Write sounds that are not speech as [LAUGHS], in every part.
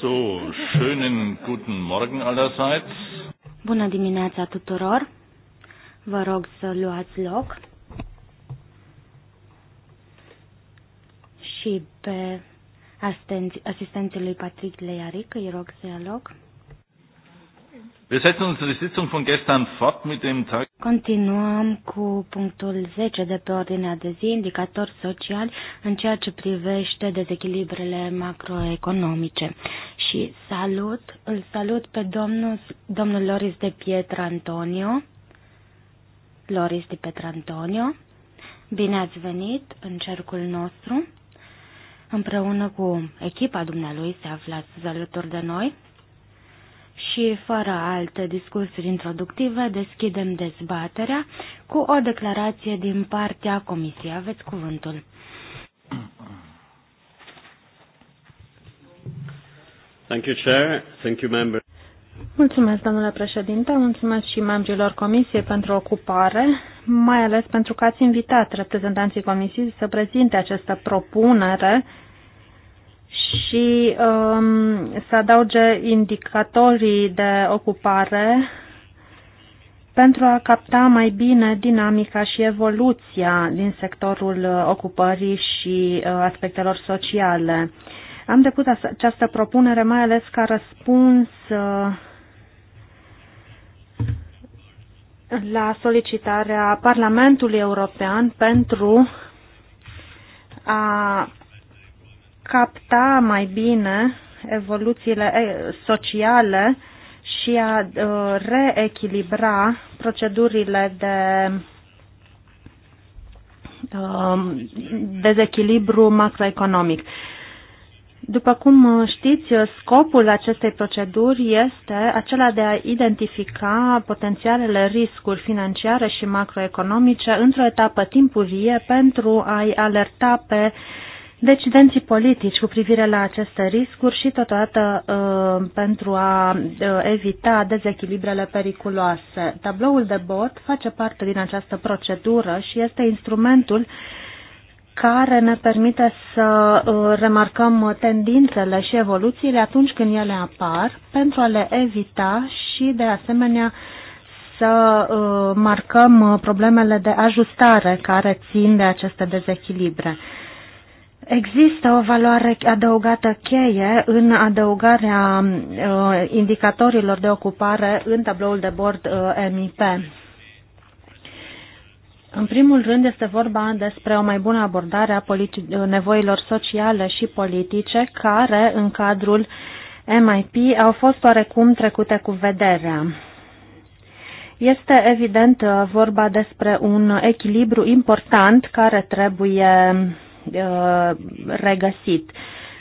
So, schönen guten Morgen allerseits. Bună dimineața tuturor. Vă rog să luați loc. Și pe asistenții lui Patrick Leiaric îi rog să ia loc. Wir setzen unsere Sitzung von gestern fort mit dem Tag Continuăm cu punctul 10 de pe ordinea de zi, indicator social în ceea ce privește dezechilibrele macroeconomice. Și salut, îl salut pe domnul, domnul Loris de Pietra Antonio. Loris de Pietra Antonio, bine ați venit în cercul nostru. Împreună cu echipa dumnealui se aflați alături de noi și fără alte discursuri introductive, deschidem dezbaterea cu o declarație din partea Comisiei. Aveți cuvântul. Thank you, Chair. Thank you, member. Mulțumesc, domnule președinte, mulțumesc și membrilor Comisiei pentru ocupare, mai ales pentru că ați invitat reprezentanții Comisiei să prezinte această propunere și um, să adauge indicatorii de ocupare pentru a capta mai bine dinamica și evoluția din sectorul ocupării și uh, aspectelor sociale. Am depus această propunere mai ales ca răspuns uh, la solicitarea Parlamentului European pentru a capta mai bine evoluțiile eh, sociale și a eh, reechilibra procedurile de eh, dezechilibru macroeconomic. După cum știți, scopul acestei proceduri este acela de a identifica potențialele riscuri financiare și macroeconomice într-o etapă timpurie pentru a-i alerta pe uh, decidenții politici cu privire la aceste riscuri și totodată uh, pentru a uh, evita dezechilibrele periculoase. Tabloul de bord face parte din această procedură și este instrumentul care ne permite să uh, remarcăm tendințele și evoluțiile atunci când ele apar pentru a le evita și de asemenea să marcăm problemele de ajustare care țin de aceste dezechilibre. Există o valoare adăugată cheie în adăugarea uh, indicatorilor de ocupare în tabloul de bord uh, MIP. În primul rând este vorba despre o mai bună abordare a uh, nevoilor sociale și politice care, în cadrul MIP, au fost oarecum trecute cu vederea. Este evident uh, vorba despre un echilibru important care trebuie Uh, regăsit.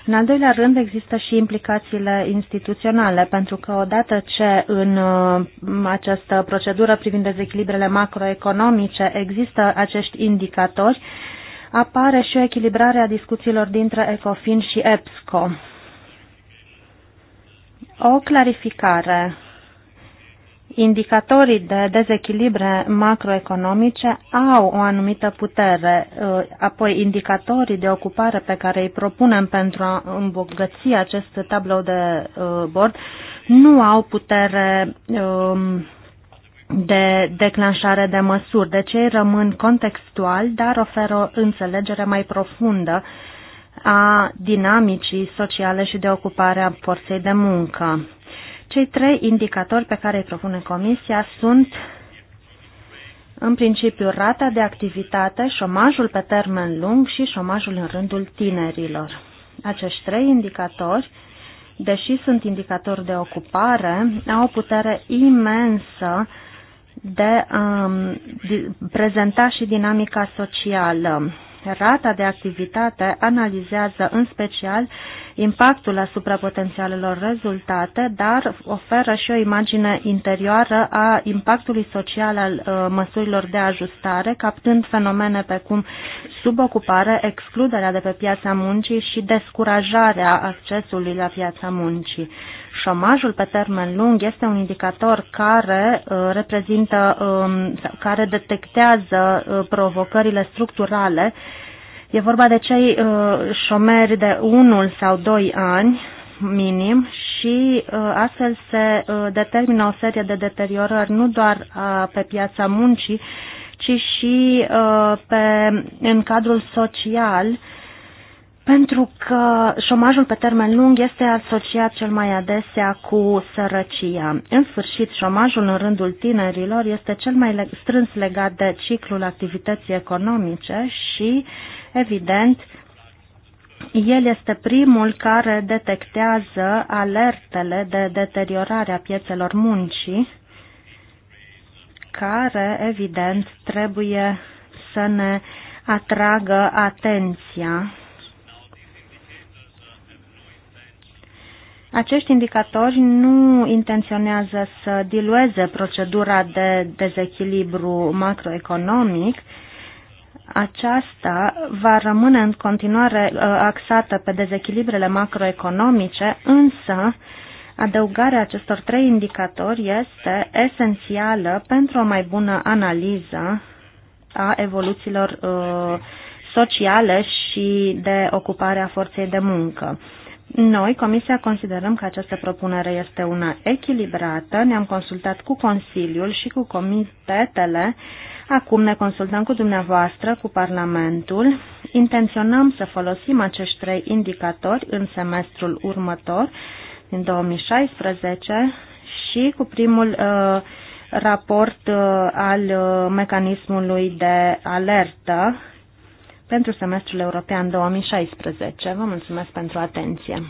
În al doilea rând există și implicațiile instituționale, pentru că odată ce în uh, această procedură privind dezechilibrele macroeconomice există acești indicatori, apare și o echilibrare a discuțiilor dintre ECOFIN și EPSCO. O clarificare indicatorii de dezechilibre macroeconomice au o anumită putere, uh, apoi indicatorii de ocupare pe care îi propunem pentru a îmbogăți acest tablou de uh, bord nu au putere um, de declanșare de măsuri, deci ei rămân contextuali, dar oferă o înțelegere mai profundă a dinamicii sociale și de ocupare a forței de muncă. Cei trei indicatori pe care îi propune Comisia sunt în principiu rata de activitate, șomajul pe termen lung și șomajul în rândul tinerilor. Acești trei indicatori, deși sunt indicatori de ocupare, au o putere imensă de a um, prezenta și dinamica socială. Rata de activitate analizează în special impactul asupra potențialelor rezultate, dar oferă și o imagine interioară a impactului social al uh, măsurilor de ajustare, captând fenomene pe cum subocupare, excluderea de pe piața muncii și descurajarea accesului la piața muncii. Șomajul pe termen lung este un indicator care uh, reprezintă, um, care detectează uh, provocările structurale. E vorba de cei uh, șomeri de unul sau doi ani minim și astfel se determină o serie de deteriorări nu doar pe piața muncii, ci și pe, în cadrul social pentru că șomajul pe termen lung este asociat cel mai adesea cu sărăcia. În sfârșit, șomajul în rândul tinerilor este cel mai strâns legat de ciclul activității economice și, evident, el este primul care detectează alertele de deteriorare a piețelor muncii, care, evident, trebuie să ne atragă atenția Acești indicatori nu intenționează să dilueze procedura de dezechilibru macroeconomic. Aceasta va rămâne în continuare uh, axată pe dezechilibrele macroeconomice, însă Adăugarea acestor trei indicatori este esențială pentru o mai bună analiză a evoluțiilor uh, sociale și de ocupare a forței de muncă. Noi, Comisia, considerăm că această propunere este una echilibrată. Ne-am consultat cu Consiliul și cu comitetele. Acum ne consultăm cu dumneavoastră, cu Parlamentul. Intenționăm să folosim acești trei indicatori în semestrul următor, din 2016, și cu primul uh, raport uh, al uh, mecanismului de alertă pentru semestrul european 2016. Vă mulțumesc pentru atenție.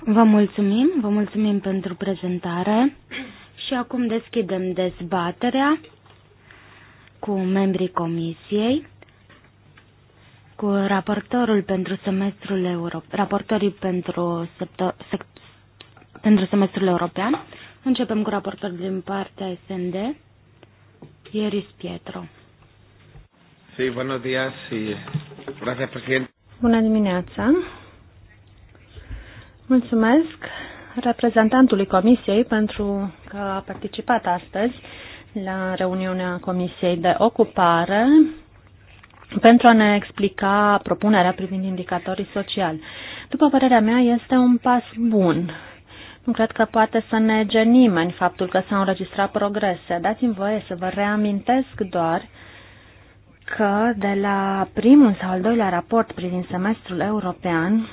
Vă mulțumim, vă mulțumim pentru prezentare și acum deschidem dezbaterea cu membrii comisiei, cu raportorul pentru semestrul european, raportorii pentru, septo, sect, pentru semestrul european. Începem cu raportorul din partea SND. Pieris Pietro. Sí, buenos días y gracias, presidente. Bună dimineața. Mulțumesc reprezentantului Comisiei pentru că a participat astăzi la reuniunea Comisiei de Ocupare pentru a ne explica propunerea privind indicatorii sociali. După părerea mea, este un pas bun nu cred că poate să nege nimeni faptul că s-au înregistrat progrese. Dați-mi voie să vă reamintesc doar că de la primul sau al doilea raport privind semestrul european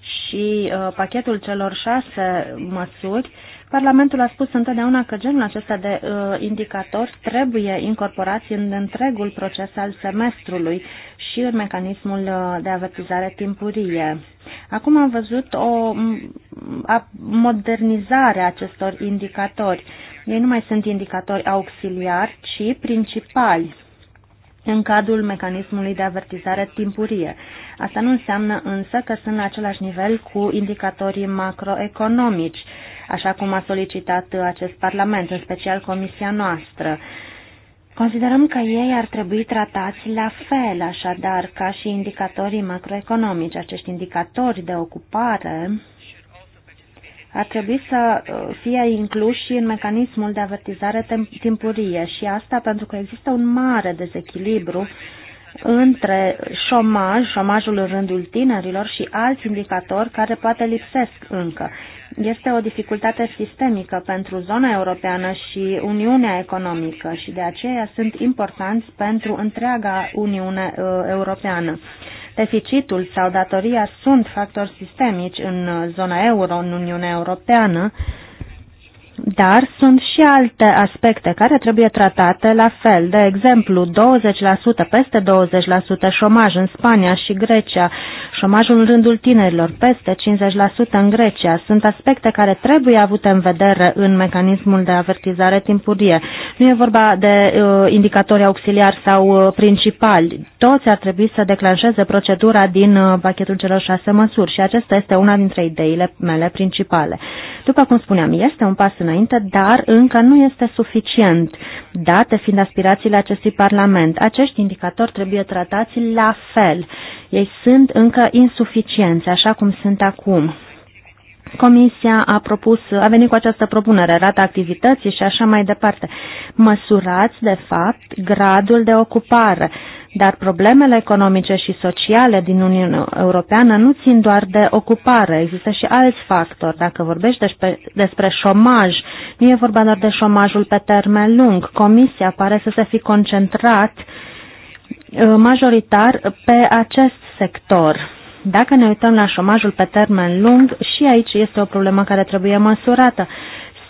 și uh, pachetul celor șase măsuri, Parlamentul a spus întotdeauna că genul acesta de uh, indicatori trebuie incorporați în întregul proces al semestrului și în mecanismul uh, de avertizare timpurie. Acum am văzut o a, modernizare a acestor indicatori. Ei nu mai sunt indicatori auxiliari, ci principali în cadrul mecanismului de avertizare timpurie. Asta nu înseamnă însă că sunt la același nivel cu indicatorii macroeconomici. Uh, așa cum a solicitat acest Parlament, în special Comisia noastră. Considerăm că ei ar trebui tratați la fel, așadar, ca și indicatorii macroeconomici. Acești indicatori de ocupare ar trebui să uh, fie incluși și în mecanismul de avertizare timpurie și asta pentru că există un mare dezechilibru între șomaj, șomajul în rândul tinerilor și alți indicatori care poate lipsesc încă. Este o dificultate sistemică pentru zona europeană și Uniunea economică și de aceea sunt importanți pentru întreaga Uniune uh, europeană. Deficitul sau datoria sunt factori sistemici în uh, zona euro, în Uniunea Europeană, dar sunt și alte aspecte care trebuie tratate la fel. De exemplu, 20%, peste 20% șomaj în Spania și Grecia, șomajul în rândul tinerilor, peste 50% în Grecia. Sunt aspecte care trebuie avute în vedere în mecanismul de avertizare timpurie. Nu e vorba de uh, indicatori auxiliari sau uh, principali. Toți ar trebui să declanșeze procedura din uh, pachetul celor șase măsuri și acesta este una dintre ideile mele principale. După cum spuneam, este un pas în înainte, dar încă nu este suficient, date fiind aspirațiile acestui Parlament. Acești indicatori trebuie tratați la fel. Ei sunt încă insuficienți, așa cum sunt acum. Comisia a propus, a venit cu această propunere, rata activității și așa mai departe. Măsurați, de fapt, gradul de ocupare. Dar problemele economice și sociale din Uniunea Europeană nu țin doar de ocupare, există și alți factori. Dacă vorbești despre, despre șomaj, nu e vorba doar de șomajul pe termen lung. Comisia pare să se fi concentrat uh, majoritar pe acest sector. Dacă ne uităm la șomajul pe termen lung, și aici este o problemă care trebuie măsurată.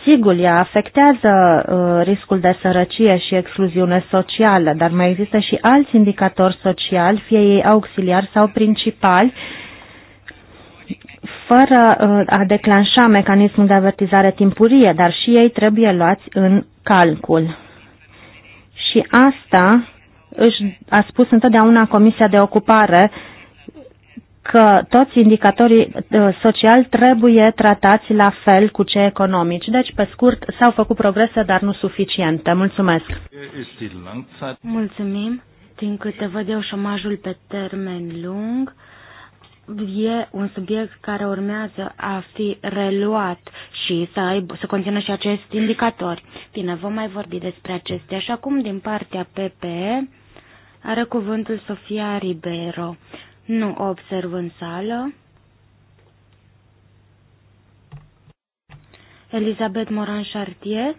Sigur, ea afectează uh, riscul de sărăcie și excluziune socială, dar mai există și alți indicatori sociali, fie ei auxiliari sau principali, fără uh, a declanșa mecanismul de avertizare timpurie, dar și ei trebuie luați în calcul. Și asta își a spus întotdeauna Comisia de Ocupare uh, că toți indicatorii uh, sociali trebuie tratați la fel cu cei economici. Deci, pe scurt, s-au făcut progrese, dar nu suficiente. Mulțumesc! Mulțumim! Din câte văd eu, șomajul pe termen lung e un subiect care urmează a fi reluat și să, aibă, să conțină și acest indicator. Bine, vom mai vorbi despre acestea. Și acum, din partea PPE, are cuvântul Sofia Ribeiro. Nu observ în sală. Elizabeth Moran Chartier,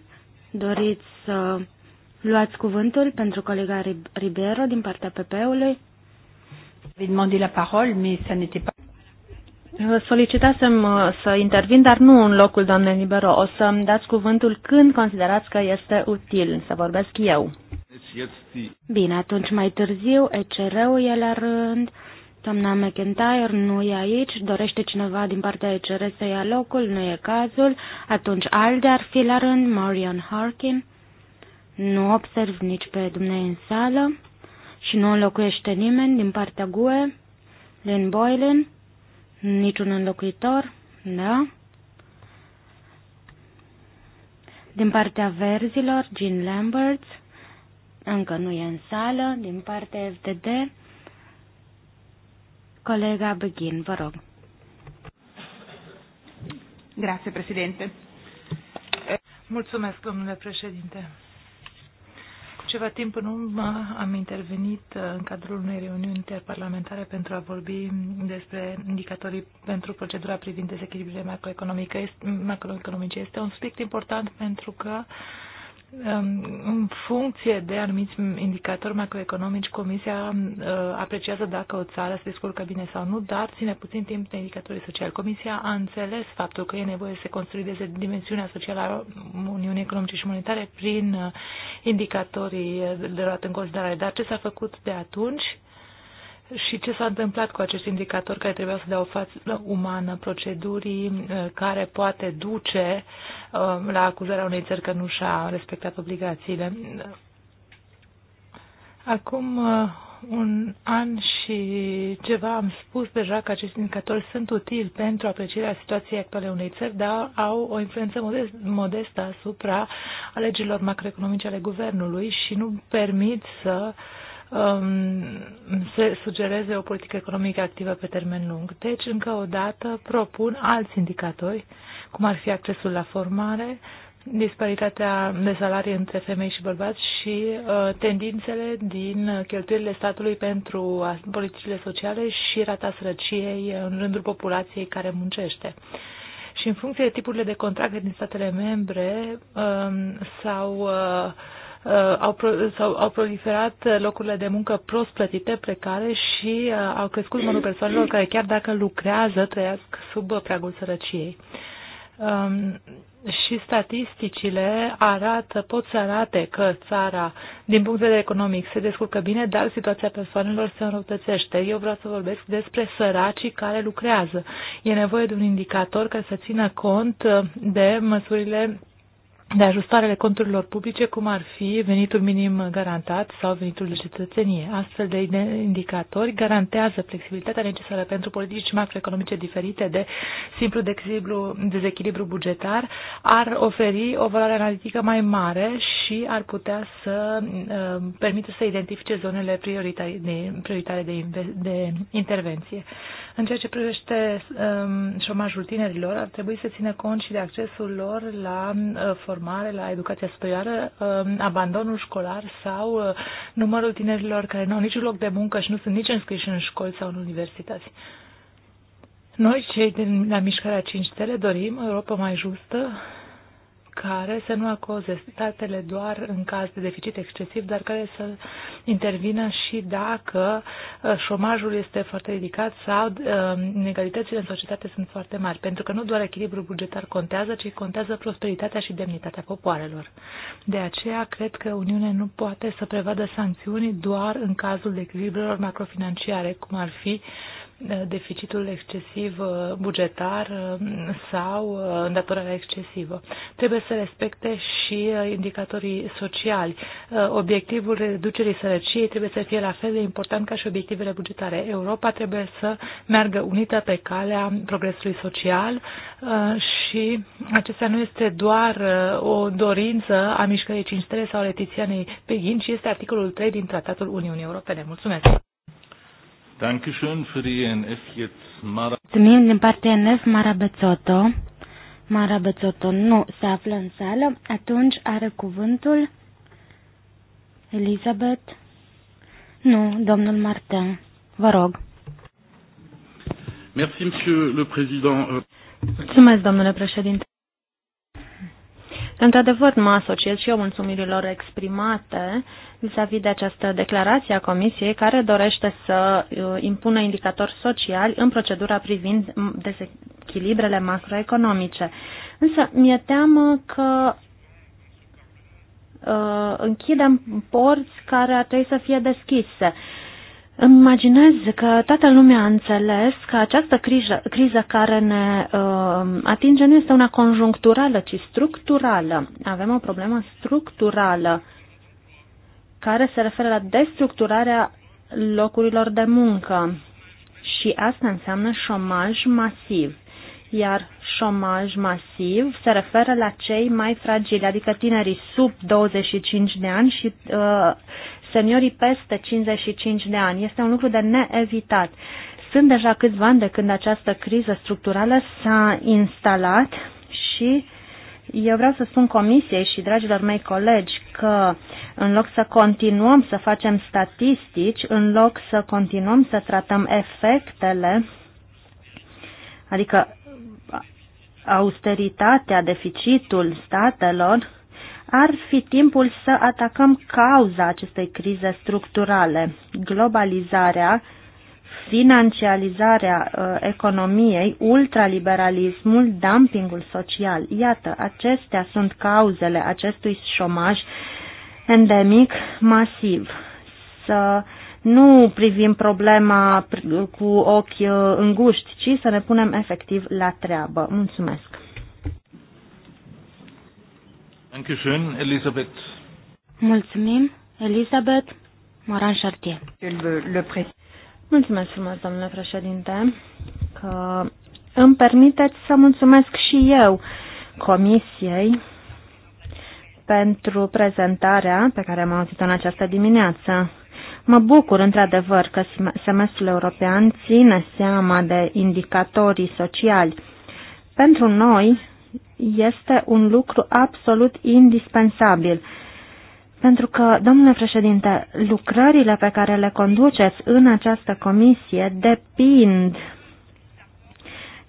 doriți să luați cuvântul pentru colega Ribeiro din partea PP-ului? Vă Solicitasem uh, să intervin, dar nu în locul doamnei Libero. O să-mi dați cuvântul când considerați că este util să vorbesc eu. Deci, Bine, atunci mai târziu ECR-ul e la rând, Doamna McIntyre nu e aici, dorește cineva din partea ECR să ia locul, nu e cazul, atunci Alde ar fi la rând, Marion Harkin. Nu observ nici pe dumneavoastră în sală și nu înlocuiește nimeni din partea GUE, Lynn Boylan, niciun înlocuitor, da? Din partea verzilor, Jean Lambert, încă nu e în sală, din partea FDD, Colega Begin, vă rog. Grazie, președinte. Mulțumesc, domnule președinte. Cu ceva timp în urmă am intervenit în cadrul unei reuniuni interparlamentare pentru a vorbi despre indicatorii pentru procedura privind dezechilibrile macroeconomice. Este un subiect important pentru că uh, în funcție de anumiți indicatori macroeconomici, Comisia uh, apreciază dacă o țară se descurcă bine sau nu, dar ține puțin timp de indicatorii sociali. Comisia a înțeles faptul că e nevoie să consolideze dimensiunea socială a Uniunii Economice și Monetare prin uh, indicatorii de luat în considerare. Dar ce s-a făcut de atunci? și ce s-a întâmplat cu acești indicatori care trebuiau să dea o față umană procedurii uh, care poate duce uh, la acuzarea unei țări că nu și-a respectat obligațiile. Acum uh, un an și ceva am spus deja că acești indicatori sunt utili pentru aprecierea situației actuale unei țări, dar au o influență modestă asupra alegerilor macroeconomice ale guvernului și nu permit să uh, um, se sugereze o politică economică activă pe termen lung. Deci, încă o dată, propun alți indicatori, cum ar fi accesul la formare, disparitatea de salarii între femei și bărbați și uh, tendințele din cheltuielile statului pentru politicile sociale și rata sărăciei în rândul populației care muncește. Și în funcție de tipurile de contracte din statele membre uh, sau uh, Uh, au, sau, au proliferat locurile de muncă prost plătite, precare și uh, au crescut numărul persoanelor care chiar dacă lucrează trăiesc sub pragul sărăciei. Um, și statisticile arată, pot să arate că țara, din punct de vedere economic, se descurcă bine, dar situația persoanelor se înrăutățește. Eu vreau să vorbesc despre săracii care lucrează. E nevoie de un indicator care să țină cont de măsurile de ajustarele conturilor publice, cum ar fi venitul minim garantat sau venitul de cetățenie. Astfel de indicatori garantează flexibilitatea necesară pentru politici macroeconomice diferite de simplu dezechilibru bugetar, ar oferi o valoare analitică mai mare și ar putea să uh, permită să identifice zonele prioritare de, prioritare de, de intervenție. În ceea ce privește um, șomajul tinerilor, ar trebui să țină cont și de accesul lor la uh, formare, la educația superioară, uh, abandonul școlar sau uh, numărul tinerilor care nu au niciun loc de muncă și nu sunt nici înscriși în școli sau în universități. Noi, cei din la Mișcarea 5 Stele, dorim Europa mai justă care să nu acoze statele doar în caz de deficit excesiv, dar care să intervină și dacă uh, șomajul este foarte ridicat sau inegalitățile uh, în societate sunt foarte mari, pentru că nu doar echilibrul bugetar contează, ci contează prosperitatea și demnitatea popoarelor. De aceea, cred că Uniunea nu poate să prevadă sancțiuni doar în cazul de echilibrelor macrofinanciare, cum ar fi uh, deficitul excesiv uh, bugetar uh, sau uh, îndatorarea excesivă. Trebuie să respecte și indicatorii sociali. Obiectivul reducerii sărăciei trebuie să fie la fel de important ca și obiectivele bugetare. Europa trebuie să meargă unită pe calea progresului social și acesta nu este doar o dorință a mișcării 5 stele sau letițianei Peghin, ci este articolul 3 din Tratatul Uniunii Europene. Mulțumesc! Mulțumim din partea NF Mara Bețoto. Mara Bețoto nu se află în sală, atunci are cuvântul Elizabeth. Nu, domnul Martin. Vă rog. Merci, monsieur le président. Mulțumesc, domnule președinte. Într-adevăr, mă asociez și eu mulțumirilor exprimate vis-a-vis -vis de această declarație a Comisiei care dorește să uh, impună indicatori sociali în procedura privind dezechilibrele macroeconomice. Însă mi-e teamă că uh, închidem porți care ar trebui să fie deschise. Îmi imaginez că toată lumea a înțeles că această criză, criză care ne uh, atinge nu este una conjuncturală, ci structurală. Avem o problemă structurală care se referă la destructurarea locurilor de muncă și asta înseamnă șomaj masiv. Iar șomaj masiv se referă la cei mai fragili, adică tinerii sub 25 de ani și uh, seniorii peste 55 de ani. Este un lucru de neevitat. Sunt deja câțiva ani de când această criză structurală s-a instalat și eu vreau să spun comisiei și dragilor mei colegi că în loc să continuăm să facem statistici, în loc să continuăm să tratăm efectele, adică austeritatea, deficitul statelor, ar fi timpul să atacăm cauza acestei crize structurale. Globalizarea, financializarea uh, economiei, ultraliberalismul, dumpingul social. Iată, acestea sunt cauzele acestui șomaj endemic masiv. Să nu privim problema cu ochi uh, înguști, ci să ne punem efectiv la treabă. Mulțumesc! Dankeschön, Elisabeth. Mulțumim, Elisabeth Moran Chartier. Mulțumesc frumos, domnule președinte, că îmi permiteți să mulțumesc și eu Comisiei pentru prezentarea pe care am auzit-o în această dimineață. Mă bucur într-adevăr că semestrul european ține seama de indicatorii sociali. Pentru noi, este un lucru absolut indispensabil. Pentru că, domnule președinte, lucrările pe care le conduceți în această comisie depind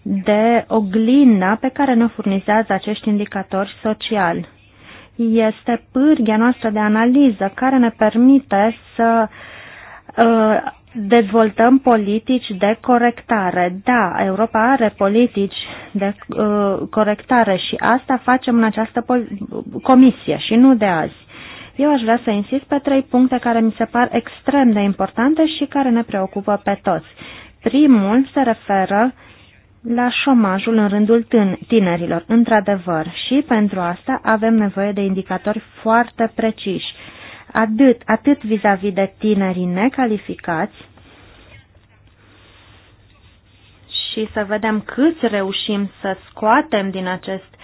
de oglinda pe care ne furnizează acești indicatori sociali. Este pârghia noastră de analiză care ne permite să uh, dezvoltăm politici de corectare. Da, Europa are politici de uh, corectare și asta facem în această comisie și nu de azi. Eu aș vrea să insist pe trei puncte care mi se par extrem de importante și care ne preocupă pe toți. Primul se referă la șomajul în rândul tinerilor, într-adevăr, și pentru asta avem nevoie de indicatori foarte preciși atât, atât vis-a-vis -vis de tinerii necalificați și să vedem câți reușim să scoatem din acest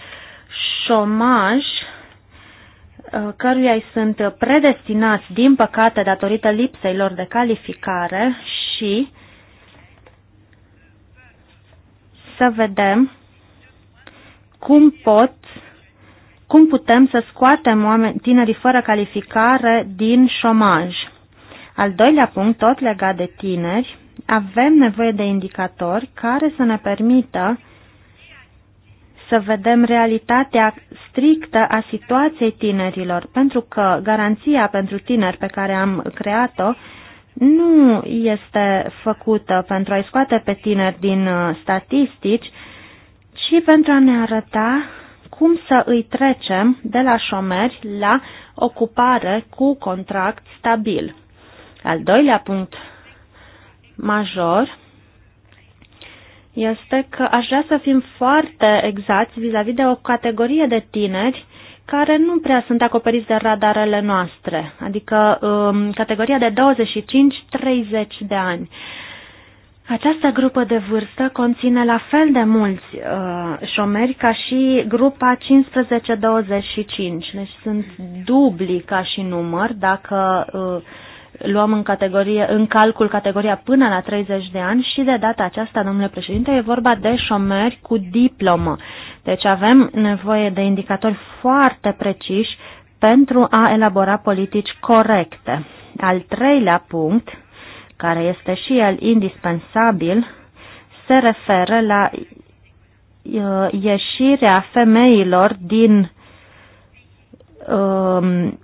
șomaj uh, căruia sunt predestinați, din păcate, datorită lipsei lor de calificare și să vedem cum pot cum putem să scoatem oameni, tinerii fără calificare din șomaj. Al doilea punct, tot legat de tineri, avem nevoie de indicatori care să ne permită să vedem realitatea strictă a situației tinerilor, pentru că garanția pentru tineri pe care am creat-o nu este făcută pentru a-i scoate pe tineri din uh, statistici, ci pentru a ne arăta cum să îi trecem de la șomeri la ocupare cu contract stabil. Al doilea punct major este că aș vrea să fim foarte exacti vis-a-vis -vis de o categorie de tineri care nu prea sunt acoperiți de radarele noastre, adică um, categoria de 25-30 de ani. Uh, această grupă de vârstă conține la fel de mulți uh, șomeri ca și grupa 15-25, deci sunt dubli ca și număr dacă uh, luăm în, categorie, în calcul categoria până la 30 de ani și de data aceasta, domnule președinte, e vorba de șomeri cu diplomă. Deci avem nevoie de indicatori foarte preciși pentru a elabora politici corecte. Al treilea punct care este și el indispensabil, se referă la uh, ieșirea femeilor din um,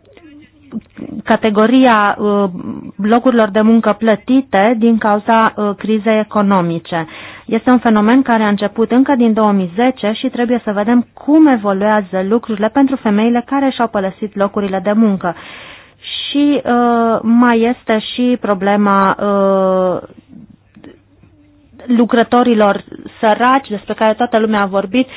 categoria uh, locurilor de muncă plătite din cauza uh, crizei economice. Este un fenomen care a început încă din 2010 și trebuie să vedem cum evoluează lucrurile pentru femeile care și-au părăsit locurile de muncă și uh, mai este și problema uh, lucrătorilor săraci, despre care toată lumea a vorbit,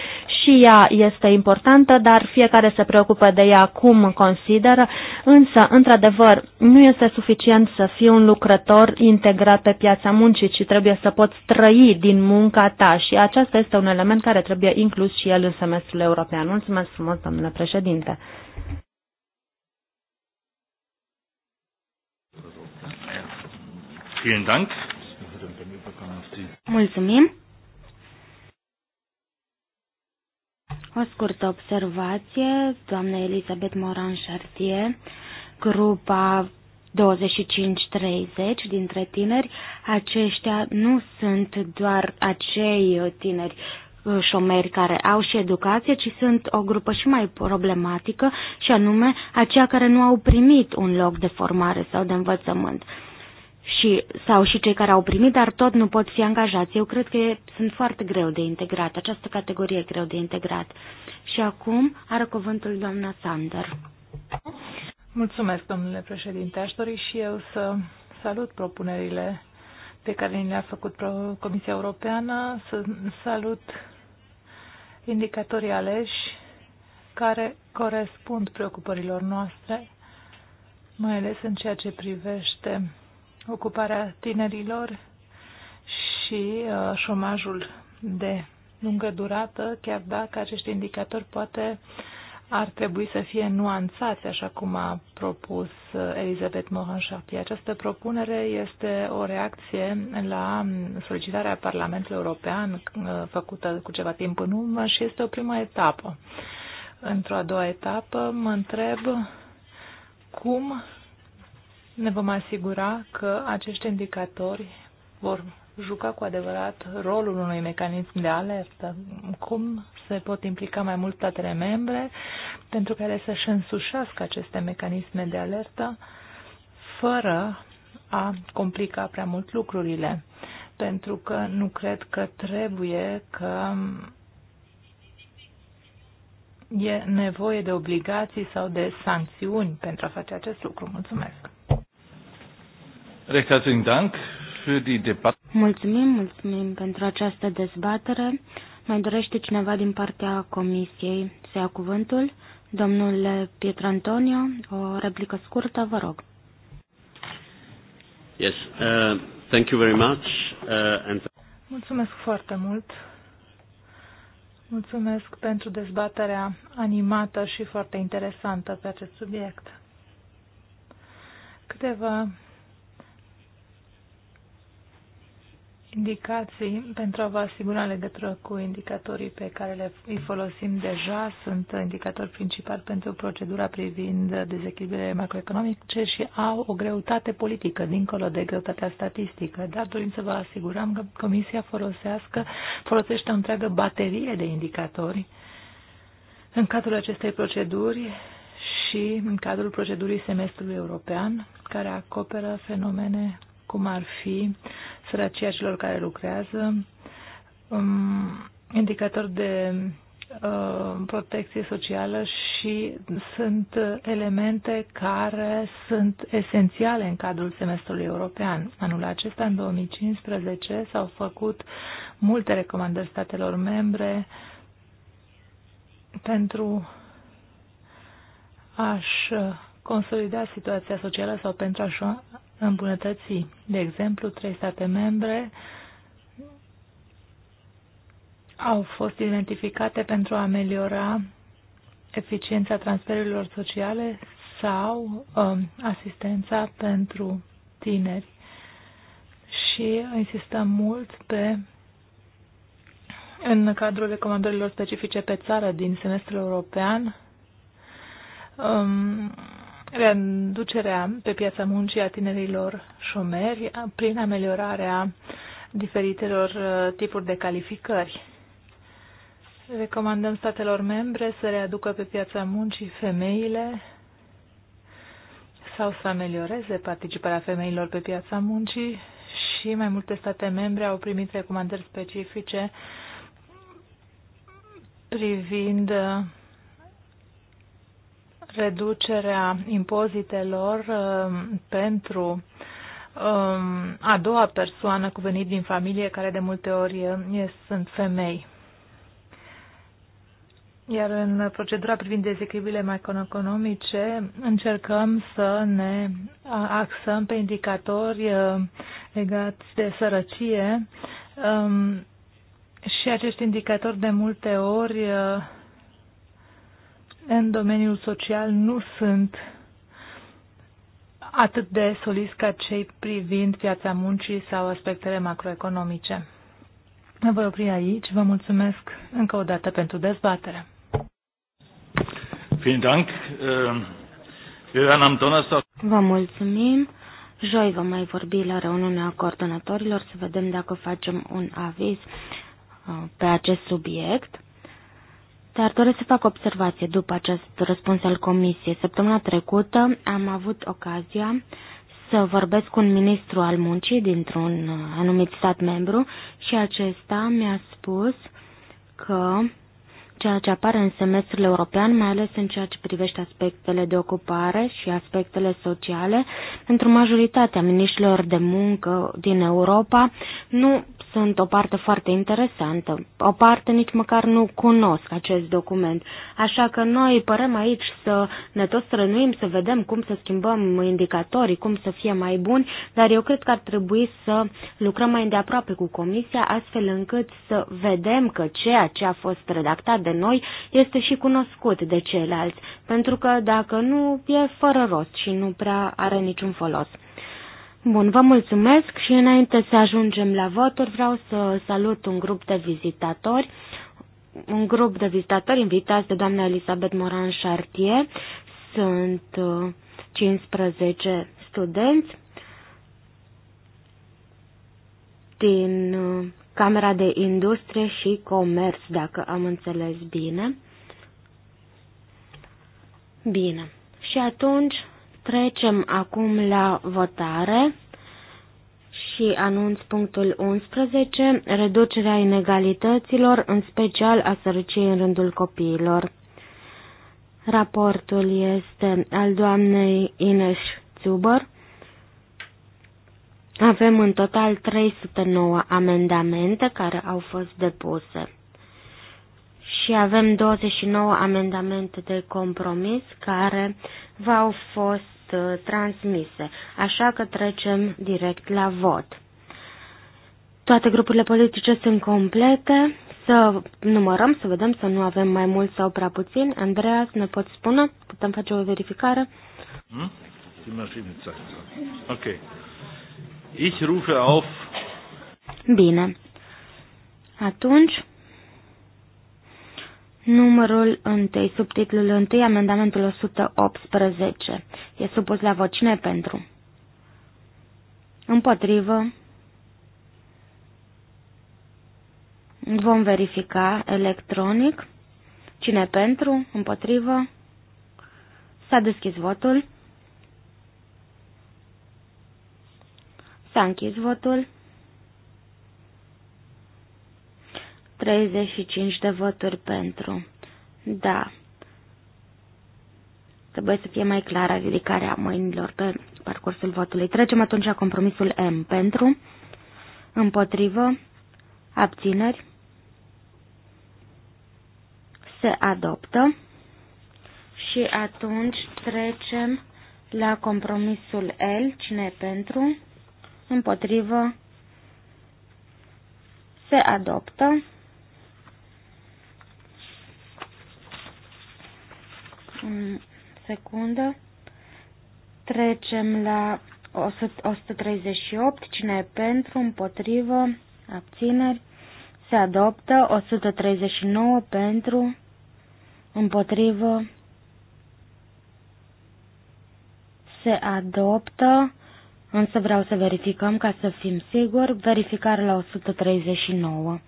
și ea este importantă, dar fiecare se preocupă de ea cum consideră, însă, într-adevăr, nu este suficient să fii un lucrător integrat pe piața muncii, ci trebuie să poți trăi din munca ta și acesta este un element care trebuie inclus și el în semestrul european. Mulțumesc frumos, domnule președinte! Vielen Dank. Mulțumim. O scurtă observație, doamna Elisabeth Moran Chartier, grupa 25-30 dintre tineri, aceștia nu sunt doar acei tineri uh, șomeri care au și educație, ci sunt o grupă și mai problematică, și anume aceia care nu au primit un loc de formare sau de învățământ și, sau și cei care au primit, dar tot nu pot fi angajați. Eu cred că sunt foarte greu de integrat, această categorie e greu de integrat. Și acum are cuvântul doamna Sander. Mulțumesc, domnule președinte. Aș dori și eu să salut propunerile pe care le-a făcut Comisia Europeană, să salut indicatorii aleși care corespund preocupărilor noastre, mai ales în ceea ce privește ocuparea tinerilor și uh, șomajul de lungă durată, chiar dacă acești indicatori poate ar trebui să fie nuanțați, așa cum a propus uh, Elizabeth Mohan Această propunere este o reacție la mm, solicitarea Parlamentului European uh, făcută cu ceva timp în urmă și este o primă etapă. Într-o a doua etapă mă întreb cum ne vom asigura că acești indicatori vor juca cu adevărat rolul unui mecanism de alertă. Cum se pot implica mai mult statele membre pentru care să-și însușească aceste mecanisme de alertă fără a complica prea mult lucrurile. Pentru că nu cred că trebuie că e nevoie de obligații sau de sancțiuni pentru a face acest lucru. Mulțumesc! Recht herzlichen Dank für die Debatte. Mulțumim, mulțumim pentru această dezbatere. Mai dorește cineva din partea Comisiei să ia cuvântul? Domnule Pietrantonio, o replică scurtă, vă rog. Yes, uh, thank you very much. Uh, and... Mulțumesc foarte mult. Mulțumesc pentru dezbaterea animată și foarte interesantă pe acest subiect. Câteva Indicații pentru a vă asigura legătură cu indicatorii pe care le, îi folosim deja sunt indicatori principali pentru procedura privind dezechilibrele macroeconomice și au o greutate politică, dincolo de greutatea statistică, dar dorim să vă asigurăm că Comisia folosească, folosește o întreagă baterie de indicatori în cadrul acestei proceduri și în cadrul procedurii semestrului european, care acoperă fenomene cum ar fi sărăcia celor care lucrează, um, indicator de uh, protecție socială și sunt elemente care sunt esențiale în cadrul semestrului european. Anul acesta, în 2015, s-au făcut multe recomandări statelor membre pentru a-și consolida situația socială sau pentru a-și îmbunătăți. De exemplu, trei state membre au fost identificate pentru a ameliora eficiența transferurilor sociale sau um, asistența pentru tineri. Și insistăm mult pe în cadrul recomandărilor specifice pe țară din semestrul european um, reducerea pe piața muncii a tinerilor șomeri prin ameliorarea diferitelor uh, tipuri de calificări. Recomandăm statelor membre să readucă pe piața muncii femeile sau să amelioreze participarea femeilor pe piața muncii și mai multe state membre au primit recomandări specifice privind uh, reducerea impozitelor uh, pentru um, a doua persoană cu venit din familie, care de multe ori uh, sunt femei. Iar în procedura privind dezechilibrile macroeconomice încercăm să ne axăm pe indicatori uh, legați de sărăcie um, și acești indicatori de multe ori în domeniul social nu sunt atât de solizi ca cei privind piața muncii sau aspectele macroeconomice. Mă voi opri aici. Vă mulțumesc încă o dată pentru dezbatere. Ähm, Vă mulțumim. Joi vom mai vorbi la reuniunea coordonatorilor să vedem dacă facem un aviz äh, pe acest subiect. Dar doresc să fac observație după acest răspuns al Comisiei. Săptămâna trecută am avut ocazia să vorbesc cu un ministru al muncii dintr-un uh, anumit stat membru și acesta mi-a spus că ceea ce apare în semestrul european, mai ales în ceea ce privește aspectele de ocupare și aspectele sociale, pentru majoritatea miniștilor de muncă din Europa, nu sunt o parte foarte interesantă. O parte nici măcar nu cunosc acest document, așa că noi părăm aici să ne tot strănuim, să vedem cum să schimbăm indicatorii, cum să fie mai buni, dar eu cred că ar trebui să lucrăm mai îndeaproape cu Comisia, astfel încât să vedem că ceea ce a fost redactat de noi este și cunoscut de ceilalți, pentru că dacă nu, e fără rost și nu prea are niciun folos. Bun, vă mulțumesc și înainte să ajungem la voturi vreau să salut un grup de vizitatori un grup de vizitatori invitați de doamna Elisabeth Moran Chartier. Sunt 15 uh, studenți din uh, Camera de Industrie și Comerț, dacă am înțeles bine. Bine. Și atunci Trecem acum la votare și anunț punctul 11, reducerea inegalităților, în special a sărăciei în rândul copiilor. Raportul este al doamnei Ines Zuber. Avem în total 309 amendamente care au fost depuse și avem 29 amendamente de compromis care v-au fost Uh, transmise, așa că trecem direct la vot. Toate grupurile politice sunt complete. Să numărăm, să vedem să nu avem mai mult sau prea puțin. Andreas, ne poți spune? Putem face o verificare? Hmm? Ok. Ich rufe auf. Bine. Atunci Numărul 1, subtitlul 1, amendamentul 118. E supus la vot cine pentru? Împotrivă. Vom verifica electronic. Cine pentru? Împotrivă. S-a deschis votul. S-a închis votul. 35 de voturi pentru. Da. Trebuie să fie mai clară ridicarea mâinilor pe parcursul votului. Trecem atunci la compromisul M. Pentru, împotrivă, abțineri, se adoptă și atunci trecem la compromisul L, cine e pentru, împotrivă, se adoptă. secundă. Trecem la 138. Cine e pentru, împotrivă, abțineri. Se adoptă 139 pentru, împotrivă, se adoptă, însă vreau să verificăm ca să fim siguri, verificare la 139.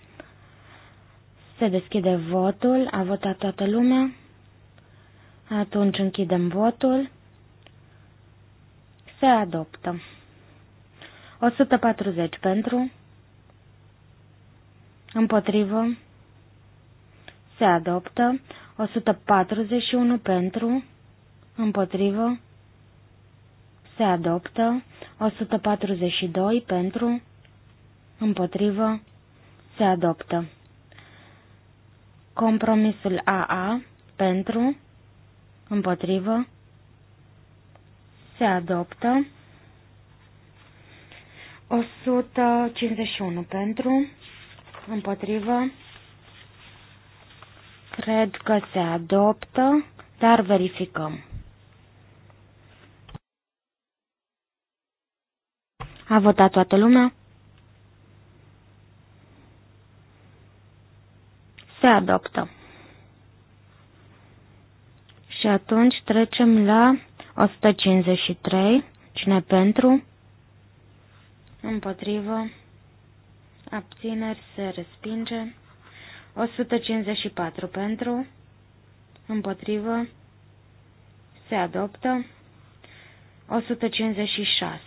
Se deschide votul, a votat toată lumea. Atunci închidem votul. Se adoptă. 140 pentru. Împotrivă. Se adoptă. 141 pentru. Împotrivă. Se adoptă. 142 pentru. Împotrivă. Se adoptă. Compromisul AA pentru. Împotrivă. Se adoptă. 151 pentru. Împotrivă. Cred că se adoptă, dar verificăm. A votat toată lumea? Se adoptă. Și atunci trecem la 153. Cine pentru? Împotrivă. Abțineri se respinge. 154 pentru. Împotrivă. Se adoptă. 156.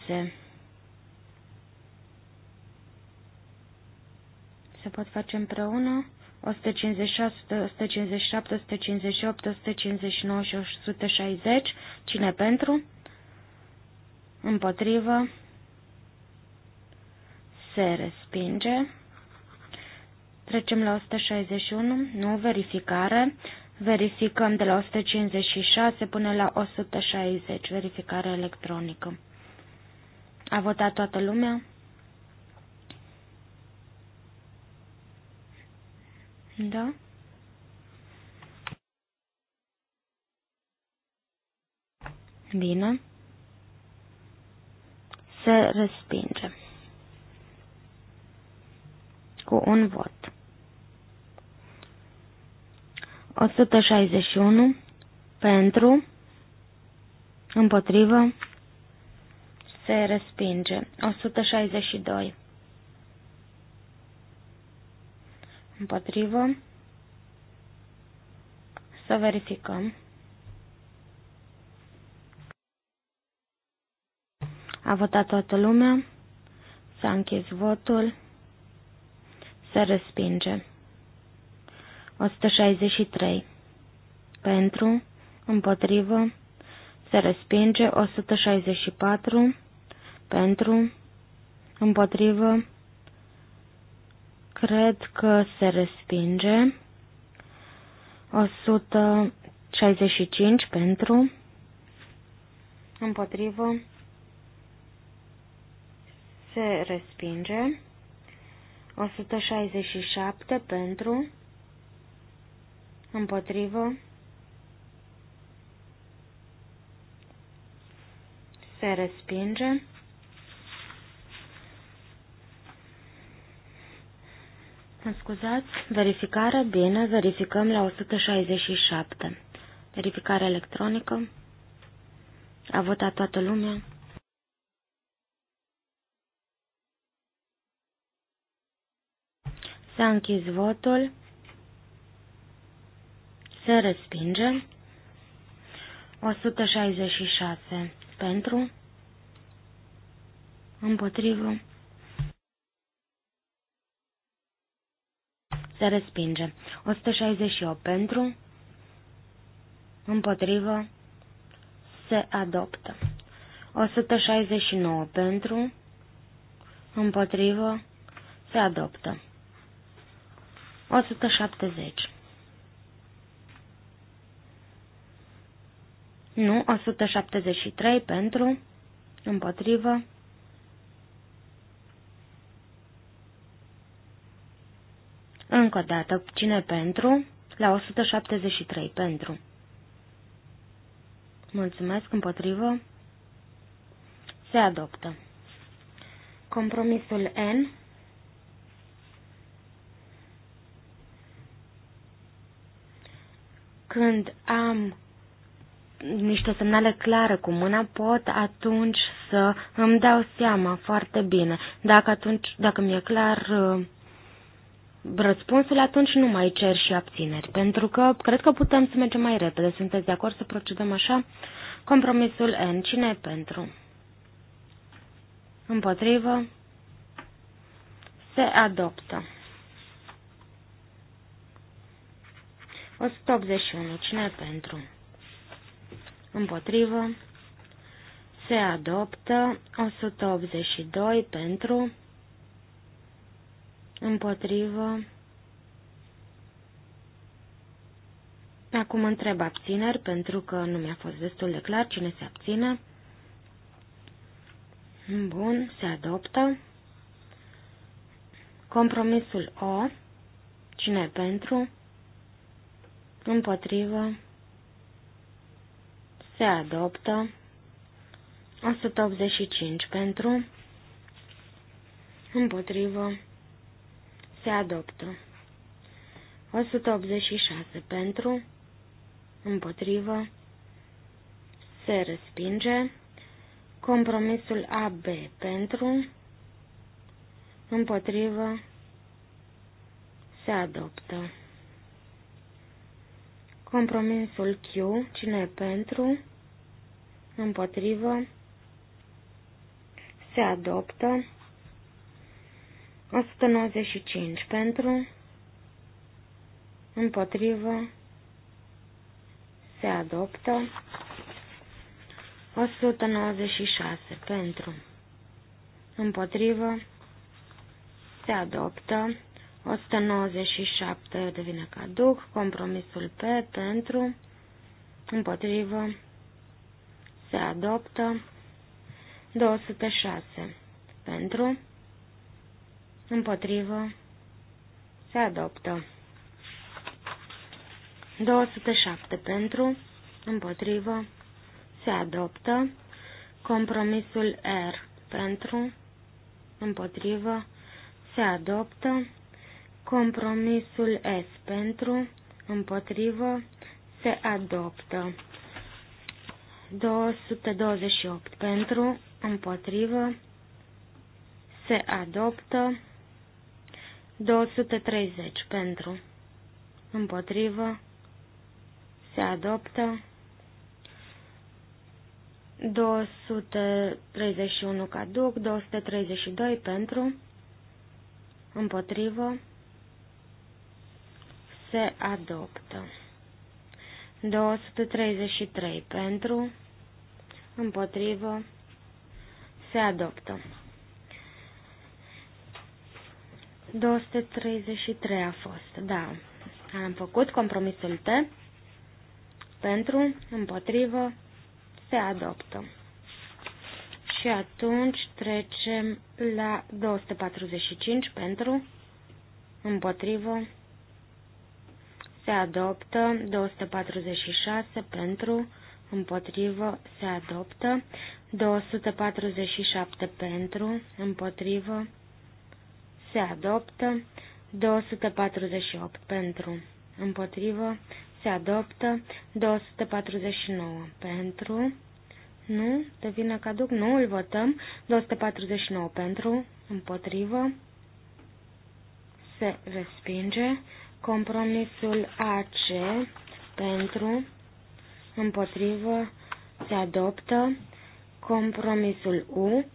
Se pot face împreună? 156, 157, 158, 159 și 160. Cine pentru? Împotrivă. Se respinge. Trecem la 161. Nu, verificare. Verificăm de la 156 până la 160. Verificare electronică. A votat toată lumea? Da? Bine. Se respinge. Cu un vot. 161 pentru, împotrivă, se respinge. 162 Împotrivă. Să verificăm. A votat toată lumea. S-a închis votul. Se respinge. 163. Pentru. Împotrivă. Se respinge. 164. Pentru. Împotrivă. Cred că se respinge. 165 pentru. Împotrivă. Se respinge. 167 pentru. Împotrivă. Se respinge. Mă scuzați, verificare, bine, verificăm la 167. Verificare electronică. A votat toată lumea. S-a închis votul. Se respinge. 166 pentru. Împotrivă. Se respinge. 168 pentru, împotrivă, se adoptă. 169 pentru, împotrivă, se adoptă. 170. Nu, 173 pentru, împotrivă, Încă o dată, cine pentru? La 173 pentru. Mulțumesc împotrivă. Se adoptă. Compromisul N când am niște semnale clare cu mâna, pot atunci să îmi dau seama foarte bine. Dacă atunci, dacă mi-e clar uh, răspunsul, atunci nu mai cer și abțineri, pentru că cred că putem să mergem mai repede. Sunteți de acord să procedăm așa? Compromisul N. Cine e pentru? Împotrivă? Se adoptă. 181. Cine e pentru? Împotrivă? Se adoptă. 182 pentru împotrivă. Acum întreb abțineri, pentru că nu mi-a fost destul de clar cine se abține. Bun, se adoptă. Compromisul O. Cine e pentru? Împotrivă. Se adoptă. 185 pentru. Împotrivă se adoptă. 186 pentru, împotrivă, se respinge. Compromisul AB pentru, împotrivă, se adoptă. Compromisul Q, cine e pentru, împotrivă, se adoptă. 195 pentru, împotrivă, se adoptă, 196 pentru, împotrivă, se adoptă, 197 devine caduc, compromisul P pentru, împotrivă, se adoptă, 206 pentru, împotrivă, se adoptă. 207 pentru, împotrivă, se adoptă. Compromisul R pentru, împotrivă, se adoptă. Compromisul S pentru, împotrivă, se adoptă. 228 pentru, împotrivă, se adoptă. 230 pentru. Împotrivă. Se adoptă. 231 caduc, 232 pentru. Împotrivă. Se adoptă. 233 pentru. Împotrivă. Se adoptă. 233 a fost, da. Am făcut compromisul T pentru, împotrivă, se adoptă. Și atunci trecem la 245 pentru, împotrivă, se adoptă, 246 pentru, împotrivă, se adoptă, 247 pentru, împotrivă, se se adoptă, 248 pentru, împotrivă, se adoptă, 249 pentru, nu, devine caduc, nu, îl votăm, 249 pentru, împotrivă, se respinge, compromisul AC pentru, împotrivă, se adoptă, compromisul U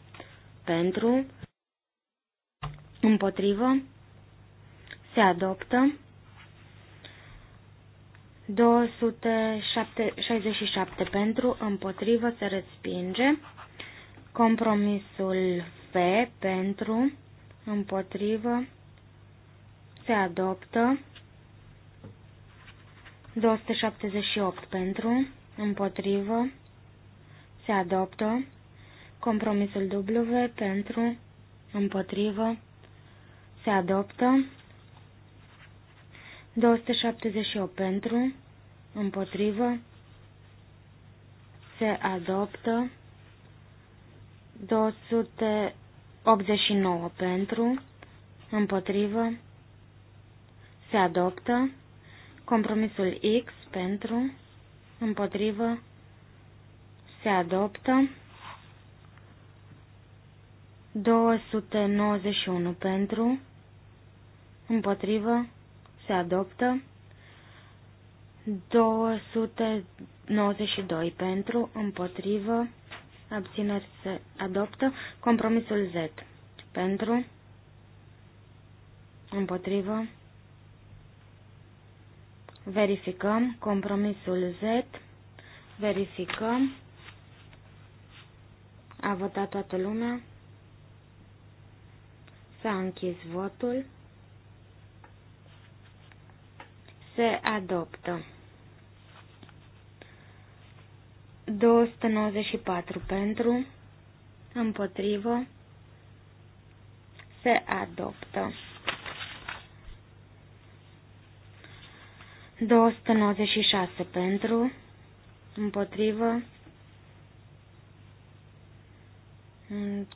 pentru, împotrivă, se adoptă. 267 pentru, împotrivă, se respinge. Compromisul V pentru, împotrivă, se adoptă. 278 pentru, împotrivă, se adoptă. Compromisul W pentru, împotrivă, se adoptă. 278 pentru, împotrivă, se adoptă. 289 pentru, împotrivă, se adoptă. Compromisul X pentru, împotrivă, se adoptă. 291 pentru, împotrivă, se adoptă. 292 pentru, împotrivă, abțineri se adoptă. Compromisul Z pentru, împotrivă, verificăm. Compromisul Z, verificăm. A votat toată lumea. S-a închis votul. se adoptă. 294 pentru, împotrivă, se adoptă. 296 pentru, împotrivă,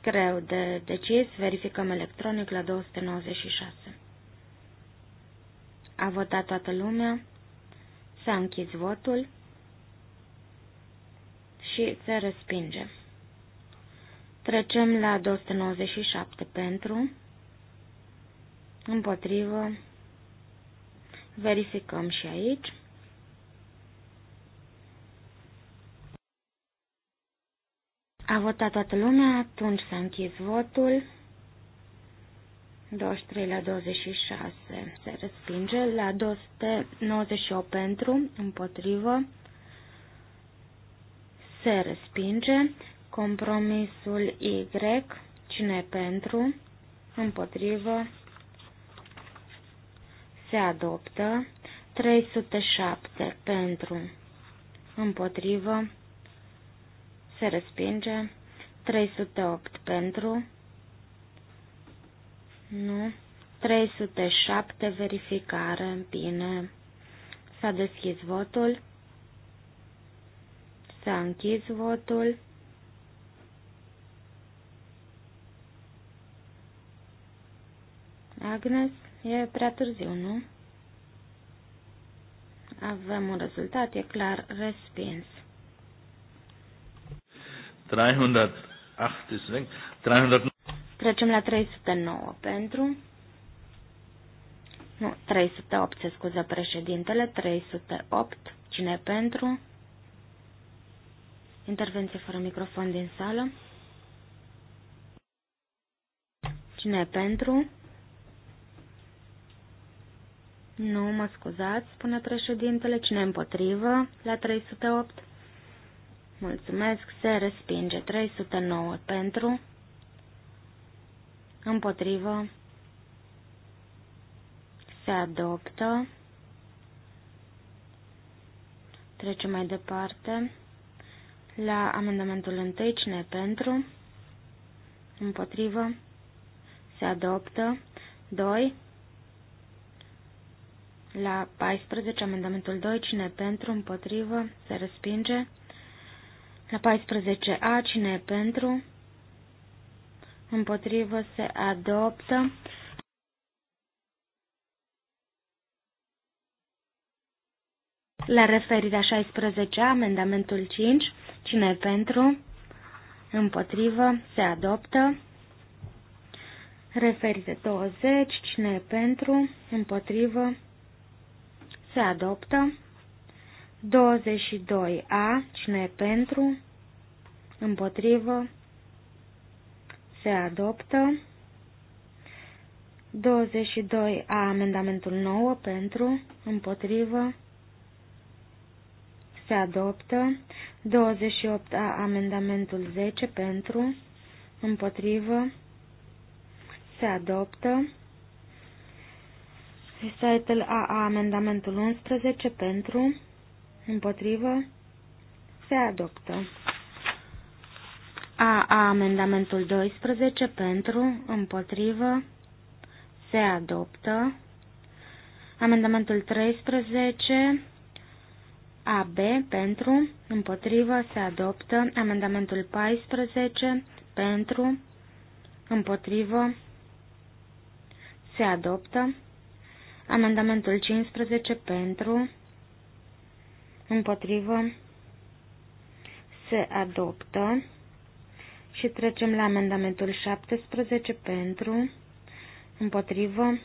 greu de decis, verificăm electronic la 296. A votat toată lumea. S-a închis votul și se respinge. Trecem la 297 pentru, împotrivă, verificăm și aici. A votat toată lumea, atunci s-a închis votul 23 la 26 se respinge, la 298 pentru, împotrivă, se respinge, compromisul Y, cine pentru, împotrivă, se adoptă, 307 pentru, împotrivă, se respinge, 308 pentru, nu. 307 verificare, bine. S-a deschis votul. S-a închis votul. Agnes, e prea târziu, nu? Avem un rezultat, e clar, respins. 308 is weg. 300 Trecem la 309 pentru. Nu, 308 se scuză președintele, 308. Cine pentru? Intervenție fără microfon din sală. Cine pentru? Nu, mă scuzați, spune președintele. Cine împotrivă la 308? Mulțumesc, se respinge. 309 pentru împotrivă, se adoptă. Trecem mai departe la amendamentul 1, cine pentru, împotrivă, se adoptă. 2. La 14, amendamentul 2, cine pentru, împotrivă, se respinge. La 14a, cine e pentru, împotrivă se adoptă. La referirea 16, amendamentul 5, cine e pentru, împotrivă, se adoptă. Referire 20, cine e pentru, împotrivă, se adoptă. 22a, cine e pentru, împotrivă, se adoptă. 22 a amendamentul 9 pentru, împotrivă, se adoptă. 28 a amendamentul 10 pentru, împotrivă, se adoptă. Recital A amendamentul 11 pentru, împotrivă, se adoptă. A, A, amendamentul 12 pentru, împotrivă, se adoptă. Amendamentul 13, AB pentru, împotrivă, se adoptă. Amendamentul 14 pentru, împotrivă, se adoptă. Amendamentul 15 pentru, împotrivă, se adoptă. Și trecem la amendamentul 17 pentru, împotrivă,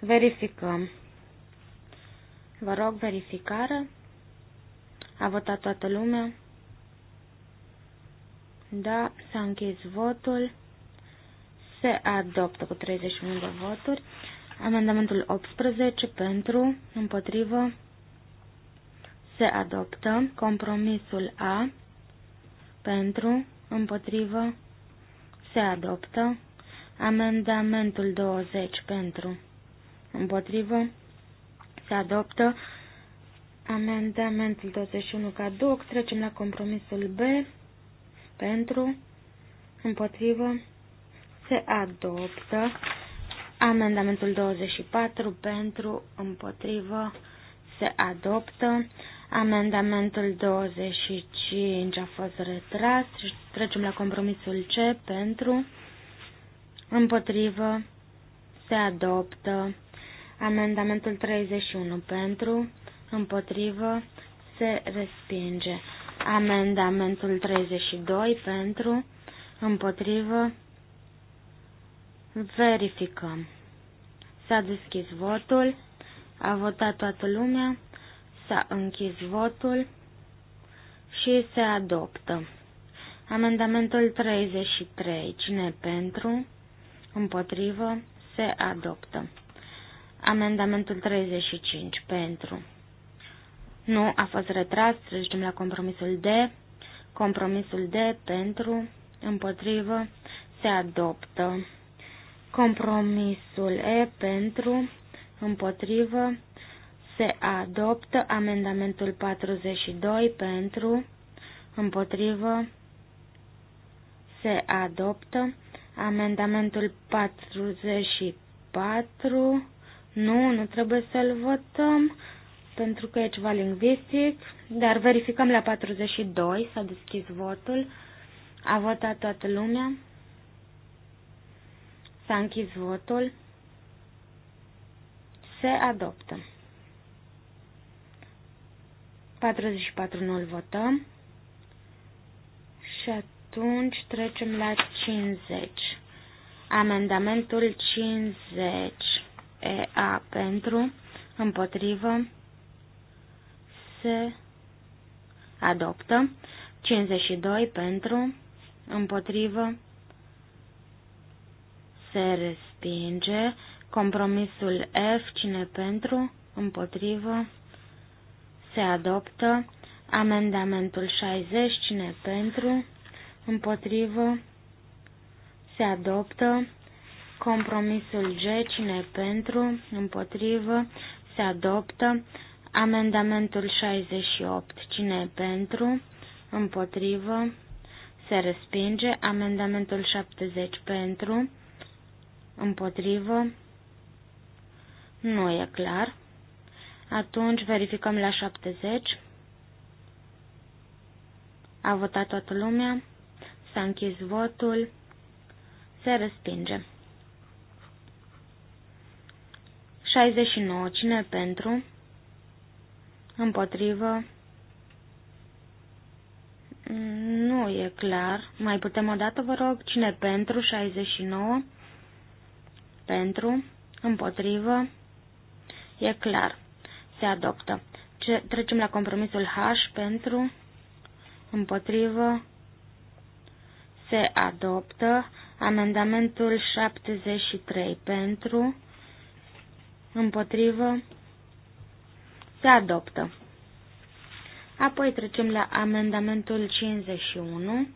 verificăm. Vă rog verificare. A votat toată lumea? Da, s-a închis votul. Se adoptă cu 31 de voturi. Amendamentul 18 pentru, împotrivă, se adoptă. Compromisul A pentru, împotrivă, se adoptă. Amendamentul 20 pentru, împotrivă, se adoptă. Amendamentul 21 caduc. Trecem la compromisul B pentru, împotrivă, se adoptă. Amendamentul 24 pentru, împotrivă, se adoptă. Amendamentul 25 a fost retras. Trecem la compromisul C pentru împotrivă se adoptă. Amendamentul 31 pentru împotrivă se respinge. Amendamentul 32 pentru împotrivă verificăm. S-a deschis votul. A votat toată lumea. S-a închis votul și se adoptă. Amendamentul 33. Cine pentru? Împotrivă? Se adoptă. Amendamentul 35. Pentru. Nu a fost retras. Trecem la compromisul D. Compromisul D. Pentru. Împotrivă? Se adoptă. Compromisul E. Pentru. Împotrivă? Se adoptă amendamentul 42 pentru, împotrivă, se adoptă amendamentul 44. Nu, nu trebuie să-l votăm pentru că e ceva lingvistic, dar verificăm la 42, s-a deschis votul, a votat toată lumea, s-a închis votul, se adoptă. 44 nu-l votăm. Și atunci trecem la 50. Amendamentul 50 EA pentru, împotrivă, se adoptă. 52 pentru, împotrivă, se respinge. Compromisul F, cine pentru, împotrivă, se adoptă amendamentul 60. Cine pentru? Împotrivă. Se adoptă compromisul G. Cine pentru? Împotrivă. Se adoptă amendamentul 68. Cine pentru? Împotrivă. Se respinge amendamentul 70 pentru, împotrivă, nu e clar. Atunci verificăm la 70. A votat toată lumea. S-a închis votul. Se respinge. 69. Cine pentru? Împotrivă? Nu e clar. Mai putem o dată, vă rog? Cine pentru? 69. Pentru? Împotrivă? E clar se adoptă. Ce, trecem la compromisul H pentru, împotrivă, se adoptă. Amendamentul 73 pentru, împotrivă, se adoptă. Apoi trecem la amendamentul 51.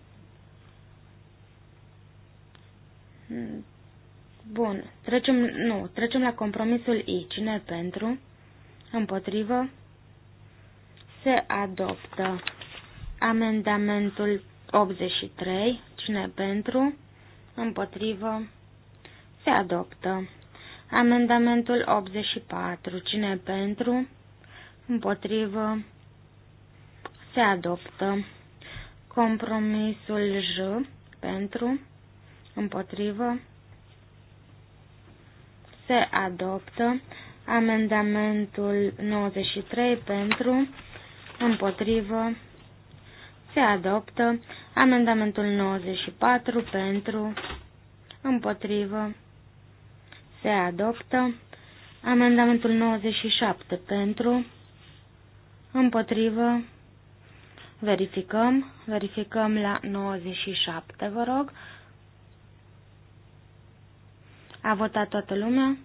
Bun, trecem, nu, trecem la compromisul I. Cine pentru? Împotrivă. Se adoptă. Amendamentul 83. Cine pentru? Împotrivă. Se adoptă. Amendamentul 84. Cine pentru? Împotrivă. Se adoptă. Compromisul J. Pentru. Împotrivă. Se adoptă. Amendamentul 93 pentru, împotrivă, se adoptă. Amendamentul 94 pentru, împotrivă, se adoptă. Amendamentul 97 pentru, împotrivă, verificăm, verificăm la 97, vă rog. A votat toată lumea?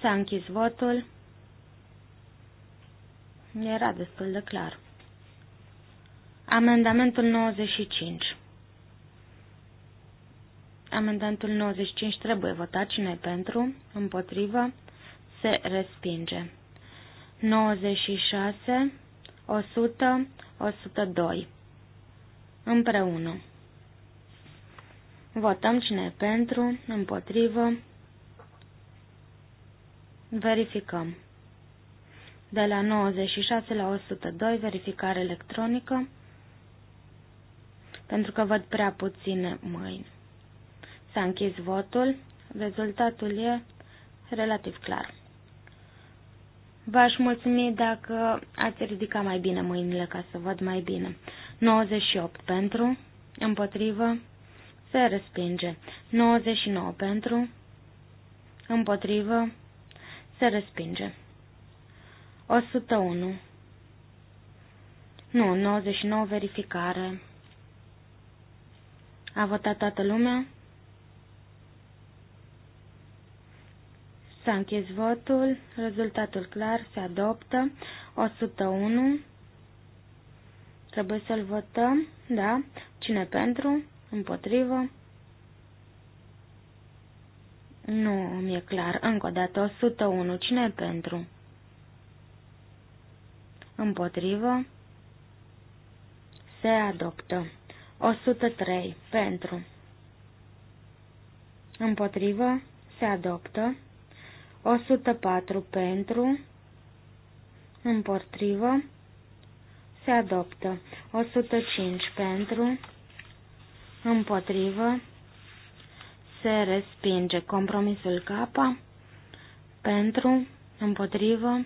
S-a închis votul. Era destul de clar. Amendamentul 95. Amendamentul 95 trebuie votat cine pentru, împotrivă, se respinge. 96, 100, 102. Împreună. Votăm cine e pentru, împotrivă, Verificăm. De la 96 la 102, verificare electronică, pentru că văd prea puține mâini. S-a închis votul, rezultatul e relativ clar. V-aș mulțumi dacă ați ridica mai bine mâinile ca să văd mai bine. 98 pentru, împotrivă, se respinge. 99 pentru, împotrivă, se respinge. 101. Nu, 99 verificare. A votat toată lumea? S-a închis votul, rezultatul clar se adoptă, 101, trebuie să-l votăm, da, cine pentru, împotrivă, nu, mi-e clar. Încă o dată, 101. Cine e pentru? Împotrivă. Se adoptă. 103. Pentru. Împotrivă. Se adoptă. 104. Pentru. Împotrivă. Se adoptă. 105. Pentru. Împotrivă se respinge. Compromisul K pentru, împotrivă,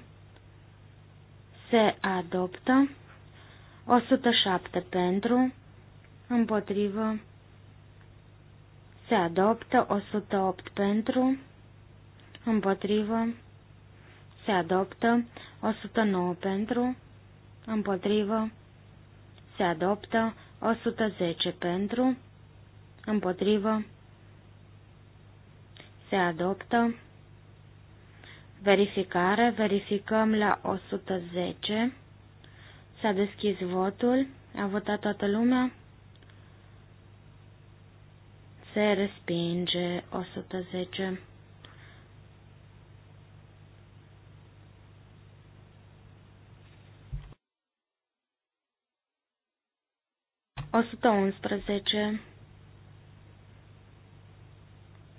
se adoptă. 107 pentru, împotrivă, se adoptă. 108 pentru, împotrivă, se adoptă. 109 pentru, împotrivă, se adoptă. 110 pentru, împotrivă, se adoptă. Verificare, verificăm la 110. S-a deschis votul, a votat toată lumea. Se respinge 110. O unsprezece.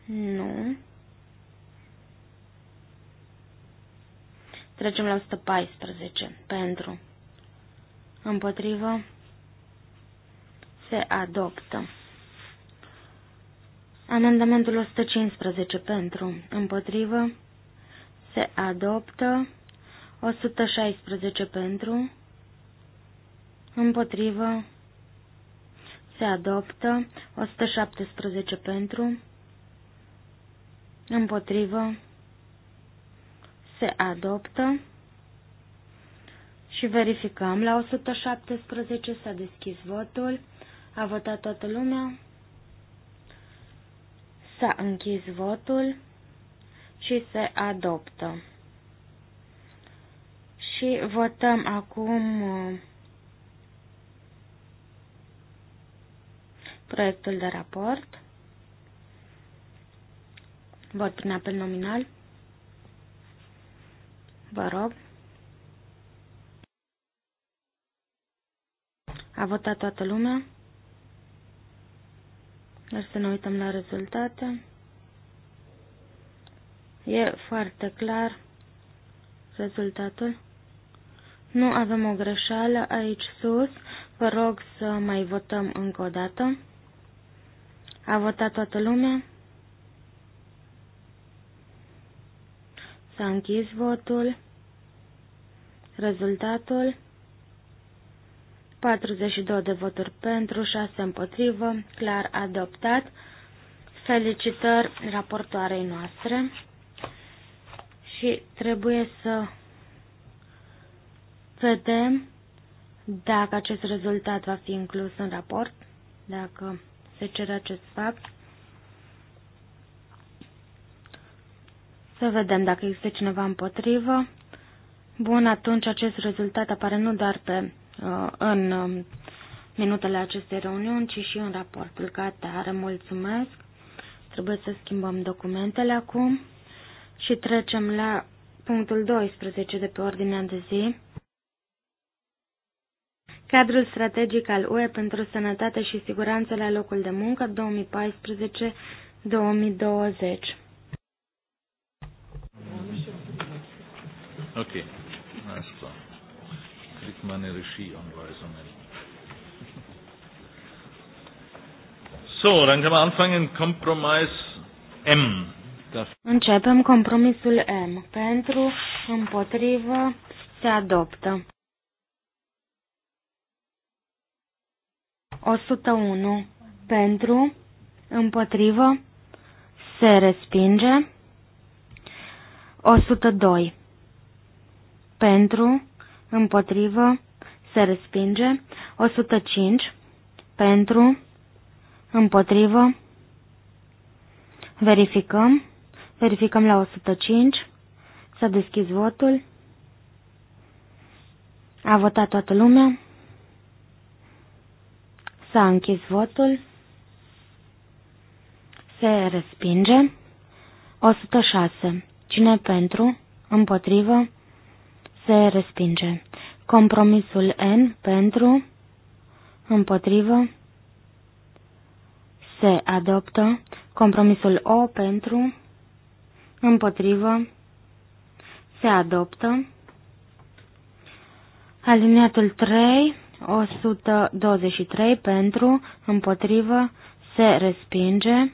Nu. Trecem la 114. Pentru. Împotrivă. Se adoptă. Amendamentul 115 pentru, împotrivă, se adoptă, 116 pentru, împotrivă, se adoptă, 117 pentru, împotrivă, se adoptă și verificăm. La 117 s-a deschis votul, a votat toată lumea, s-a închis votul și se adoptă. Și votăm acum uh, proiectul de raport. Vot prin apel nominal. Vă rog. A votat toată lumea. Dar să ne uităm la rezultate. E foarte clar rezultatul. Nu avem o greșeală aici sus. Vă rog să mai votăm încă o dată. A votat toată lumea. S-a închis votul. Rezultatul 42 de voturi pentru, 6 împotrivă, clar adoptat. Felicitări raportoarei noastre și trebuie să vedem dacă acest rezultat va fi inclus în raport, dacă se cere acest fapt. Să vedem dacă există cineva împotrivă. Bun, atunci acest rezultat apare nu doar pe, uh, în um, minutele acestei reuniuni, ci și în raportul Gata, are Mulțumesc. Trebuie să schimbăm documentele acum și trecem la punctul 12 de pe ordinea de zi. Cadrul strategic al UE pentru sănătate și siguranță la locul de muncă 2014-2020. Okay, alles klar. Kriegt man eine Regieanweisung. [LAUGHS] So, dann können wir anfangen. Kompromiss M. Începem compromisul M. Pentru, împotrivă, se adoptă. 101. Pentru, împotrivă, se respinge. 102 pentru, împotrivă, se respinge. 105 pentru, împotrivă, verificăm. Verificăm la 105. S-a deschis votul. A votat toată lumea. S-a închis votul. Se respinge. 106. Cine pentru? Împotrivă? se respinge. Compromisul N pentru, împotrivă, se adoptă. Compromisul O pentru, împotrivă, se adoptă. Aliniatul 3, 123 pentru, împotrivă, se respinge.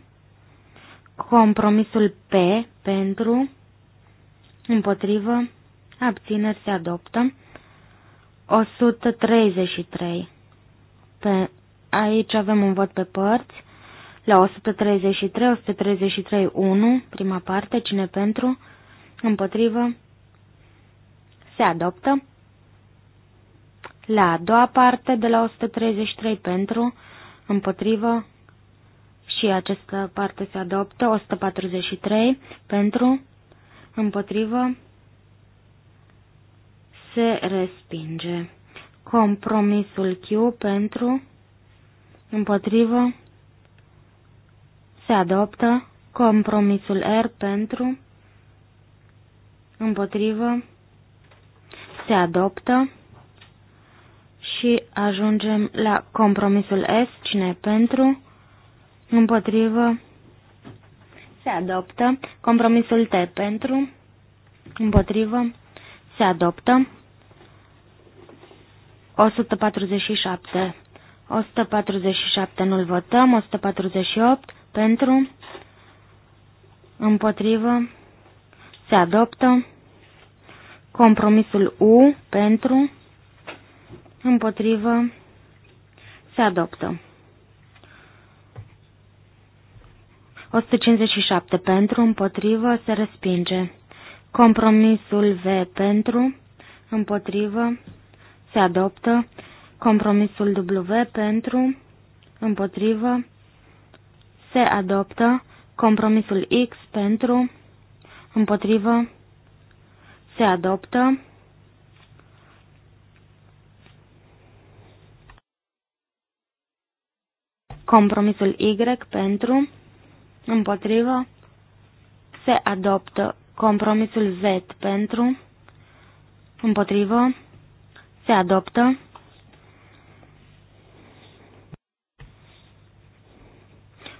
Compromisul P pentru, împotrivă, abțineri se adoptă. 133. Pe, aici avem un vot pe părți. La 133, 133, 1, prima parte, cine pentru, împotrivă, se adoptă. La a doua parte, de la 133 pentru, împotrivă, și această parte se adoptă, 143 pentru, împotrivă, se respinge. Compromisul Q pentru, împotrivă, se adoptă. Compromisul R pentru, împotrivă, se adoptă. Și ajungem la compromisul S, cine pentru, împotrivă, se adoptă. Compromisul T pentru, împotrivă, se adoptă. 147. 147 nu-l votăm, 148 pentru, împotrivă, se adoptă, compromisul U pentru, împotrivă, se adoptă. 157 pentru, împotrivă, se respinge. Compromisul V pentru, împotrivă, se adoptă. Compromisul W pentru, împotrivă, se adoptă. Compromisul X pentru, împotrivă, se adoptă. Compromisul Y pentru, împotrivă, se adoptă. Compromisul Z pentru, împotrivă, se adoptă.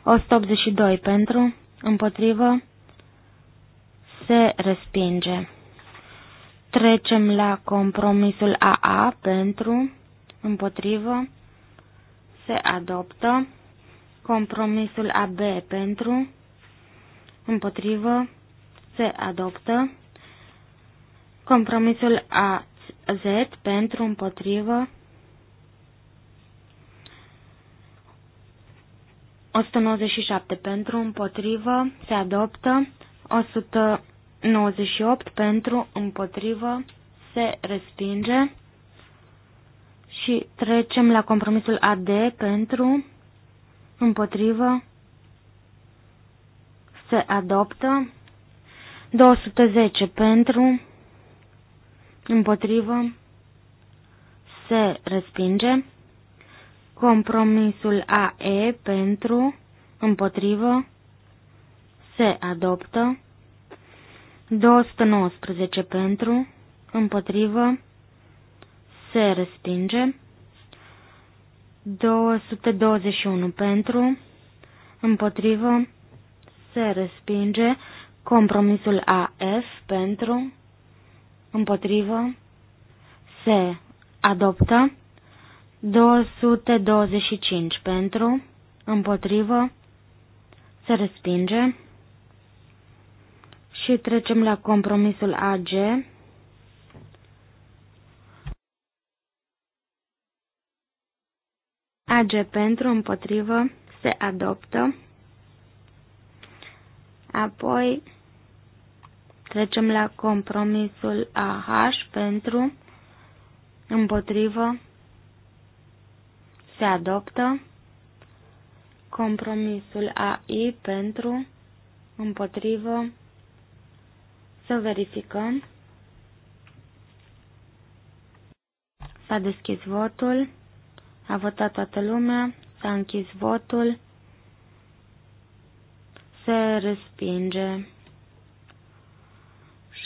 O 182 pentru, împotrivă, se respinge. Trecem la compromisul AA pentru, împotrivă, se adoptă. Compromisul AB pentru, împotrivă, se adoptă. Compromisul A Z pentru împotrivă 197 pentru împotrivă se adoptă 198 pentru împotrivă se respinge și trecem la compromisul AD pentru împotrivă se adoptă 210 pentru împotrivă, se respinge. Compromisul AE pentru, împotrivă, se adoptă. 219 pentru, împotrivă, se respinge. 221 pentru, împotrivă, se respinge. Compromisul AF pentru, împotrivă, se adoptă. 225 pentru, împotrivă, se respinge. Și trecem la compromisul AG. AG pentru, împotrivă, se adoptă. Apoi Trecem la compromisul AH pentru, împotrivă, se adoptă. Compromisul AI pentru, împotrivă, să verificăm. S-a deschis votul, a votat toată lumea, s-a închis votul, se respinge.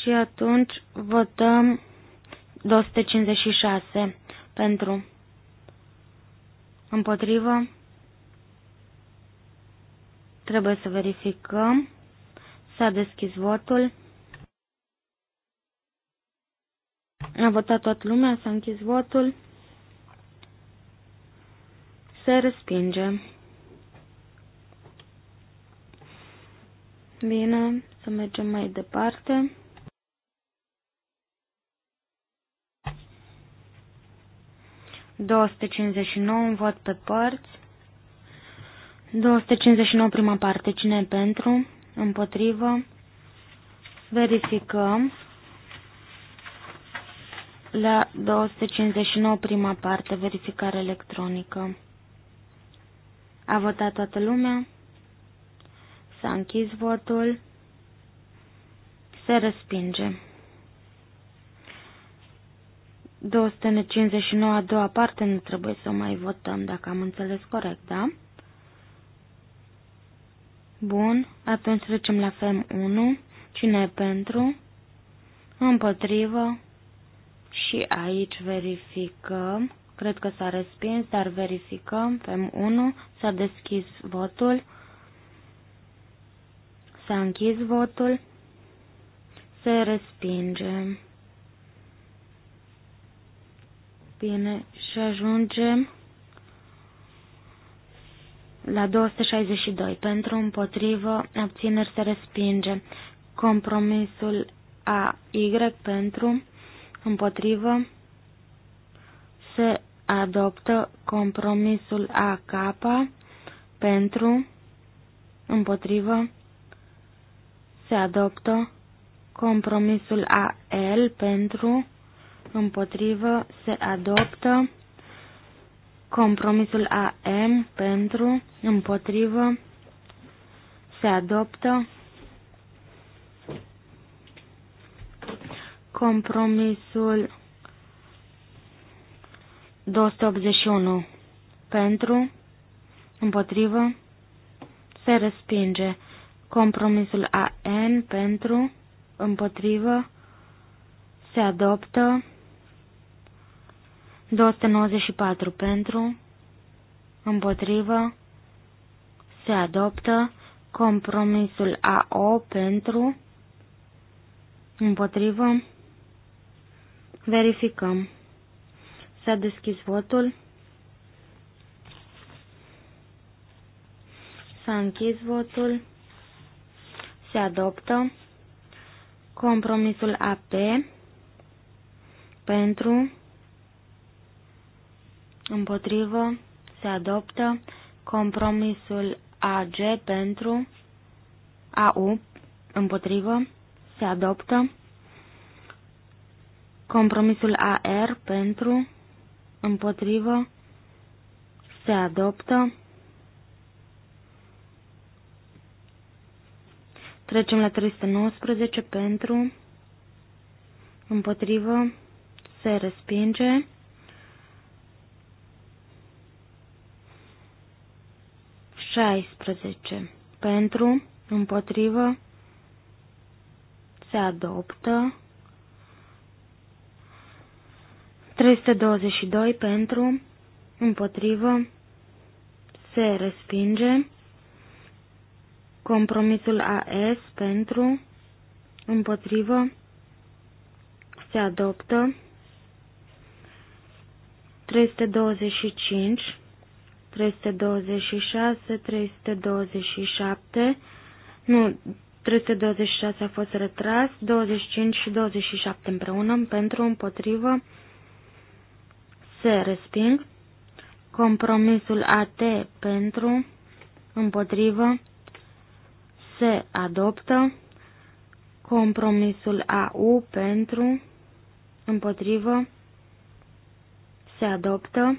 Și atunci votăm 256 pentru împotrivă. Trebuie să verificăm. S-a deschis votul. A votat toată lumea, s-a închis votul. Se respinge. Bine, să mergem mai departe. 259, un vot pe părți. 259, prima parte, cine e pentru? Împotrivă. Verificăm. La 259, prima parte, verificare electronică. A votat toată lumea? S-a închis votul? Se respinge. 259 a doua parte nu trebuie să o mai votăm, dacă am înțeles corect, da? Bun, atunci trecem la FEM 1. Cine e pentru? Împotrivă. Și aici verificăm. Cred că s-a respins, dar verificăm. FEM 1. S-a deschis votul. S-a închis votul. Se respinge. Bine, și ajungem la 262. Pentru împotrivă, abțineri se respinge. Compromisul a y pentru împotrivă se adoptă compromisul a k pentru împotrivă se adoptă compromisul AL pentru împotrivă, se adoptă. Compromisul AM pentru, împotrivă, se adoptă. Compromisul 281 pentru, împotrivă, se respinge. Compromisul AN pentru, împotrivă, se adoptă. 294 pentru, împotrivă, se adoptă compromisul AO pentru, împotrivă, verificăm. S-a deschis votul. S-a închis votul. Se adoptă compromisul AP pentru împotrivă, se adoptă compromisul AG pentru, AU, împotrivă, se adoptă compromisul AR pentru, împotrivă, se adoptă. Trecem la 319 pentru, împotrivă, se respinge. 16. Pentru, împotrivă, se adoptă. 322 pentru, împotrivă, se respinge. Compromisul AS pentru, împotrivă, se adoptă. 325 326, 327, nu, 326 a fost retras, 25 și 27 împreună, pentru, împotrivă, se resping. Compromisul AT pentru, împotrivă, se adoptă. Compromisul AU pentru, împotrivă, se adoptă.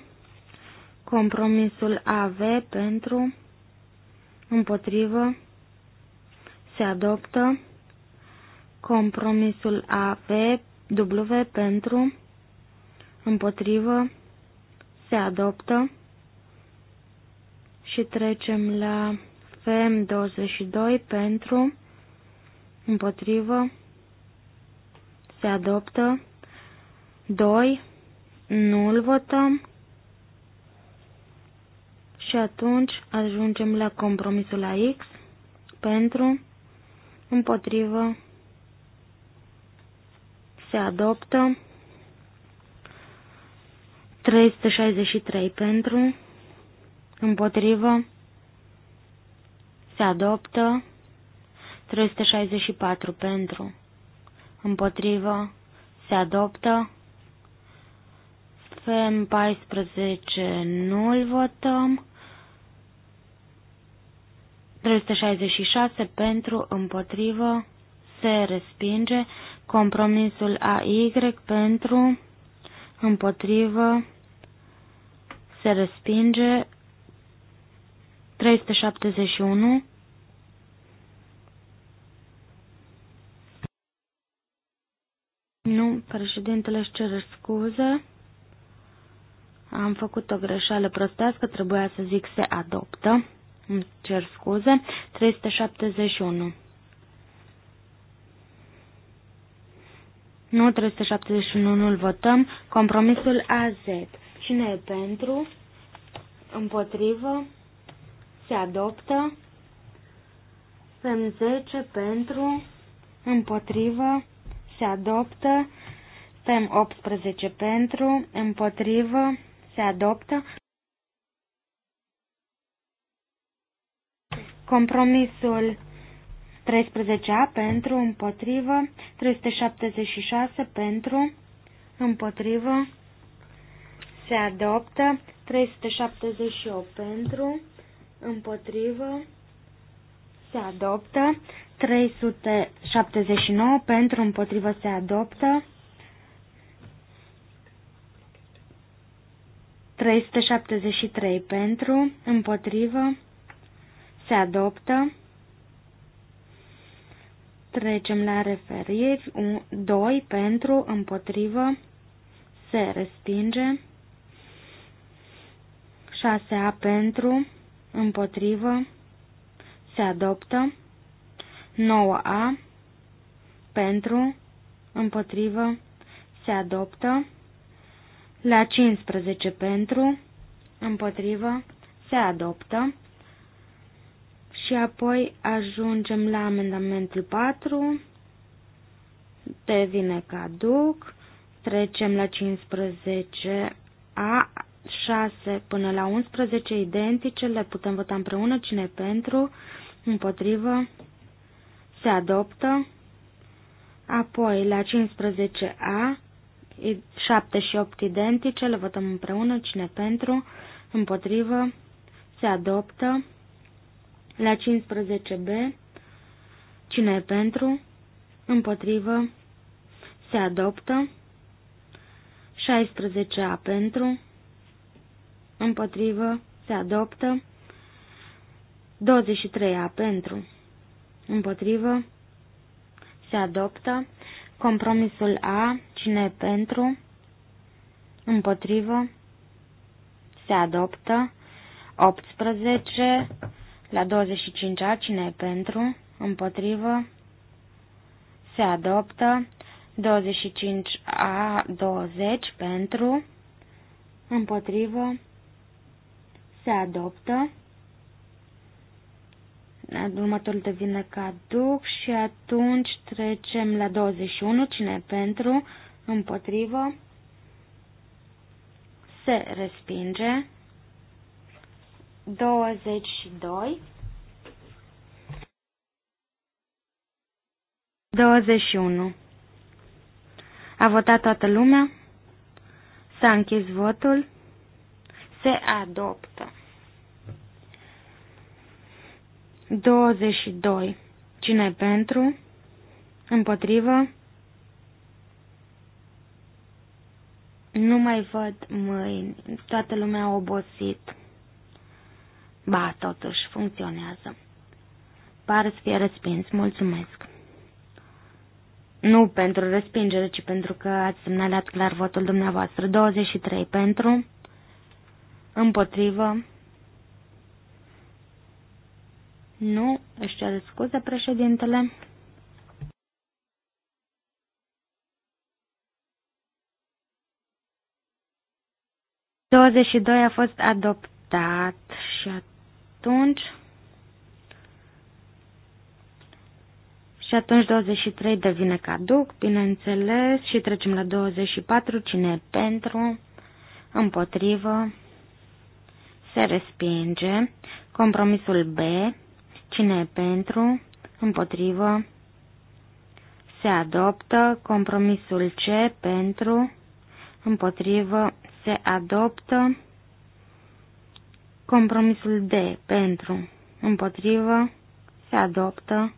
Compromisul AV pentru, împotrivă, se adoptă. Compromisul AV, W pentru, împotrivă, se adoptă. Și trecem la FM 22 pentru, împotrivă, se adoptă. 2. Nu-l votăm. Și atunci ajungem la compromisul la X pentru, împotrivă, se adoptă 363 pentru, împotrivă, se adoptă 364 pentru, împotrivă, se adoptă FM 14 nu-l votăm. 366 pentru, împotrivă, se respinge. Compromisul AY pentru, împotrivă, se respinge. 371 Nu, președintele își cere scuze. Am făcut o greșeală prostească, trebuia să zic se adoptă îmi cer scuze, 371. Nu, 371 nu-l votăm. Compromisul AZ. Cine e pentru? Împotrivă? Se adoptă? Fem 10 pentru? Împotrivă? Se adoptă? Fem 18 pentru? Împotrivă? Se adoptă? Compromisul 13A pentru, împotrivă, 376 pentru, împotrivă, se adoptă, 378 pentru, împotrivă, se adoptă, 379 pentru, împotrivă, se adoptă, 373 pentru, împotrivă, se adoptă. Trecem la referiri. 2 pentru, împotrivă, se respinge. 6A pentru, împotrivă, se adoptă. 9A pentru, împotrivă, se adoptă. La 15 pentru, împotrivă, se adoptă. Și apoi ajungem la amendamentul 4, devine caduc, trecem la 15 a 6 până la 11 identice, le putem vota împreună, cine pentru, împotrivă, se adoptă. Apoi la 15A, 7 și 8 identice, le votăm împreună, cine pentru, împotrivă, se adoptă. La 15b, cine e pentru, împotrivă, se adoptă. 16a pentru, împotrivă, se adoptă. 23a pentru, împotrivă, se adoptă. Compromisul A, cine e pentru, împotrivă, se adoptă. 18 la 25-a, cine e pentru? Împotrivă? Se adoptă. 25A, 20 pentru, împotrivă, se adoptă. Următorul devine caduc și atunci trecem la 21, cine pentru, împotrivă, se respinge. 22, 21. A votat toată lumea? S-a închis votul? Se adoptă. 22. Cine pentru? Împotrivă? Nu mai văd mâini. Toată lumea a obosit. Ba, totuși, funcționează. Pare să fie respins, mulțumesc. Nu pentru respingere, ci pentru că ați semnalat clar votul dumneavoastră. 23 pentru, împotrivă, nu, își cer scuze președintele. Douăzeci și doi a fost adoptat și atunci atunci. Și atunci 23 devine caduc, bineînțeles, și trecem la 24, cine e pentru, împotrivă, se respinge. Compromisul B, cine e pentru, împotrivă, se adoptă. Compromisul C, pentru, împotrivă, se adoptă. Compromisul D pentru împotrivă se adoptă.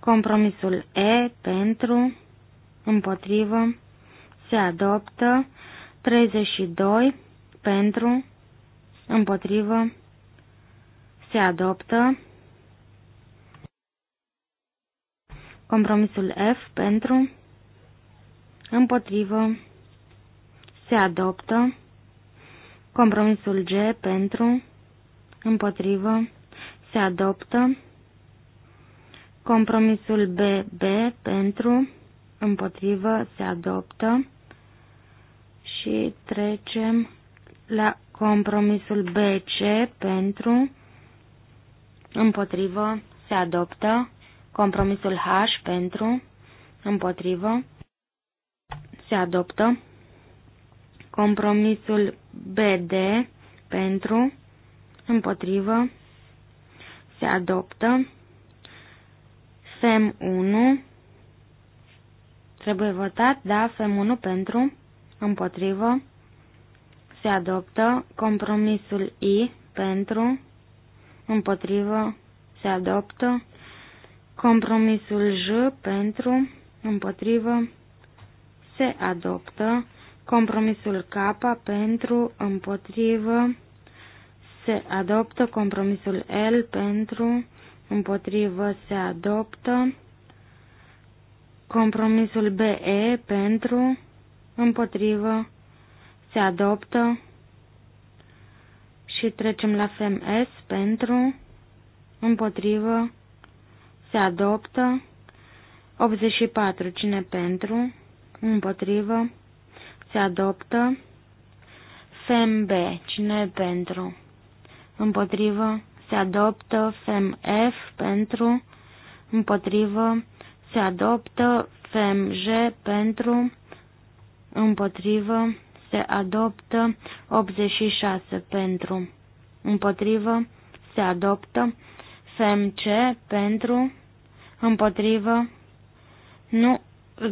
Compromisul E pentru împotrivă se adoptă. 32 pentru împotrivă se adoptă. Compromisul F pentru împotrivă se adoptă. Compromisul G pentru, împotrivă, se adoptă. Compromisul BB pentru, împotrivă, se adoptă. Și trecem la compromisul BC pentru, împotrivă, se adoptă. Compromisul H pentru, împotrivă, se adoptă. Compromisul BD pentru, împotrivă, se adoptă. FEM 1 trebuie votat, da, FEM 1 pentru, împotrivă, se adoptă. Compromisul I pentru, împotrivă, se adoptă. Compromisul J pentru, împotrivă, se adoptă. Compromisul K pentru, împotrivă, se adoptă. Compromisul L pentru, împotrivă, se adoptă. Compromisul BE pentru, împotrivă, se adoptă. Și trecem la FMS pentru, împotrivă, se adoptă. 84. Cine pentru? Împotrivă. Se adoptă. FEMB. Cine e pentru? Împotrivă. Se adoptă. FEMF. Pentru. Împotrivă. Se adoptă. FEMG. Pentru. Împotrivă. Se adoptă. 86. Pentru. Împotrivă. Se adoptă. femc pentru, împotrivă, nu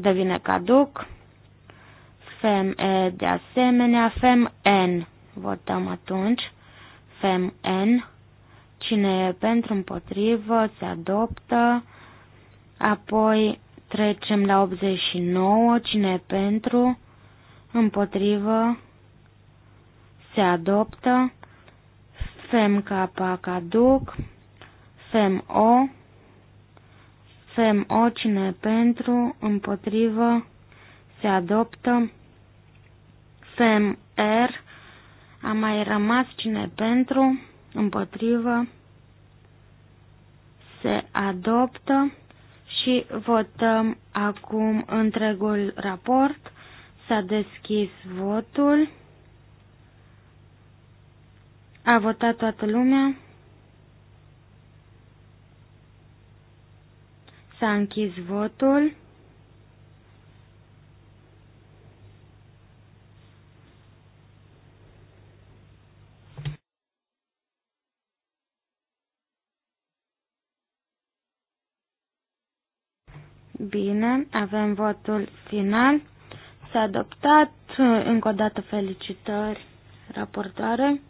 devine caduc, e de asemenea, fem n. Votăm atunci. fem n Cine e pentru împotrivă, se adoptă. Apoi trecem la 89. Cine e pentru, împotrivă, se adoptă. fem K caduc. fem o fem o cine e pentru, împotrivă, se adoptă. R, A mai rămas cine pentru, împotrivă, se adoptă și votăm acum întregul raport. S-a deschis votul. A votat toată lumea. S-a închis votul. Bine, avem votul final. S-a adoptat. Încă o dată felicitări raportoare,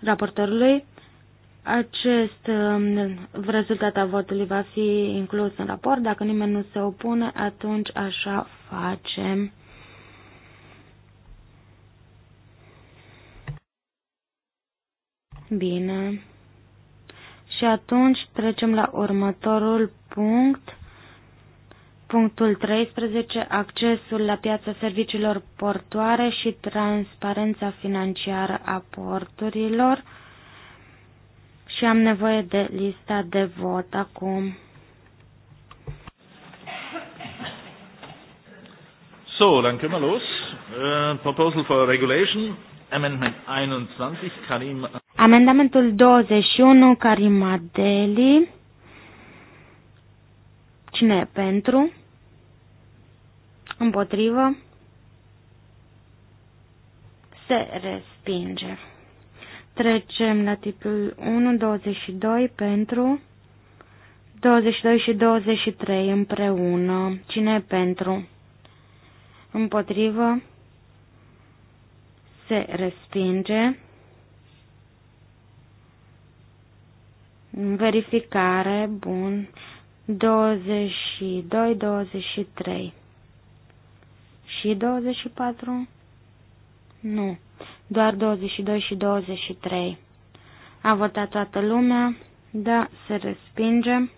raportorului. Acest um, rezultat al votului va fi inclus în raport. Dacă nimeni nu se opune, atunci așa facem. Bine. Și atunci trecem la următorul punct. Punctul 13. Accesul la piața serviciilor portoare și transparența financiară a porturilor. Și am nevoie de lista de vot acum. So, dann können wir los. Uh, proposal for Regulation, Amendment 21, Karim. Amendamentul 21, Karim Adeli. Cine e pentru? Împotrivă? Se respinge. Trecem la tipul 1, 22 pentru 22 și 23 împreună. Cine e pentru? Împotrivă? Se respinge. Verificare, bun. 22, 23 și 24? Nu, doar 22 și 23. A votat toată lumea, da, se respinge.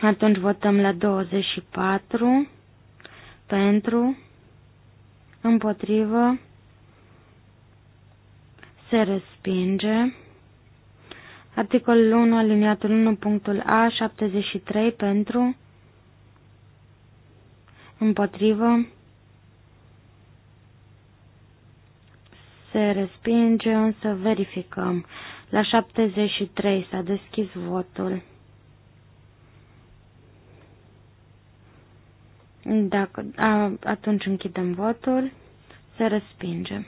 Atunci votăm la 24, pentru, împotrivă, se respinge. Articolul 1, aliniatul 1, punctul A, 73 pentru, împotrivă, se respinge, însă verificăm. La 73 s-a deschis votul. Dacă, a, atunci închidem votul, se respinge.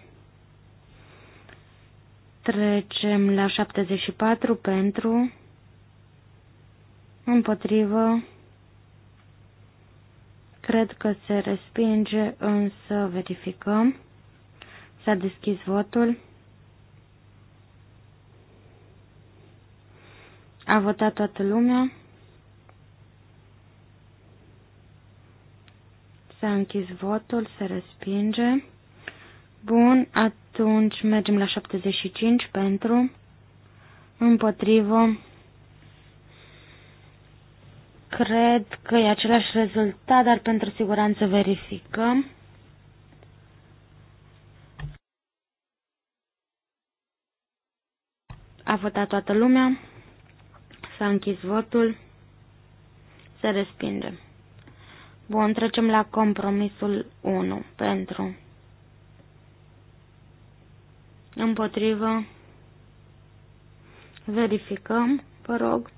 Trecem la 74 pentru, împotrivă, cred că se respinge, însă verificăm. S-a deschis votul. A votat toată lumea. S-a închis votul, se respinge. Bun, atunci mergem la 75 pentru, împotrivă, cred că e același rezultat, dar pentru siguranță verificăm. A votat toată lumea, s-a închis votul, se respinge. Bun, trecem la compromisul 1 pentru împotrivă, verificăm, vă rog.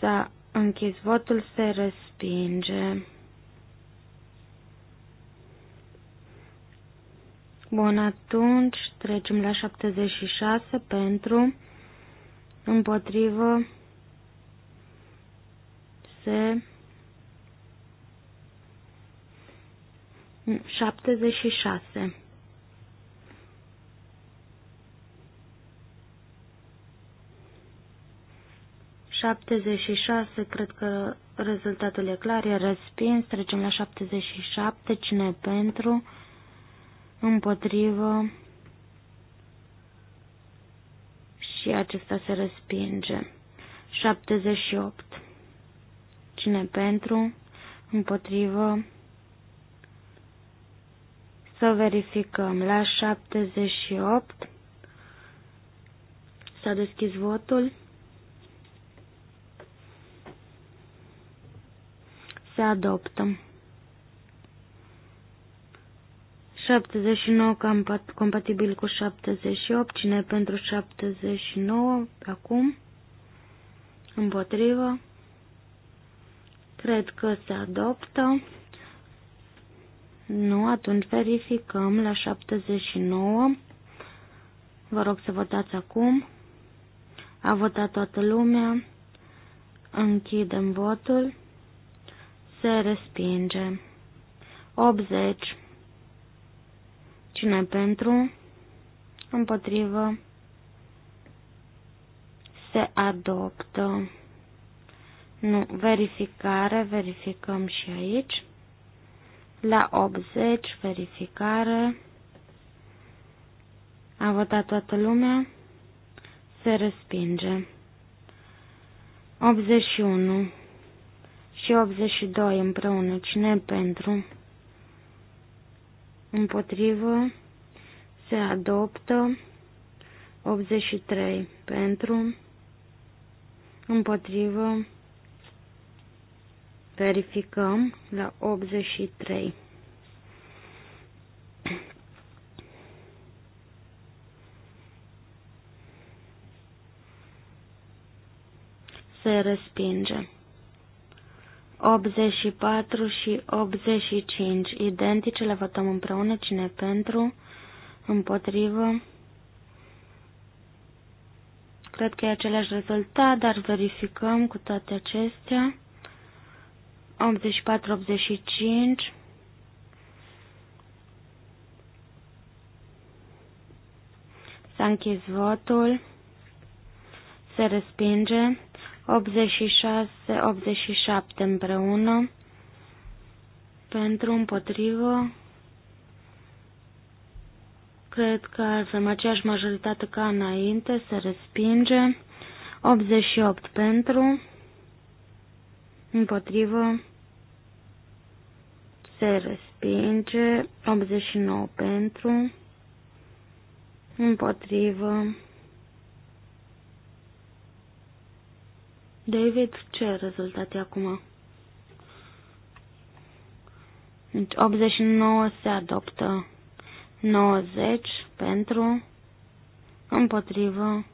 S-a închis votul, se respinge. Bun, atunci trecem la 76 pentru, împotrivă, 76. Mm, șaptezeci și șase, cred că rezultatul e clar, e respins, trecem la 77, cine pentru, împotrivă și acesta se respinge. 78. Cine pentru? Împotrivă? Să verificăm. La 78 s-a deschis votul. Se adoptă. 79 compatibil cu 78. Cine pentru 79? Acum. Împotrivă. Cred că se adoptă. Nu, atunci verificăm la 79. Vă rog să votați acum. A votat toată lumea. Închidem votul. Se respinge. 80. Cine pentru? Împotrivă. Se adoptă. Nu, verificare, verificăm și aici. La 80, verificare. A votat toată lumea. Se respinge. 81 și 82 împreună. Cine pentru? Împotrivă. Se adoptă. 83 pentru. Împotrivă Verificăm la 83. Se respinge. 84 și 85 identice le votăm împreună cine pentru, împotrivă. Cred că e același rezultat, dar verificăm cu toate acestea. 84-85 S-a închis votul. Se respinge. 86-87 împreună. Pentru împotrivă. Cred că avem aceeași majoritate ca înainte. Se respinge. 88 pentru. Împotrivă se respinge, 89 pentru, împotrivă. David, ce rezultat e acum? Deci 89 se adoptă, 90 pentru, împotrivă,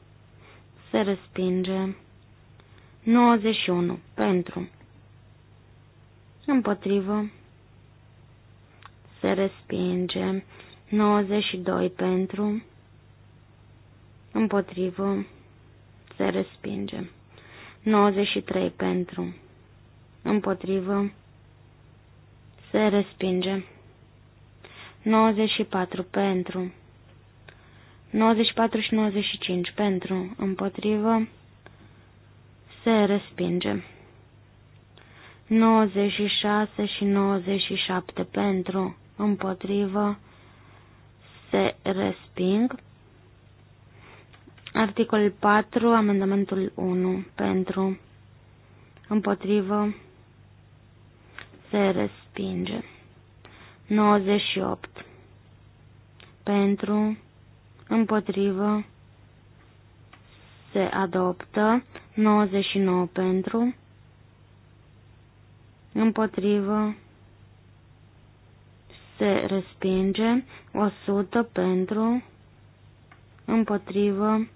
se respinge, 91 pentru, împotrivă se respinge. 92 pentru, împotrivă, se respinge. 93 pentru, împotrivă, se respinge. 94 pentru, 94 și 95 pentru, împotrivă, se respinge. 96 și 97 pentru, împotrivă, se resping. Articolul 4, amendamentul 1, pentru, împotrivă, se respinge. 98. Pentru, împotrivă, se adoptă. 99 pentru, împotrivă, se respinge, 100 pentru, împotrivă,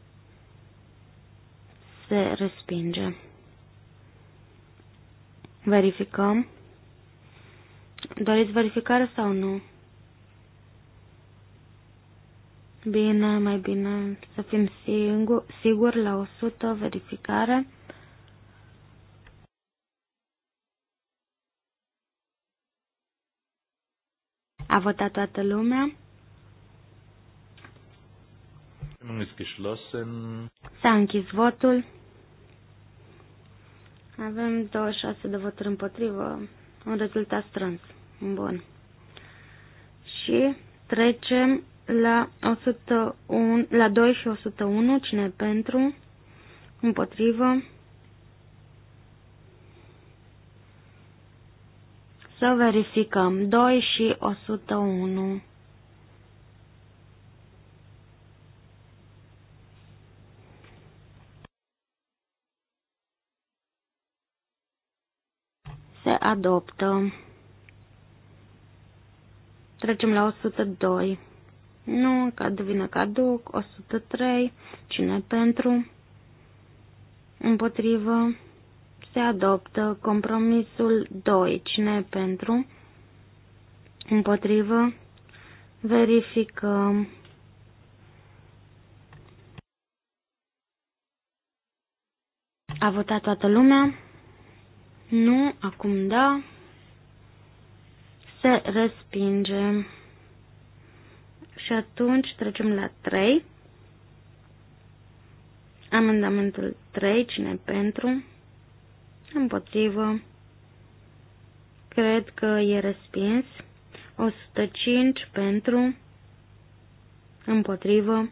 se respinge. Verificăm. Doriți verificare sau nu? Bine, mai bine să fim sigur sigur la 100 verificare. A votat toată lumea. S-a închis votul. Avem 26 de voturi împotrivă. Un rezultat strâns. Bun. Și trecem la, 101, la 2 și 101. Cine pentru? Împotrivă. Să verificăm. 2 și 101. Se adoptă. Trecem la 102. Nu, că devine caduc. 103. Cine pentru? Împotrivă se adoptă. Compromisul 2. Cine pentru? Împotrivă. Verificăm. A votat toată lumea? Nu, acum da. Se respinge. Și atunci trecem la 3. Amendamentul 3, cine pentru? împotrivă, cred că e respins, 105 pentru, împotrivă,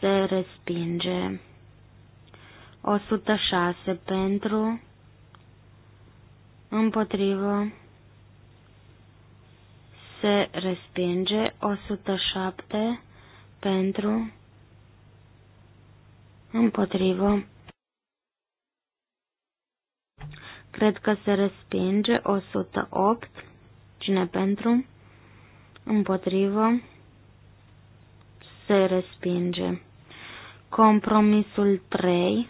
se respinge, 106 pentru, împotrivă, se respinge, 107 pentru, împotrivă, Cred că se respinge 108. Cine pentru? Împotrivă. Se respinge. Compromisul 3.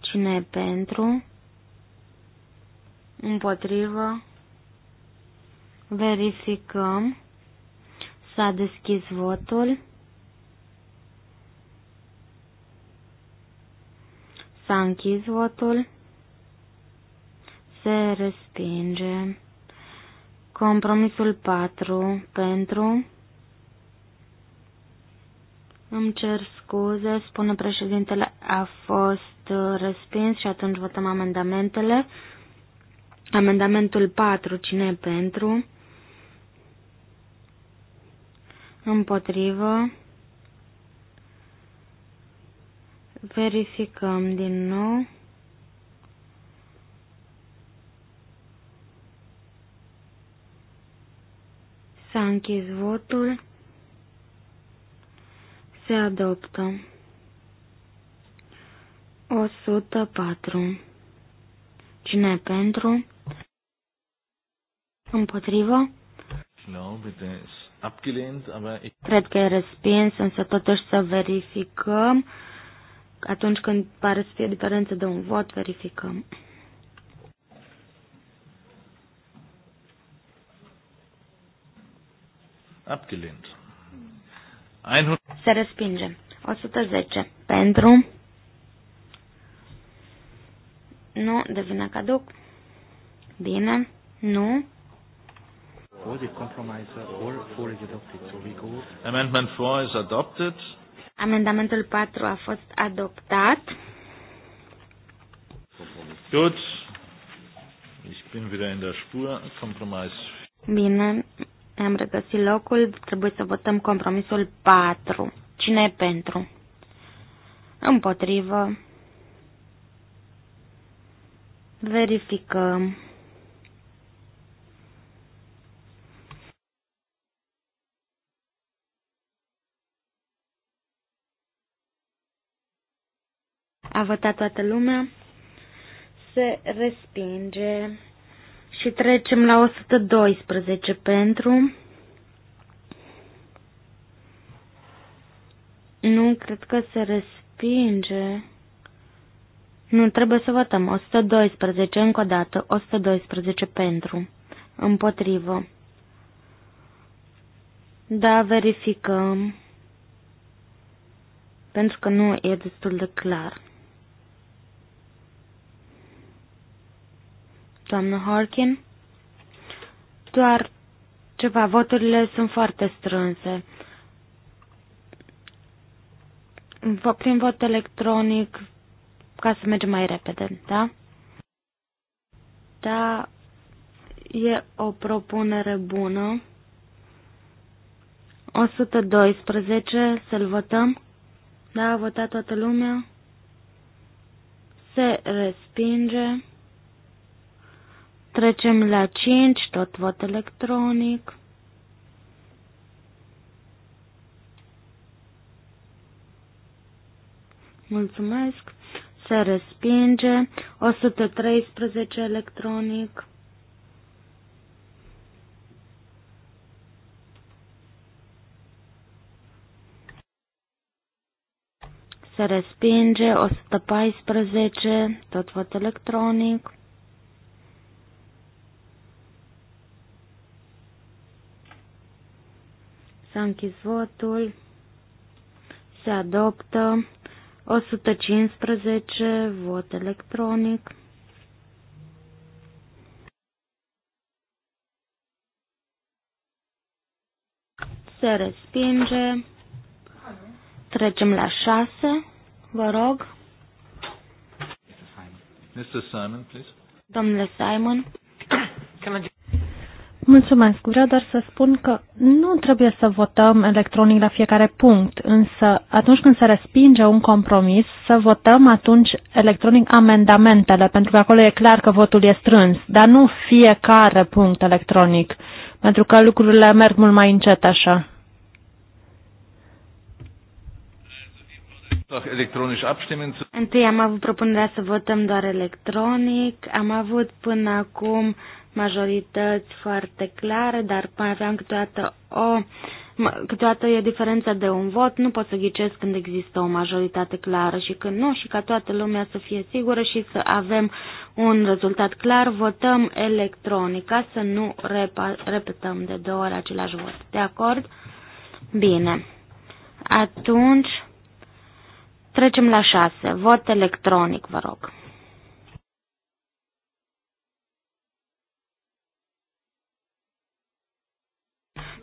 Cine e pentru? Împotrivă. Verificăm. S-a deschis votul. S-a închis votul se respinge. Compromisul 4 pentru. Îmi cer scuze, spune președintele, a fost respins și atunci votăm amendamentele. Amendamentul 4, cine e pentru? Împotrivă. Verificăm din nou. S-a închis votul. Se adoptă. 104. Cine pentru? Împotrivă? Cred că e respins, însă totuși să verificăm. Atunci când pare să fie diferență de un vot, verificăm. Abgelehnt. 100. Se respinge. 110. Pentru. Nu, devine caduc. Bine. Nu. All the compromise, all four is adopted. So we go. Amendment 4 is adopted. Amendamentul 4 a fost adoptat. Gut. Ich bin wieder in der Spur. Compromise. Bine, am regăsit locul, trebuie să votăm compromisul 4. Cine e pentru? Împotrivă. Verificăm. A votat toată lumea. Se respinge. Și trecem la 112 pentru. Nu, cred că se respinge. Nu, trebuie să votăm. 112, încă o dată. 112 pentru. Împotrivă. Da, verificăm. Pentru că nu e destul de clar. doamnă Harkin. Doar ceva, voturile sunt foarte strânse. Prin vot electronic, ca să mergem mai repede, da? Da, e o propunere bună. 112, să-l votăm. Da, a votat toată lumea. Se respinge. Trecem la 5, tot vot electronic. Mulțumesc. Se respinge. 113 electronic. Se respinge. 114, tot vot electronic. S-a închis votul. Se adoptă. 115, vot electronic. Se respinge. Trecem la 6. Vă rog. Mr. Simon, please. Domnule Simon. Can I Mulțumesc. Vreau doar să spun că nu trebuie să votăm electronic la fiecare punct, însă atunci când se respinge un compromis, să votăm atunci electronic amendamentele, pentru că acolo e clar că votul e strâns, dar nu fiecare punct electronic, pentru că lucrurile merg mult mai încet așa. Întâi am avut propunerea să votăm doar electronic, am avut până acum majorități foarte clare, dar mai aveam câteodată o câteodată e diferența de un vot, nu pot să ghicesc când există o majoritate clară și când nu și ca toată lumea să fie sigură și să avem un rezultat clar, votăm electronic ca să nu repetăm de două ori același vot. De acord? Bine. Atunci trecem la șase. Vot electronic, vă rog.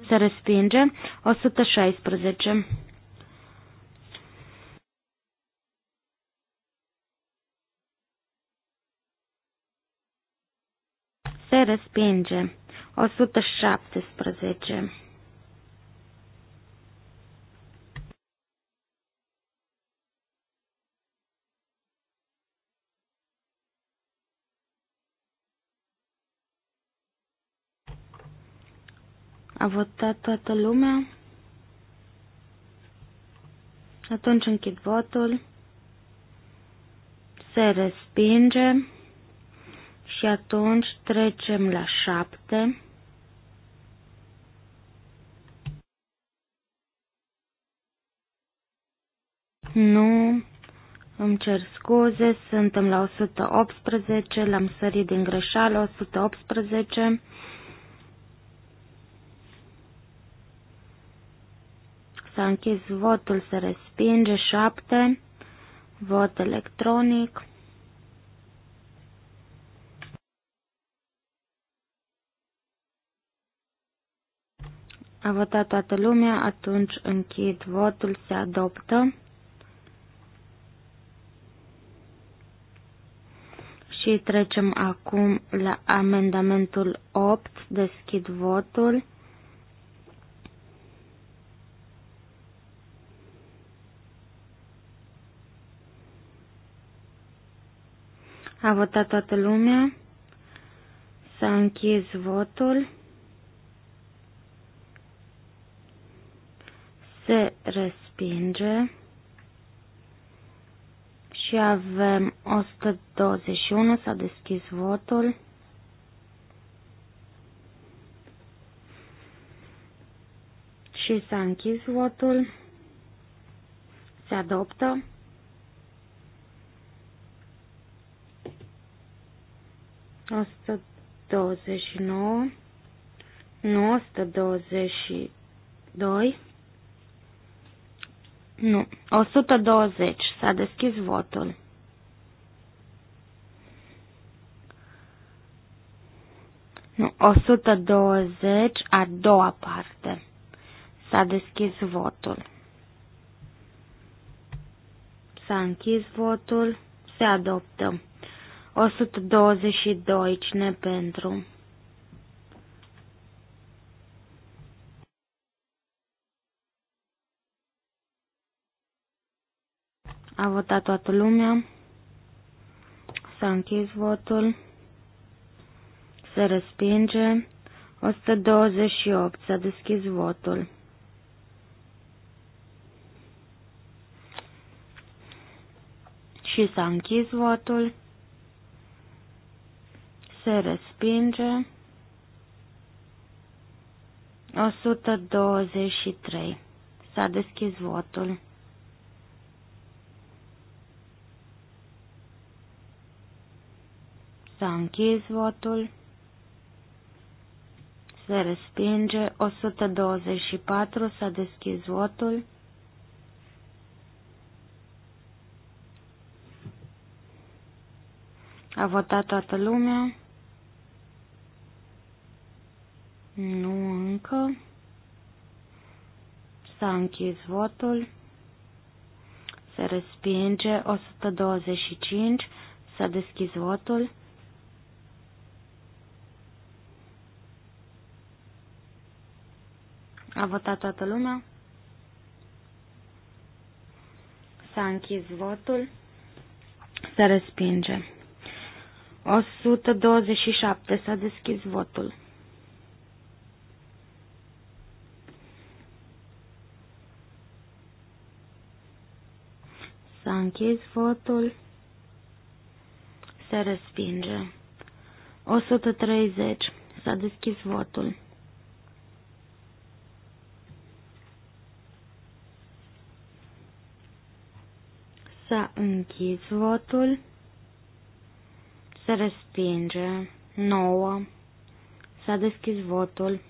Se respinge. 116. Se respinge. 117. A votat toată lumea? Atunci închid votul. Se respinge. Și atunci trecem la șapte. Nu, îmi cer scuze, suntem la 118, l-am sărit din greșeală, 118. S-a închis votul, se respinge. 7. Vot electronic. A votat toată lumea, atunci închid votul, se adoptă. Și trecem acum la amendamentul 8, deschid votul. A votat toată lumea. S-a închis votul. Se respinge. Și avem 121. S-a deschis votul. Și s-a închis votul. Se adoptă. 129, nu 122, nu, 120. S-a deschis votul. Nu, 120, a doua parte. S-a deschis votul. S-a închis votul. Se adoptă. 122. Cine pentru? A votat toată lumea. S-a închis votul. Se respinge. 128. S-a deschis votul. Și s-a închis votul se respinge. 123. S-a deschis votul. S-a închis votul. Se respinge. 124. S-a deschis votul. A votat toată lumea. Nu încă. S-a închis votul. Se respinge 125. S-a deschis votul. A votat toată lumea? S-a închis votul. Se respinge. 127. S-a deschis votul. S-a închis votul. Se respinge. 130. S-a deschis votul. S-a închis votul. Se respinge. 9. S-a deschis votul.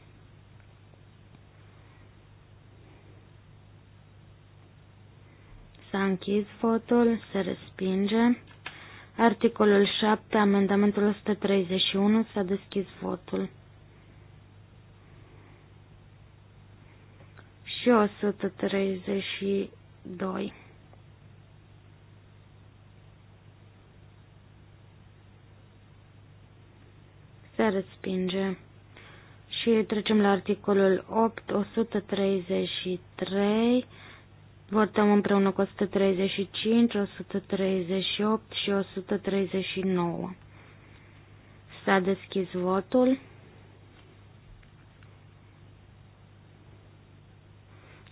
S-a închis votul, se respinge. Articolul 7, amendamentul 131, s-a deschis votul. Și 132. Se respinge. Și trecem la articolul 8, 133. Votăm împreună cu 135, 138 și 139. S-a deschis votul.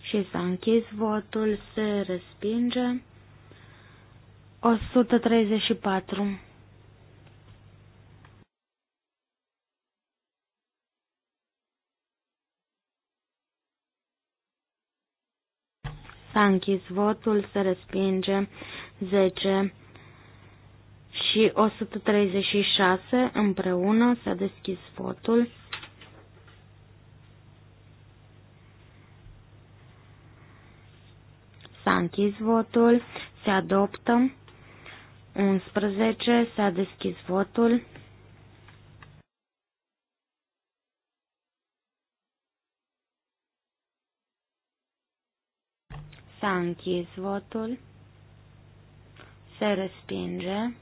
Și s-a închis votul, se respinge. 134. S-a închis votul, se respinge 10 și 136 împreună, s-a deschis votul. S-a închis votul, se adoptă 11, s-a deschis votul. S-a închis votul. Se respinge.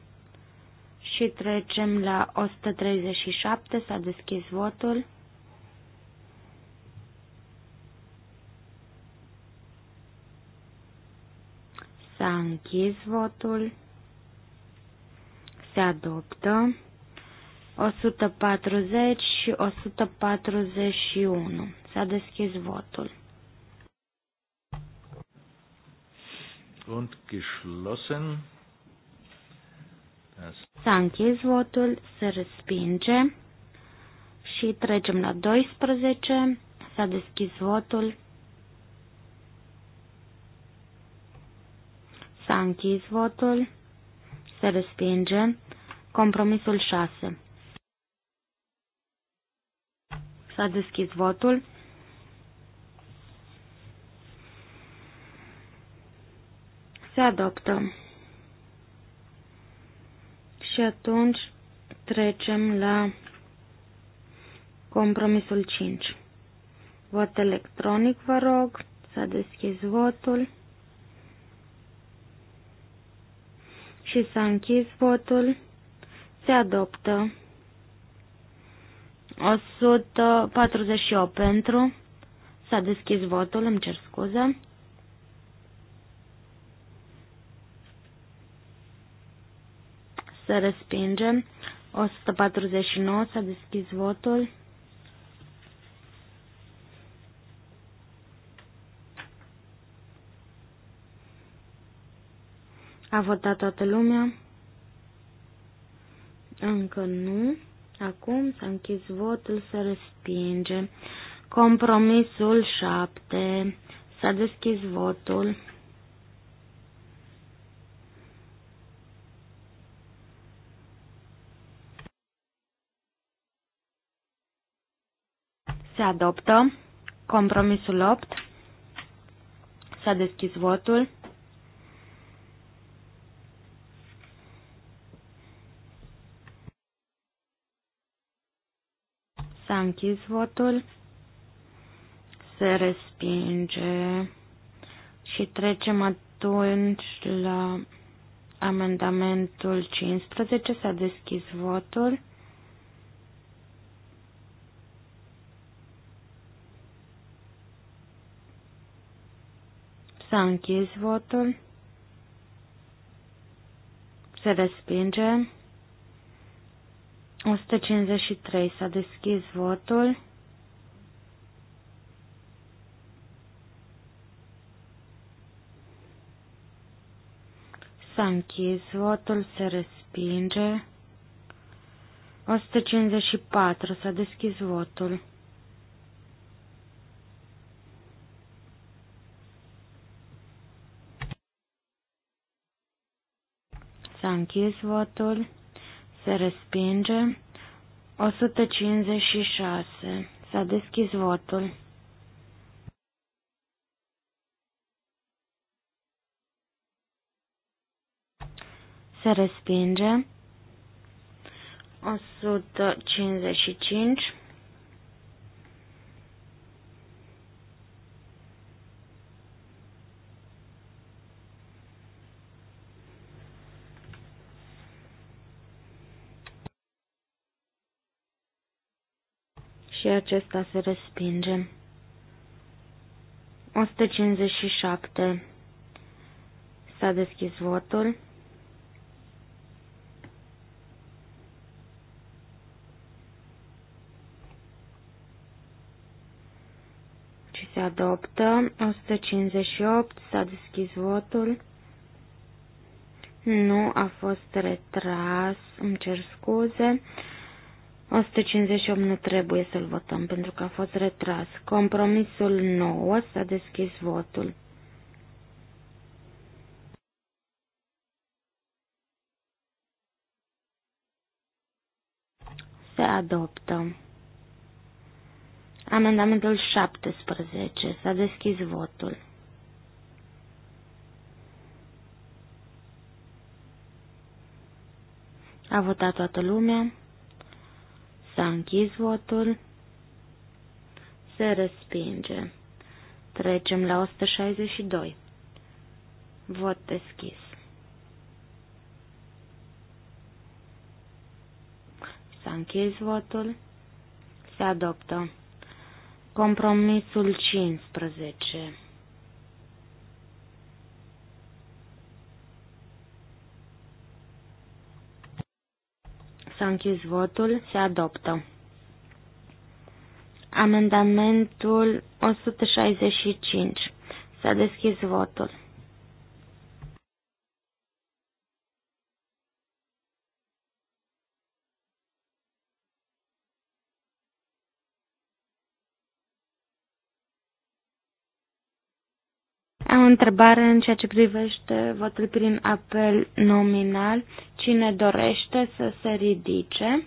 Și trecem la 137. S-a deschis votul. S-a închis votul. Se adoptă. 140 și 141. S-a deschis votul. und geschlossen. S-a închis votul, se respinge și trecem la 12, s-a deschis votul, s-a închis votul, se respinge, compromisul 6. S-a deschis votul. se adoptă. Și atunci trecem la compromisul 5. Vot electronic, vă rog. S-a deschis votul. Și s-a închis votul. Se adoptă. 148 pentru. S-a deschis votul, îmi cer scuze. se respinge. 149 s-a deschis votul. A votat toată lumea? Încă nu. Acum s-a închis votul, se respinge. Compromisul 7. S-a deschis votul. Se adoptă. Compromisul 8. S-a deschis votul. S-a închis votul. Se respinge. Și trecem atunci la amendamentul 15. S-a deschis votul. S-a închis votul. Se respinge. 153. S-a deschis votul. S-a închis votul. Se respinge. 154. S-a deschis votul. S-a închis votul. Se respinge. 156. S-a deschis votul. Se respinge. 155. și acesta se respinge. 157. S-a deschis votul. Și se adoptă. 158. S-a deschis votul. Nu a fost retras. Îmi cer scuze. 158 nu trebuie să-l votăm pentru că a fost retras. Compromisul 9 s-a deschis votul. Se adoptă. Amendamentul 17 s-a deschis votul. A votat toată lumea. S-a închis votul. Se respinge. Trecem la 162. Vot deschis. S-a închis votul. Se adoptă. Compromisul 15. S-a închis votul. Se adoptă. Amendamentul 165. S-a deschis votul. Am o întrebare în ceea ce privește votul prin apel nominal. Cine dorește să se ridice?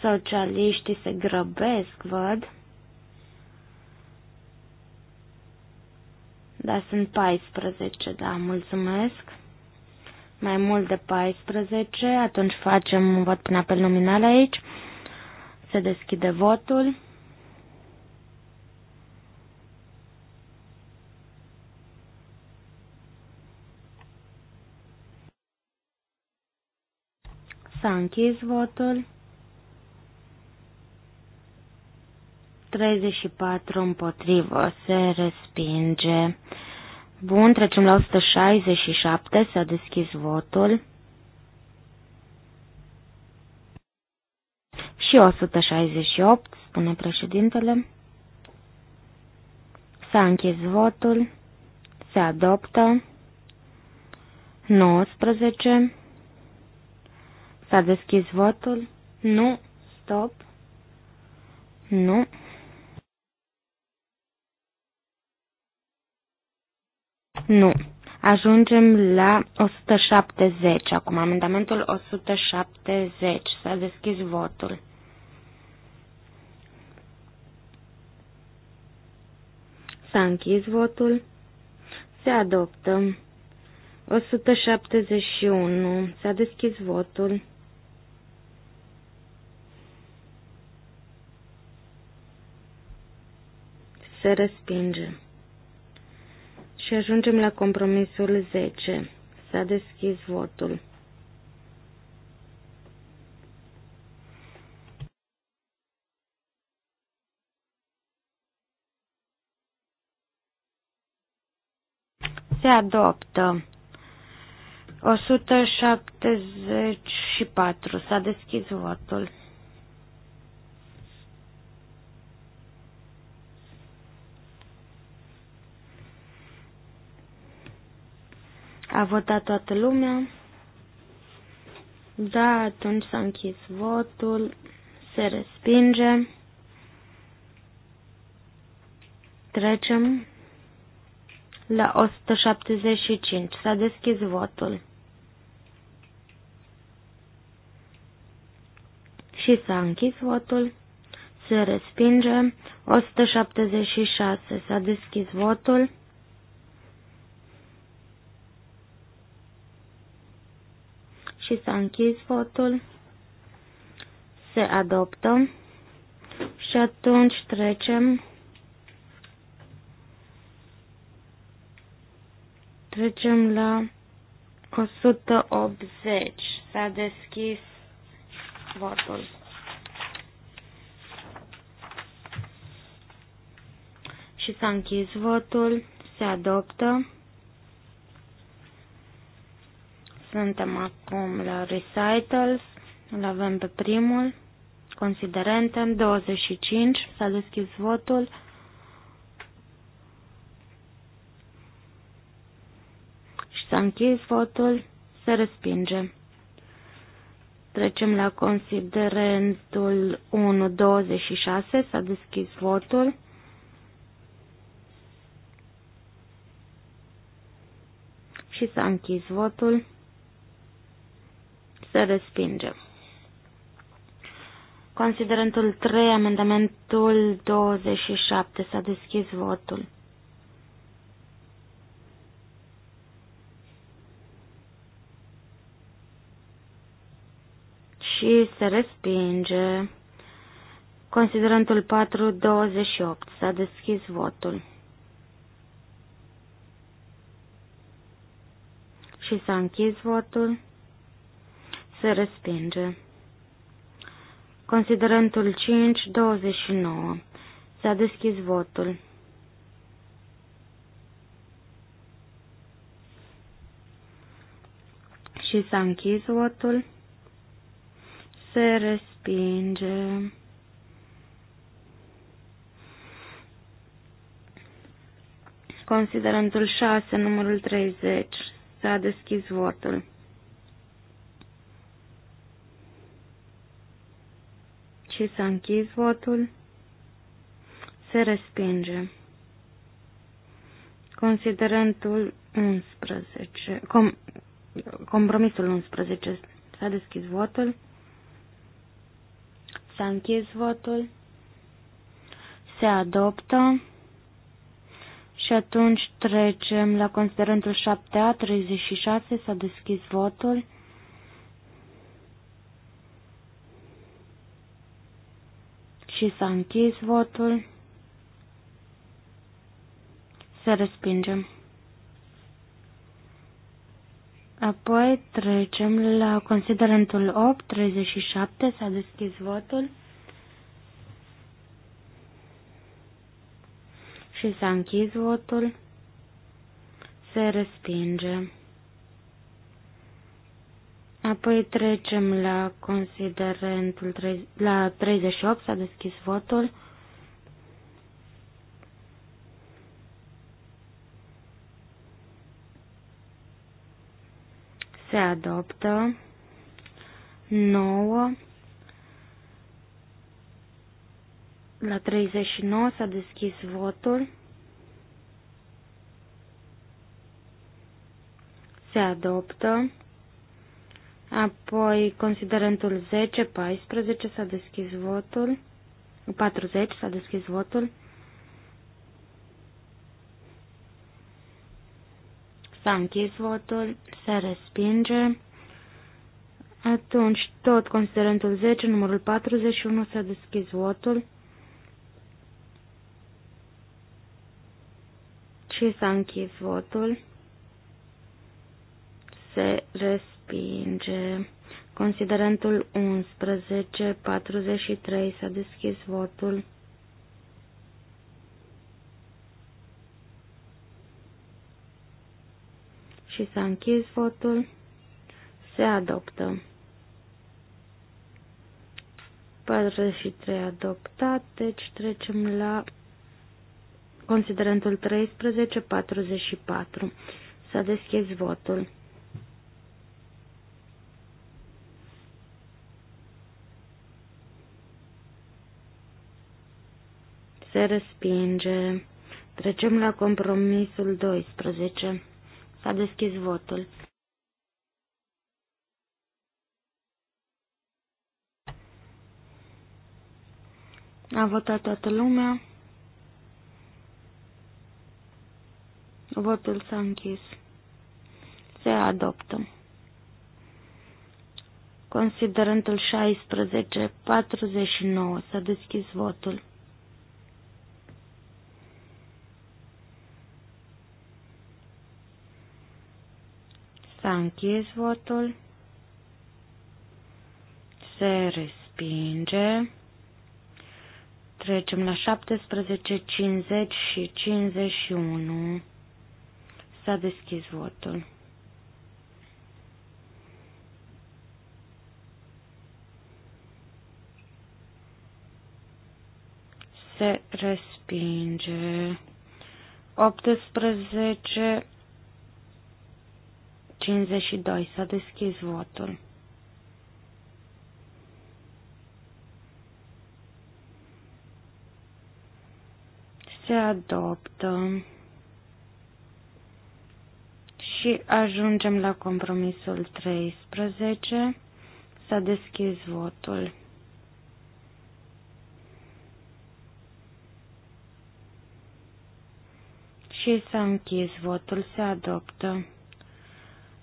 Socialiștii se grăbesc, văd. Da, sunt 14, da, mulțumesc. Mai mult de 14, atunci facem un vot până apel nominal aici. Se deschide votul. S-a închis votul. 34 împotrivă se respinge. Bun, trecem la 167, s-a deschis votul. Și 168, spune președintele. S-a închis votul. Se adoptă. 19. S-a deschis votul? Nu. Stop. Nu. Nu. Ajungem la 170. Acum amendamentul 170. S-a deschis votul. S-a închis votul. Se adoptă. 171. S-a deschis votul. se respinge. Și ajungem la compromisul 10. S-a deschis votul. Se adoptă. 174. S-a deschis votul. A votat toată lumea? Da, atunci s-a închis votul. Se respinge. Trecem la 175. S-a deschis votul. Și s-a închis votul. Se respinge. 176. S-a deschis votul. și să a închis votul. Se adoptă. Și atunci trecem trecem la 180. S-a deschis votul. Și s-a închis votul. Se adoptă. Suntem acum la recitals, îl avem pe primul, considerente, 25, s-a deschis votul. Și s-a închis votul, se respinge. Trecem la considerentul 126, s-a deschis votul. Și s-a închis votul se respinge. Considerentul 3, amendamentul 27, s-a deschis votul. Și se respinge. Considerentul 4, 28, s-a deschis votul. Și s-a închis votul. Se respinge. Considerentul 5, 29. S-a deschis votul. Și s-a închis votul. Se respinge. Considerentul 6, numărul 30. S-a deschis votul. și s-a închis votul. Se respinge. Considerentul 11, com, compromisul 11, s-a deschis votul. S-a închis votul. Se adoptă. Și atunci trecem la considerentul 7A, 36, s-a deschis votul. și s-a închis votul. Se respinge. Apoi trecem la considerentul 8, 37, s-a deschis votul și s-a închis votul, se respinge. Apoi trecem la considerentul la 38, s-a deschis votul. Se adoptă 9 la 39 s-a deschis votul. Se adoptă Apoi considerentul 10, 14 s-a deschis votul. 40 s-a deschis votul. S-a închis votul, se respinge. Atunci, tot considerentul 10, numărul 41, s-a deschis votul. Și s-a închis votul. Se respinge respinge. Considerentul 11, 43, s-a deschis votul. Și s-a închis votul. Se adoptă. 43 adoptat, deci trecem la considerentul 13, 44. S-a deschis votul. se respinge. Trecem la compromisul 12. S-a deschis votul. A votat toată lumea. Votul s-a închis. Se adoptă. Considerentul 16, 49, s-a deschis votul. S-a închis votul. Se respinge. Trecem la 17, 50 și 51. S-a deschis votul. Se respinge. 18, 52. S-a deschis votul. Se adoptă. Și ajungem la compromisul 13. S-a deschis votul. Și s-a închis votul. Se adoptă.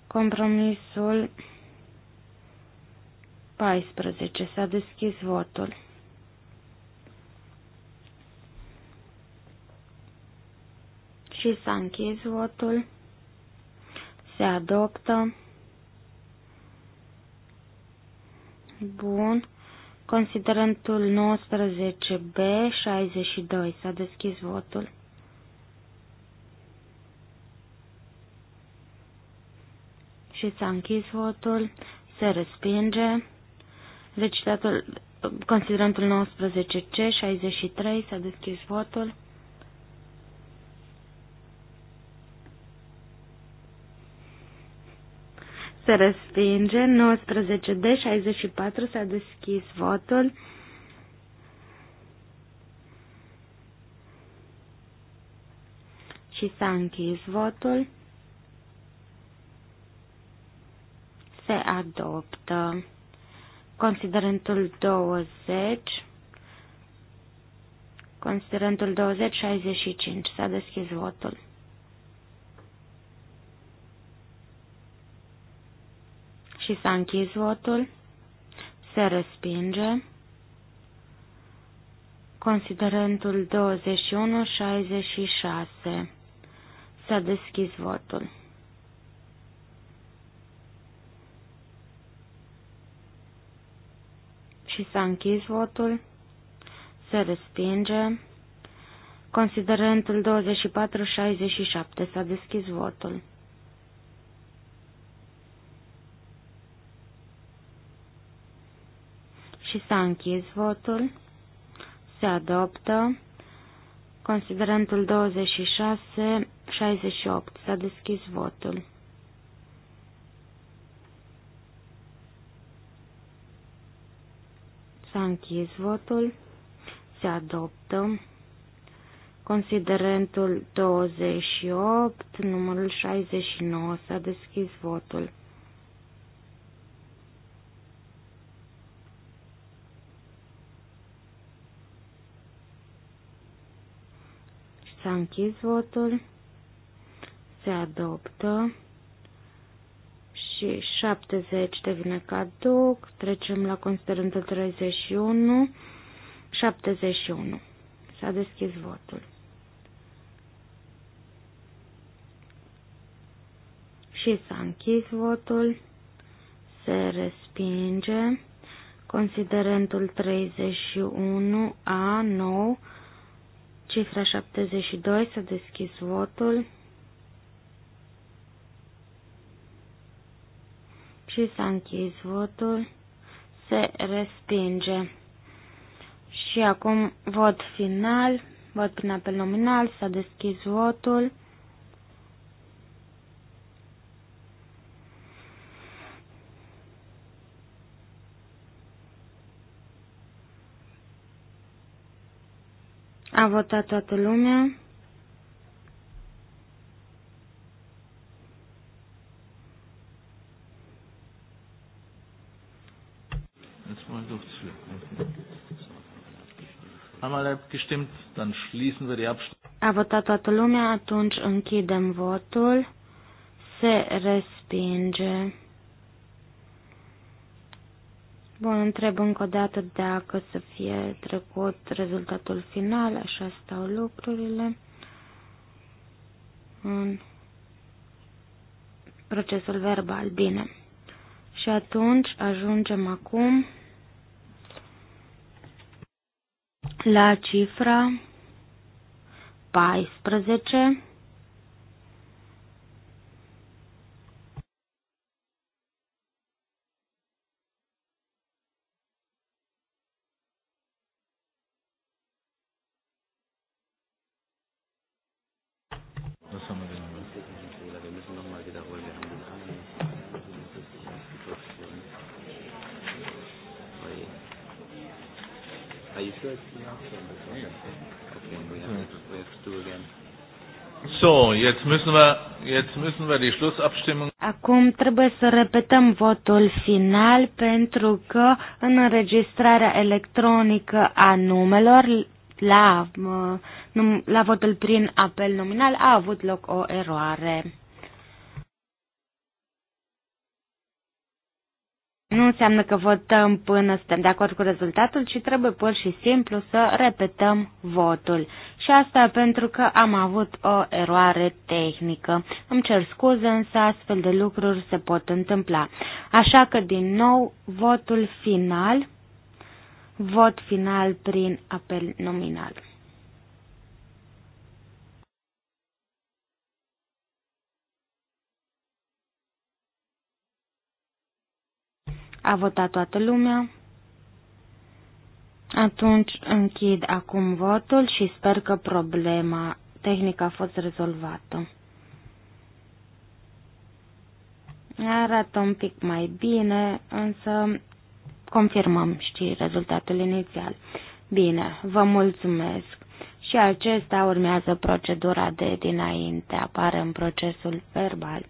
Compromisul 14. S-a deschis votul. Și s-a închis votul. Se adoptă. Bun. Considerentul 19B, 62. S-a deschis votul. și s-a închis votul, se respinge. Recitatul, considerentul 19C, 63, s-a deschis votul. Se respinge, 19D, 64, s-a deschis votul. Și s-a închis votul se adoptă. Considerentul 20, considerentul 20, 65, s-a deschis votul. Și s-a închis votul, se respinge. Considerentul 21, 66, s-a deschis votul. și s-a închis votul. Se respinge. Considerentul 2467 s-a deschis votul. Și s-a închis votul. Se adoptă. Considerentul 2668 s-a deschis votul. S-a închis votul. Se adoptă. Considerentul 28, numărul 69, s-a deschis votul. S-a închis votul. Se adoptă și 70 devine caduc. Trecem la considerentul 31. 71. S-a deschis votul. Și s-a închis votul. Se respinge. Considerentul 31 A9, cifra 72, s-a deschis votul. și s-a închis votul, se respinge. Și acum vot final, vot prin apel nominal, s-a deschis votul. A votat toată lumea. A votat toată lumea, atunci închidem votul. Se respinge. Bun, întreb încă o dată dacă să fie trecut rezultatul final, așa stau lucrurile. În procesul verbal, bine. Și atunci ajungem acum la cifra 14 jetzt müssen wir, jetzt müssen wir die Schlussabstimmung. Acum trebuie să repetăm votul final pentru că în înregistrarea electronică a numelor la, uh, la votul prin apel nominal a avut loc o eroare. Nu înseamnă că votăm până suntem de acord cu rezultatul, ci trebuie pur și simplu să repetăm votul. Și asta pentru că am avut o eroare tehnică. Îmi cer scuze, însă astfel de lucruri se pot întâmpla. Așa că, din nou, votul final, vot final prin apel nominal. A votat toată lumea. Atunci închid acum votul și sper că problema tehnică a fost rezolvată. Arată un pic mai bine, însă confirmăm și rezultatul inițial. Bine, vă mulțumesc. Și acesta urmează procedura de dinainte, apare în procesul verbal.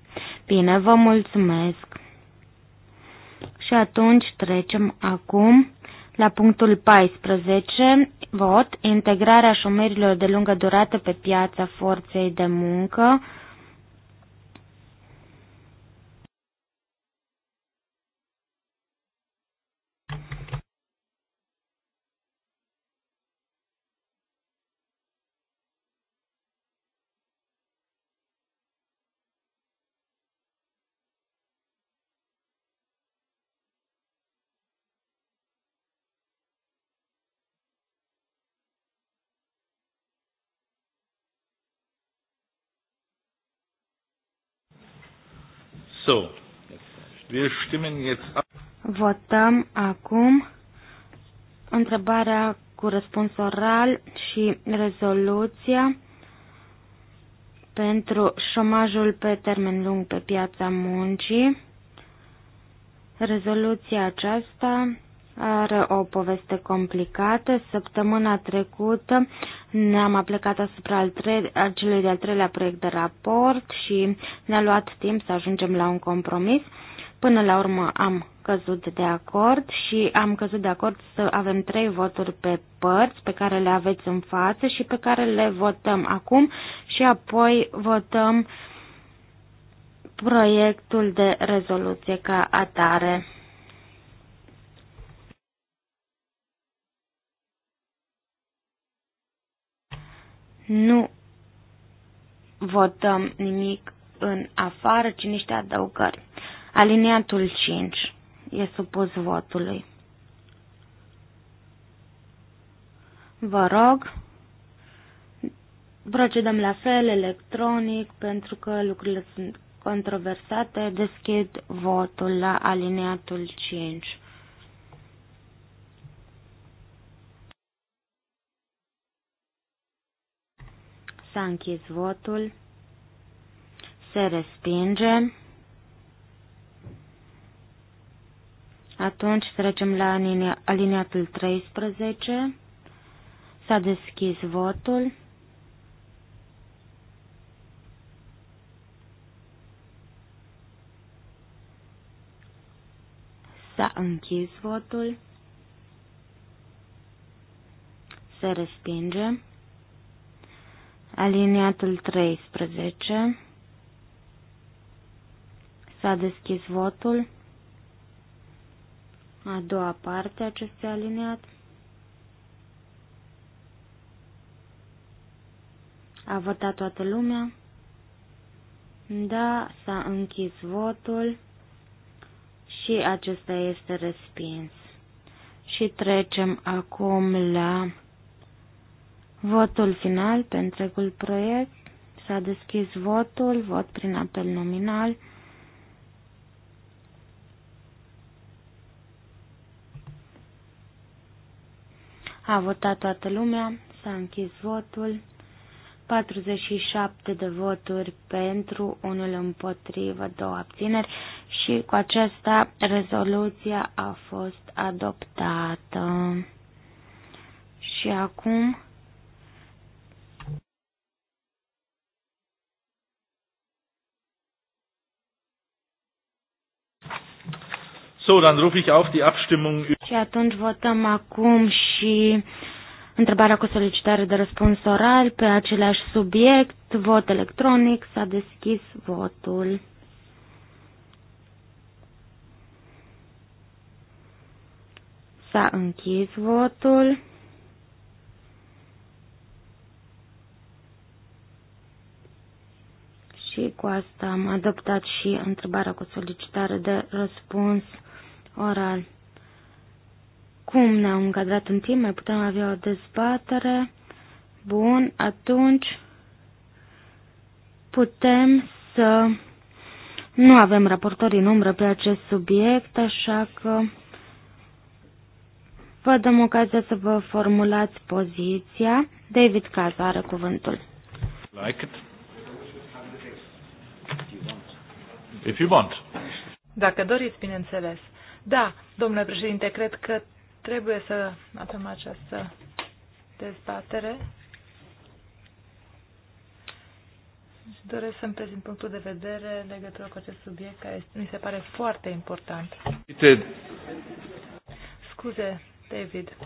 Bine, vă mulțumesc. Și atunci trecem acum la punctul 14, vot, integrarea șomerilor de lungă durată pe piața forței de muncă, So, wir stimmen jetzt ab. Votăm acum întrebarea cu răspuns oral și rezoluția pentru șomajul pe termen lung pe piața muncii. Rezoluția aceasta are o poveste complicată. Săptămâna trecută ne-am aplicat asupra al tre- al celui de-al treilea proiect de raport și ne-a luat timp să ajungem la un compromis. Până la urmă am căzut de acord și am căzut de acord să avem trei voturi pe părți pe care le aveți în față și pe care le votăm acum și apoi votăm proiectul de rezoluție ca atare. Nu votăm nimic în afară, ci niște adăugări. Aliniatul 5 e supus votului. Vă rog, procedăm la fel electronic pentru că lucrurile sunt controversate. Deschid votul la alineatul 5. S-a închis votul. Se respinge. Atunci trecem la aliniatul 13. S-a deschis votul. S-a închis votul. Se respinge. Aliniatul 13. S-a deschis votul. A doua parte acestui aliniat. A votat toată lumea. Da, s-a închis votul și acesta este respins. Și trecem acum la Votul final pe întregul proiect. S-a deschis votul, vot prin apel nominal. A votat toată lumea, s-a închis votul. 47 de voturi pentru, unul împotrivă, două abțineri și cu aceasta rezoluția a fost adoptată. Și acum So, dann rufe ich auf die Abstimmung. Și atunci votăm acum și întrebarea cu solicitare de răspuns oral pe același subiect, vot electronic, s-a deschis votul. S-a închis votul. Și cu asta am adoptat și întrebarea cu solicitare de răspuns oral. Cum ne-am încadrat în timp? Mai putem avea o dezbatere? Bun, atunci putem să... Nu avem raportori în umbră pe acest subiect, așa că vă dăm ocazia să vă formulați poziția. David Casa are cuvântul. Like it. If you want. Dacă doriți, bineînțeles. Da, domnule președinte, cred că trebuie să avem această dezbatere. Și doresc să-mi prezint punctul de vedere în legătură cu acest subiect care mi se pare foarte important. Scuze, David.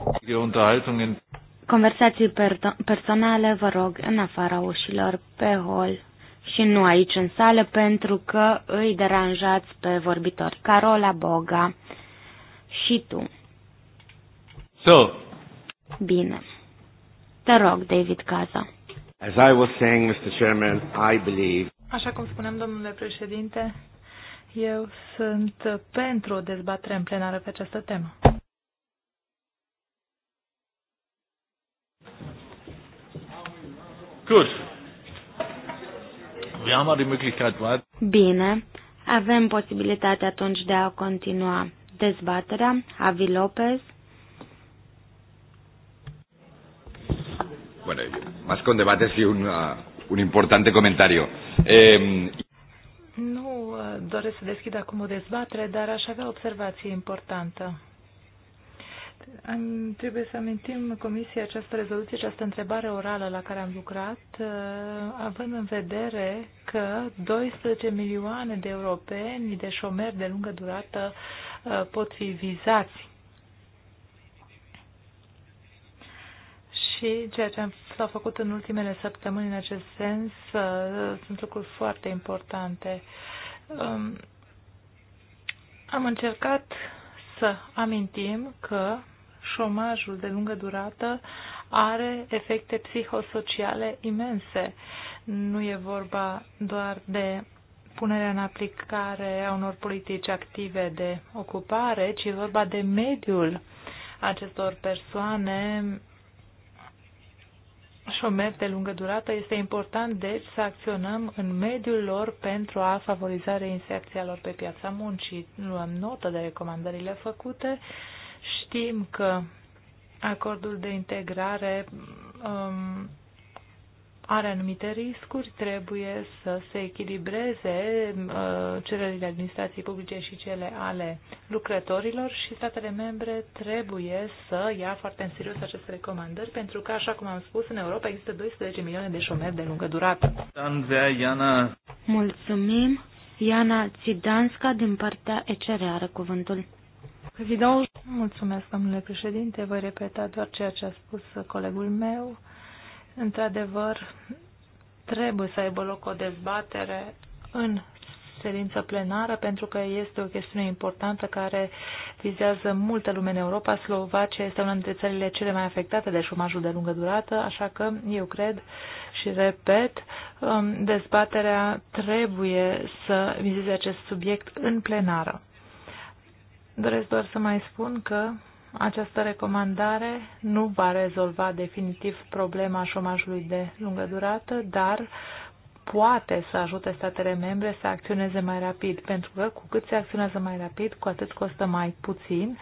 Conversații per personale, vă rog, în afara ușilor, pe hol și nu aici în sală pentru că îi deranjați pe vorbitori. Carola Boga și tu. So. Bine. Te rog, David Caza. As I was saying, Mr. Chairman, I believe... Așa cum spuneam, domnule președinte, eu sunt pentru o dezbatere în plenară pe această temă. Good. Bine, avem posibilitatea atunci de a continua dezbaterea. Avi Lopez. Bueno, más con un debate, sí un, uh, un importante comentario. Eh, nu doresc să deschid acum o dezbatere, dar aș avea observație importantă. Am, trebuie să amintim Comisiei această rezoluție, această întrebare orală la care am lucrat, uh, având în vedere că 12 milioane de europeni de șomeri de lungă durată uh, pot fi vizați. Și ceea ce s-a făcut în ultimele săptămâni în acest sens uh, sunt lucruri foarte importante. Um, am încercat să amintim că șomajul de lungă durată are efecte psihosociale imense. Nu e vorba doar de punerea în aplicare a unor politici active de ocupare, ci e vorba de mediul acestor persoane șomeri de lungă durată. Este important, deci, să acționăm în mediul lor pentru a favoriza reinserția lor pe piața muncii. Luăm notă de recomandările făcute Știm că acordul de integrare um, are anumite riscuri, trebuie să se echilibreze uh, cererile administrației publice și cele ale lucrătorilor și statele membre trebuie să ia foarte în serios aceste recomandări, pentru că, așa cum am spus, în Europa există 12 milioane de șomeri de lungă durată. Mulțumim! Iana Țidanska din partea ECR are cuvântul. Président. Mulțumesc, domnule președinte. Voi repeta doar ceea ce a spus colegul meu. Într-adevăr, trebuie să aibă loc o dezbatere în sedință plenară pentru că este o chestiune importantă care vizează multă lume în Europa. Slovacia este una dintre țările cele mai afectate de șomajul de lungă durată, așa că eu cred și repet, um, dezbaterea trebuie să vizeze acest subiect în plenară. Doresc doar să mai spun că această recomandare nu va rezolva definitiv problema șomajului de lungă durată, dar poate să ajute statele membre să acționeze mai rapid, pentru că cu cât se acționează mai rapid, cu atât costă mai puțin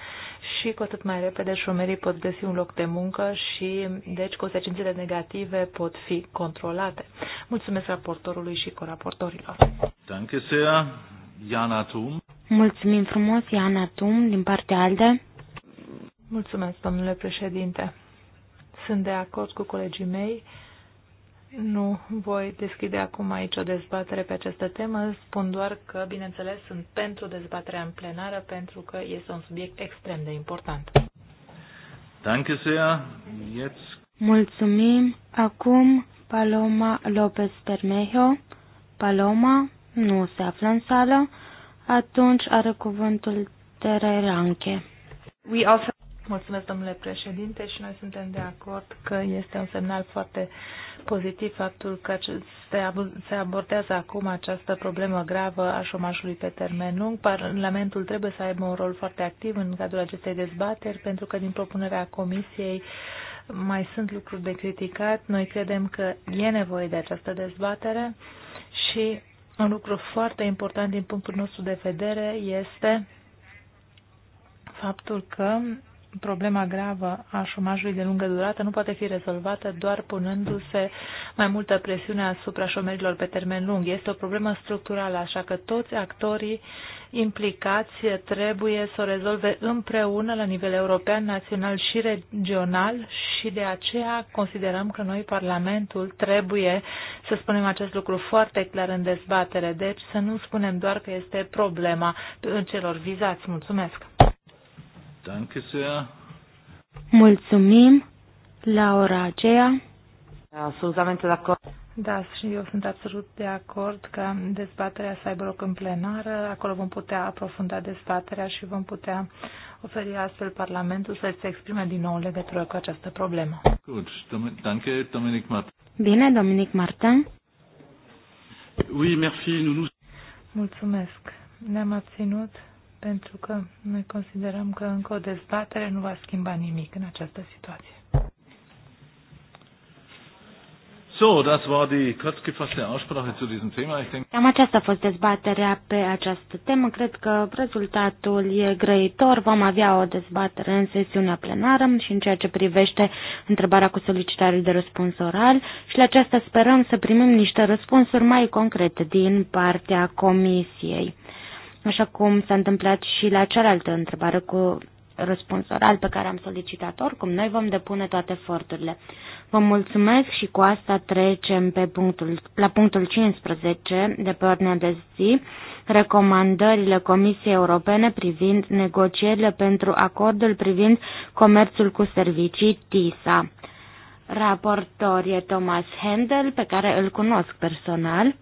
și cu atât mai repede șomerii pot găsi un loc de muncă și, deci, consecințele negative pot fi controlate. Mulțumesc raportorului și coraportorilor. Danke sehr, Jana Thum. Mulțumim frumos, Iana Tum, din partea ALDE. Mulțumesc, domnule președinte. Sunt de acord cu colegii mei. Nu voi deschide acum aici o dezbatere pe această temă, spun doar că, bineînțeles, sunt pentru dezbaterea în plenară, pentru că este un subiect extrem de important. Danke sehr. Jetzt... Mulțumim. Acum Paloma López Permejo. Paloma nu se află în sală. Atunci are cuvântul Tere Ranche. We also... Mulțumesc, domnule președinte, și noi suntem de acord că este un semnal foarte pozitiv faptul că se abordează acum această problemă gravă a șomajului pe termen lung. Parlamentul trebuie să aibă un rol foarte activ în cadrul acestei dezbateri, pentru că din propunerea Comisiei mai sunt lucruri de criticat. Noi credem că e nevoie de această dezbatere și un lucru foarte important din punctul nostru de vedere este faptul că problema gravă a șomajului de lungă durată nu poate fi rezolvată doar punându-se mai multă presiune asupra șomerilor pe termen lung. Este o problemă structurală, așa că toți actorii implicați trebuie să o rezolve împreună la nivel european, național și regional și de aceea considerăm că noi, Parlamentul, trebuie să spunem acest lucru foarte clar în dezbatere, deci să nu spunem doar că este problema celor vizați. Mulțumesc! Danke sehr. Mulțumim, Laura aceea. Da, Absolutamente de acord. Da, și eu sunt absolut de acord că dezbaterea să aibă loc în plenară. Acolo vom putea aprofunda dezbaterea și vom putea oferi astfel Parlamentul să se exprime din nou legătură cu această problemă. Good. Danke, Dominic Martin. Bine, Dominic Martin. Oui, merci. Nous, nous... Mulțumesc. Ne-am abținut pentru că noi considerăm că încă o dezbatere nu va schimba nimic în această situație. So, das war die kurz gefasste Aussprache zu diesem Thema. Ich denke... Cam aceasta a fost dezbaterea pe această temă. Cred că rezultatul e grăitor. Vom avea o dezbatere în sesiunea plenară și în ceea ce privește întrebarea cu solicitare de răspuns oral și la aceasta sperăm să primim niște răspunsuri mai concrete din partea Comisiei așa cum s-a întâmplat și la cealaltă întrebare cu răspuns oral pe care am solicitat. Oricum, noi vom depune toate eforturile. Vă mulțumesc și cu asta trecem pe punctul, la punctul 15 de pe ordinea de zi, recomandările Comisiei Europene privind negocierile pentru acordul privind comerțul cu servicii TISA. Raportor e Thomas Handel, pe care îl cunosc personal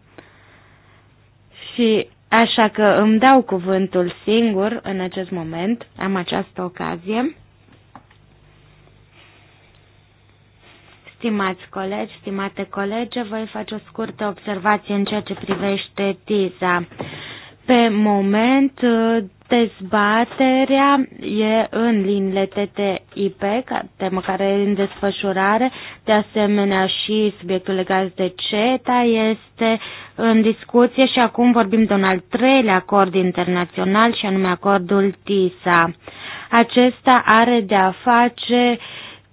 și Așa că îmi dau cuvântul singur în acest moment, am această ocazie. Stimați colegi, stimate colege, voi face o scurtă observație în ceea ce privește TISA. Pe moment, Dezbaterea e în linile TTIP, temă care e în desfășurare, de asemenea și subiectul legat de CETA este în discuție și acum vorbim de un al treilea acord internațional și anume acordul TISA. Acesta are de a face uh,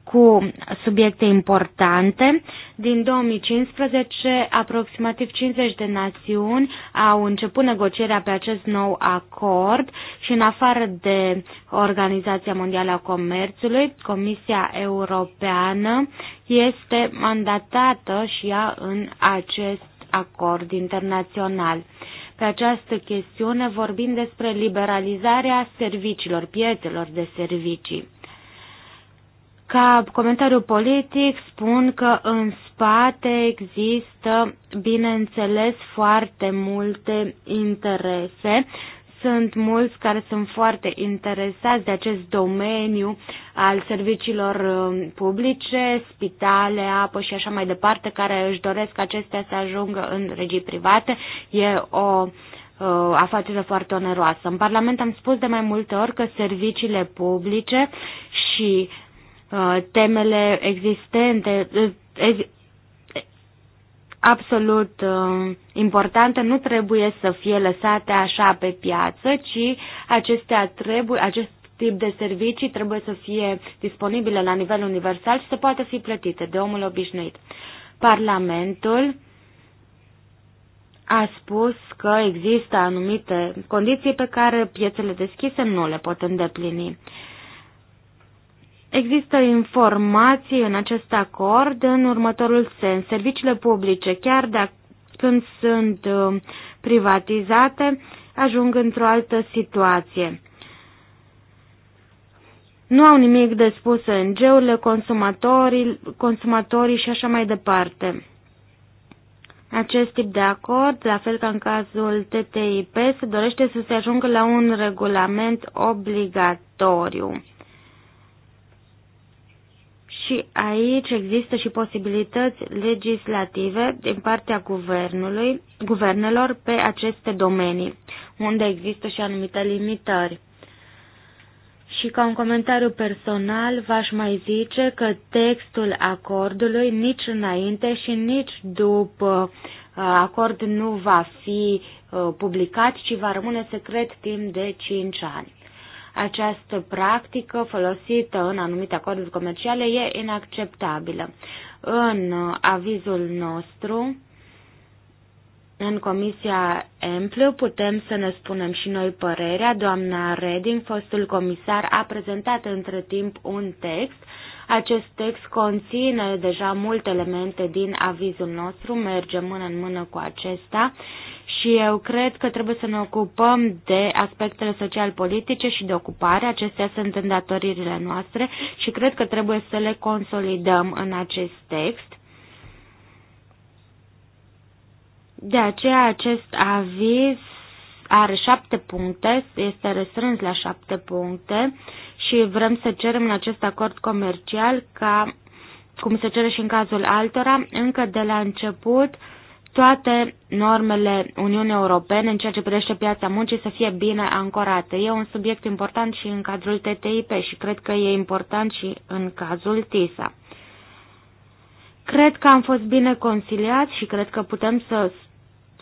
cu subiecte importante. Din 2015, aproximativ 50 de națiuni au început negocierea pe acest nou acord și în afară de Organizația Mondială a Comerțului, Comisia Europeană este mandatată și ea în acest acord internațional. Pe această chestiune vorbim despre liberalizarea serviciilor, piețelor de servicii. Ca comentariu politic spun că în spate există, bineînțeles, foarte multe interese. Sunt mulți care sunt foarte interesați de acest domeniu al serviciilor um, publice, spitale, apă și așa mai departe, care își doresc acestea să ajungă în regii private. E o uh, afacere foarte oneroasă. În Parlament am spus de mai multe ori că serviciile publice și uh, Uh, temele existente, uh, absolut uh, nu trebuie să fie lăsate așa pe piață, ci acestea trebuie, acest tip de servicii trebuie să fie disponibile la nivel universal și să poată fi plătite de omul obișnuit. Parlamentul a spus că există anumite condiții pe care piețele deschise nu le pot îndeplini. Uh, Există informații în acest acord în următorul sens. Serviciile publice, chiar dacă când sunt uh, privatizate, ajung într-o altă situație. Nu au nimic de spus ONG-urile, consumatorii, consumatorii și așa mai departe. Acest tip de acord, la fel ca în cazul TTIP, se dorește să se ajungă la un regulament obligatoriu. Și aici există și posibilități legislative din partea guvernului, guvernelor pe aceste domenii, unde există și anumite limitări. Și ca un comentariu personal, v-aș mai zice că textul acordului nici înainte și nici după uh, acord nu va fi uh, publicat, ci va rămâne secret timp de 5 ani. Această practică folosită în anumite acorduri comerciale e inacceptabilă. În avizul nostru, în Comisia Emplu putem să ne spunem și noi părerea. Doamna Reding, fostul comisar, a prezentat între timp un text. Acest text conține deja multe elemente din avizul nostru, merge mână în mână cu acesta și eu cred că trebuie să ne ocupăm de aspectele social-politice și de ocupare. Acestea sunt îndatoririle noastre și cred că trebuie să le consolidăm în acest text. De aceea acest aviz are șapte puncte, este restrâns la șapte puncte și vrem să cerem în acest acord comercial ca, cum se cere și în cazul altora, încă de la început toate normele Uniunii Europene în ceea ce privește piața muncii să fie bine ancorate. E un subiect important și în cadrul TTIP și cred că e important și în cazul TISA. Cred că am fost bine conciliați și cred că putem să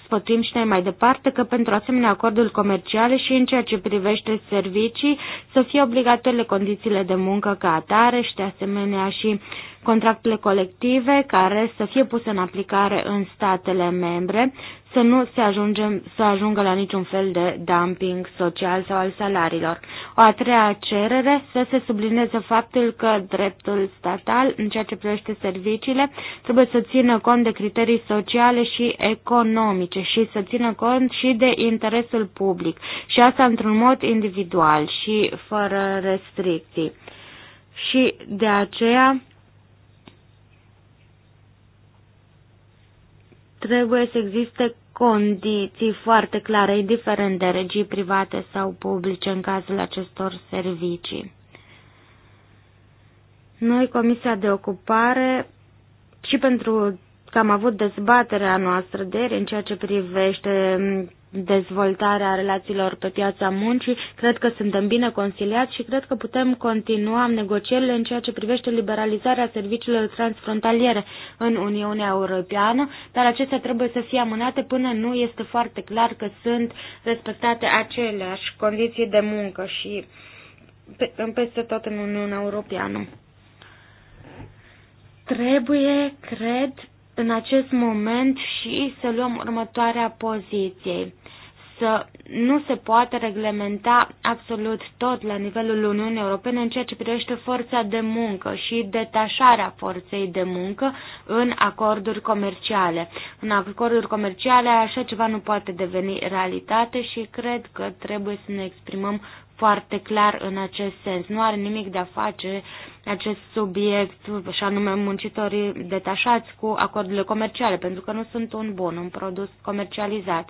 sfătuim și noi mai departe că pentru asemenea acorduri comerciale și în ceea ce privește servicii să fie obligatorile condițiile de muncă ca atare și de asemenea și contractele colective care să fie puse în aplicare în statele membre, să nu se ajungem să ajungă la niciun fel de dumping social sau al salariilor. O a treia cerere să se sublinieze faptul că dreptul statal, în ceea ce privește serviciile, trebuie să țină cont de criterii sociale și economice și să țină cont și de interesul public și asta într-un mod individual și fără restricții. Și de aceea trebuie să existe condiții foarte clare, indiferent de regii private sau publice în cazul acestor servicii. Noi, Comisia de Ocupare, și pentru că am avut dezbaterea noastră de ieri în ceea ce privește mm, dezvoltarea relațiilor pe piața muncii. Cred că suntem bine conciliați și cred că putem continua negocierile în ceea ce privește liberalizarea serviciilor transfrontaliere în Uniunea Europeană, dar acestea trebuie să fie amânate până nu este foarte clar că sunt respectate aceleași condiții de muncă și peste tot în Uniunea Europeană. Trebuie, cred, în acest moment și să luăm următoarea poziție. Să nu se poate reglementa absolut tot la nivelul Uniunii Europene în ceea ce privește forța de muncă și detașarea forței de muncă în acorduri comerciale. În acorduri comerciale așa ceva nu poate deveni realitate și cred că trebuie să ne exprimăm foarte clar în acest sens. Nu are nimic de a face acest subiect, și anume muncitorii detașați cu acordurile comerciale, pentru că nu sunt un bun, un produs comercializat.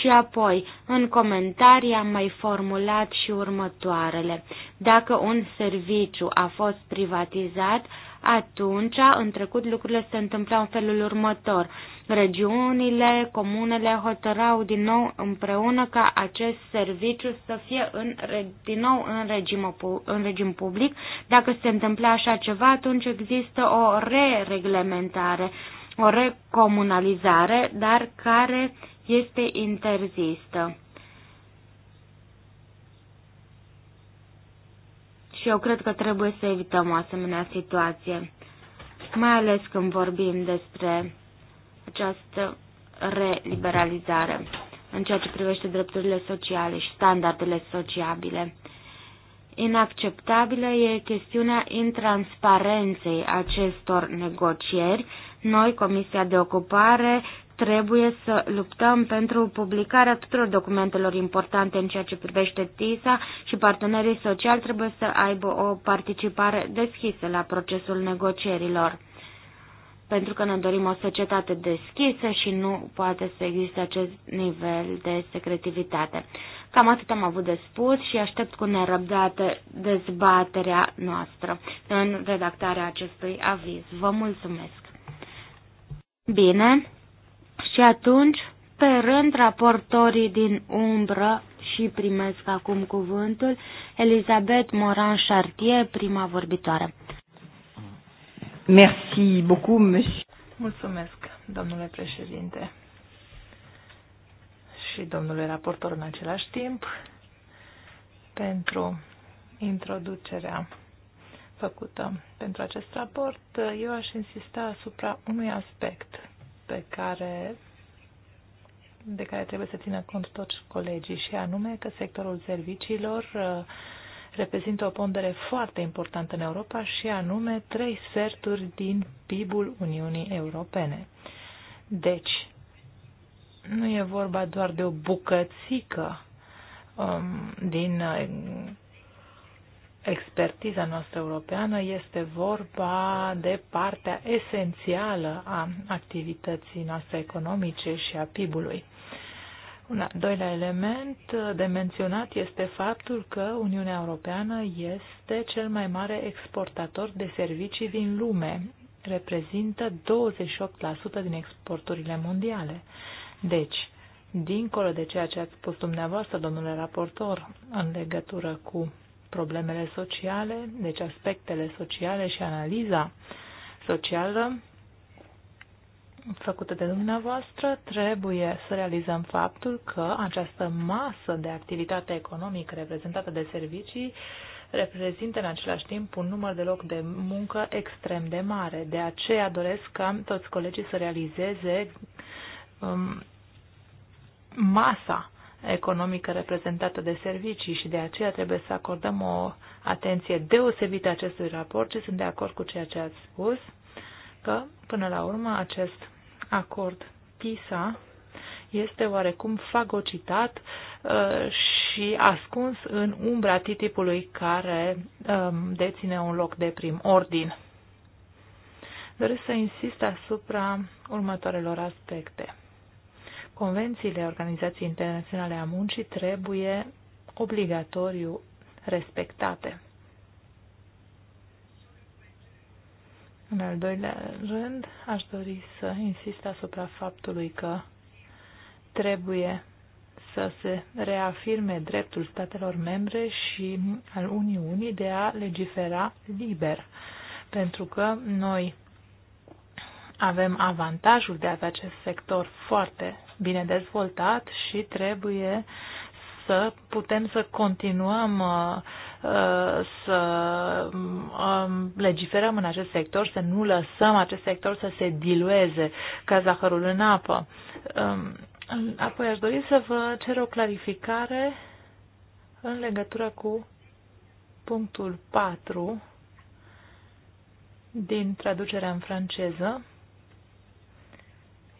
Și apoi, în comentarii am mai formulat și următoarele. Dacă un serviciu a fost privatizat, atunci, în trecut, lucrurile se întâmplau în felul următor. Regiunile, comunele hotărau din nou împreună ca acest serviciu să fie în, din nou în regim, în regim public. Dacă se întâmplă așa ceva, atunci există o re-reglementare, o recomunalizare, dar care este interzisă. și eu cred că trebuie să evităm o asemenea situație, mai ales când vorbim despre această reliberalizare în ceea ce privește drepturile sociale și standardele sociabile. Inacceptabilă e chestiunea intransparenței acestor negocieri. Noi, Comisia de Ocupare, trebuie să luptăm pentru publicarea tuturor documentelor importante în ceea ce privește TISA și partenerii sociali trebuie să aibă o participare deschisă la procesul negocierilor pentru că ne dorim o societate deschisă și nu poate să existe acest nivel de secretivitate. Cam atât am avut de spus și aștept cu nerăbdate dezbaterea noastră în redactarea acestui aviz. Vă mulțumesc! Bine, și atunci, pe rând, raportorii din umbră și primesc acum cuvântul Elizabeth Moran-Chartier, prima vorbitoare. Merci beaucoup, monsieur. Mulțumesc, domnule președinte și domnule raportor în același timp pentru introducerea făcută pentru acest raport. Eu aș insista asupra unui aspect pe care, de care trebuie să țină cont toți colegii și anume că sectorul serviciilor uh, reprezintă o pondere foarte importantă în Europa și anume trei sferturi din PIB-ul Uniunii Europene. Deci, nu e vorba doar de o bucățică um, din uh, expertiza noastră europeană, este vorba de partea esențială a activității noastre economice și a PIB-ului. Un al doilea element de menționat este faptul că Uniunea Europeană este cel mai mare exportator de servicii din lume. Reprezintă 28% din exporturile mondiale. Deci, dincolo de ceea ce ați spus dumneavoastră, domnule raportor, în legătură cu problemele sociale, deci aspectele sociale și analiza socială, făcută de dumneavoastră, trebuie să realizăm faptul că această masă de activitate economică reprezentată de servicii reprezintă în același timp un număr de loc de muncă extrem de mare. De aceea doresc ca toți colegii să realizeze um, masa economică reprezentată de servicii și de aceea trebuie să acordăm o atenție deosebită acestui raport și sunt de acord cu ceea ce ați spus că, până la urmă, acest acord PISA este oarecum fagocitat uh, și ascuns în umbra TTIP-ului care um, deține un loc de prim ordin. Doresc să insist asupra următoarelor aspecte. Convențiile Organizației Internaționale a Muncii trebuie obligatoriu respectate. În al doilea rând, aș dori să insist asupra faptului că trebuie să se reafirme dreptul statelor membre și al Uniunii de a legifera liber, pentru că noi avem avantajul de a avea acest sector foarte bine dezvoltat și trebuie să putem să continuăm uh, Uh, să um, legiferăm în acest sector, să nu lăsăm acest sector să se dilueze ca zahărul în apă. Um, apoi aș dori să vă cer o clarificare în legătură cu punctul 4 din traducerea în franceză.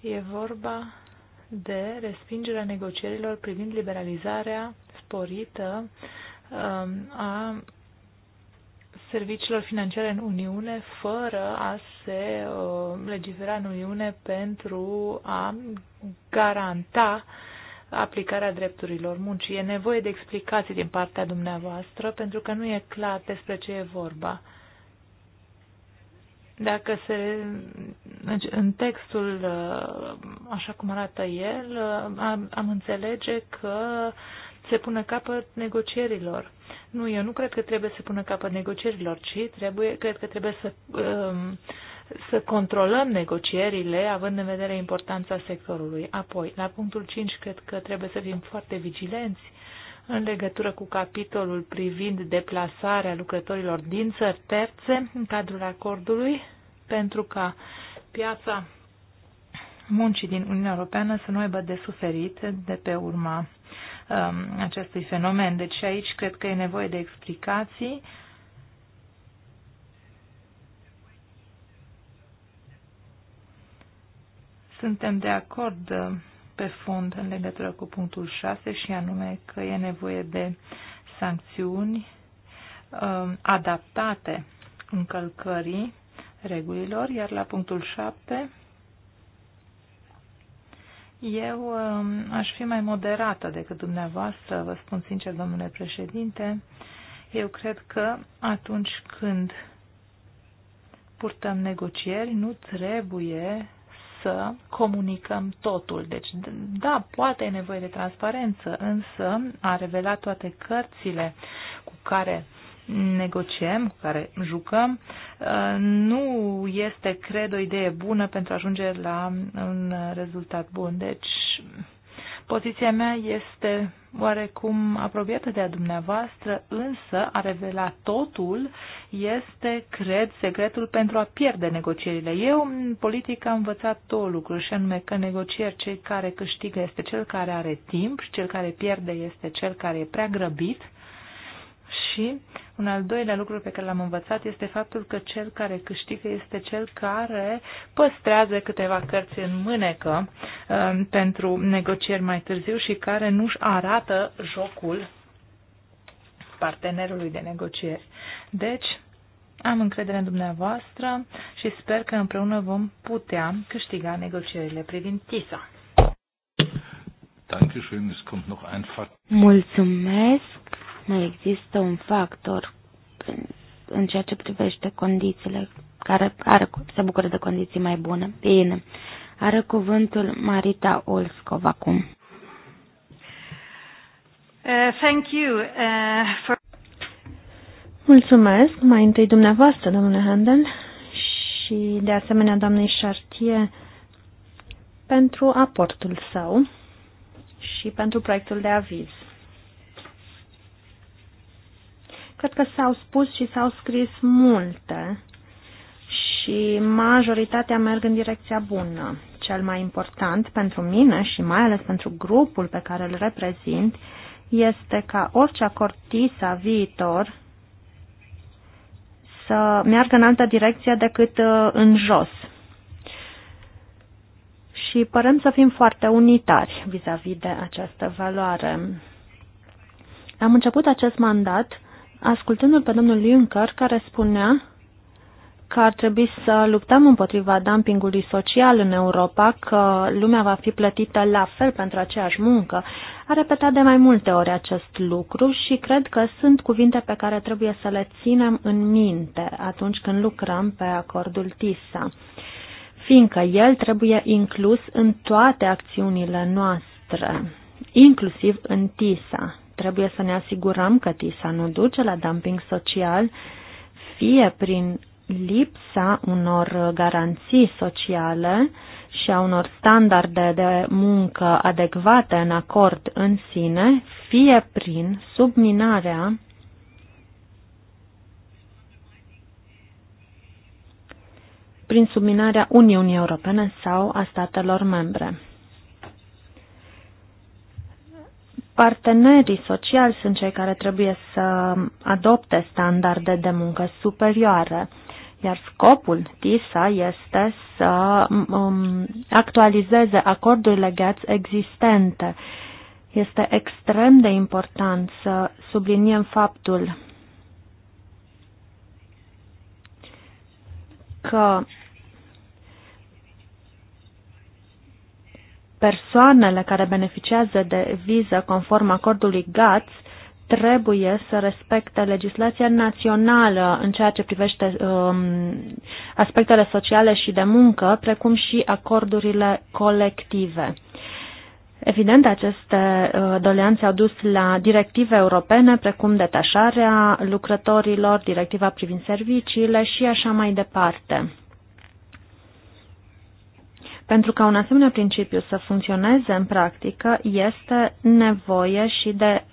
E vorba de respingerea negocierilor privind liberalizarea sporită Um, a serviciilor financiare în Uniune fără a se uh, legifera în Uniune pentru a garanta aplicarea drepturilor muncii. E nevoie de explicații din partea dumneavoastră pentru că nu e clar despre ce e vorba. Dacă se, deci, în textul, uh, așa cum arată el, uh, am, am înțelege că uh, se pună capăt negocierilor. Nu, eu nu cred că trebuie să pună capăt negocierilor, ci trebuie, cred că trebuie să, um, să controlăm negocierile, având în vedere importanța sectorului. Apoi, la punctul 5, cred că trebuie să fim foarte vigilenți în legătură cu capitolul privind deplasarea lucrătorilor din țări terțe în cadrul acordului, pentru ca piața muncii din Uniunea Europeană să nu aibă de suferit de pe urma um, acestui fenomen. Deci și aici cred că e nevoie de explicații. Suntem de acord uh, pe fond în legătură cu punctul 6 și anume că e nevoie de sancțiuni um, adaptate încălcării regulilor, iar la punctul 7 eu um, aș fi mai moderată decât dumneavoastră, vă spun sincer, domnule președinte. Eu cred că atunci când purtăm negocieri, nu trebuie să comunicăm totul. Deci, da, poate e nevoie de transparență, însă a revelat toate cărțile cu care negociem, cu care jucăm, uh, nu este, cred, o idee bună pentru a ajunge la un rezultat bun. Deci, poziția mea este oarecum apropiată de a dumneavoastră, însă a revela totul este, cred, secretul pentru a pierde negocierile. Eu, în politică, am învățat două lucruri, și anume că negocieri cei care câștigă este cel care are timp și cel care pierde este cel care e prea grăbit și un al doilea lucru pe care l-am învățat este faptul că cel care câștigă este cel care păstrează câteva cărți în mânecă uh, pentru negocieri mai târziu și care nu-și arată jocul partenerului de negocieri. Deci, am încredere în dumneavoastră și sper că împreună vom putea câștiga negocierile privind TISA. Mulțumesc mai există un factor în ceea ce privește condițiile, care are, se bucură de condiții mai bune. Bine. Are cuvântul Marita Olskov acum. Uh, thank you uh, for... Mulțumesc, mai întâi dumneavoastră, domnule Handel, și de asemenea doamnei Chartier pentru aportul său și pentru proiectul de aviz. Cred că s-au spus și s-au scris multe și majoritatea merg în direcția bună. Cel mai important pentru mine și mai ales pentru grupul pe care îl reprezint este ca orice acord TISA viitor să meargă în altă direcție decât uh, în jos. Și părem să fim foarte unitari vis-a-vis -vis de această valoare. Am început acest mandat ascultându-l pe domnul Juncker, care spunea că ar trebui să luptăm împotriva dumpingului social în Europa, că lumea va fi plătită la fel pentru aceeași muncă. A repetat de mai multe ori acest lucru și cred că sunt cuvinte pe care trebuie să le ținem în minte atunci când lucrăm pe acordul TISA, fiindcă el trebuie inclus în toate acțiunile noastre, inclusiv în TISA. Trebuie să ne asigurăm că TISA nu duce la dumping social, fie prin lipsa unor garanții sociale și a unor standarde de muncă adecvate în acord în sine, fie prin subminarea prin subminarea Uniunii Europene sau a statelor membre. Partenerii sociali sunt cei care trebuie să adopte standarde de muncă superioare, iar scopul TISA este să um, actualizeze acordurile GATS existente. Este extrem de important să subliniem faptul că persoanele care beneficiază de viză conform acordului GATS trebuie să respecte legislația națională în ceea ce privește um, aspectele sociale și de muncă, precum și acordurile colective. Evident, aceste uh, doleanțe au dus la directive europene, precum detașarea lucrătorilor, directiva privind serviciile și așa mai departe. Pentru ca un asemenea principiu să funcționeze în practică, este nevoie și de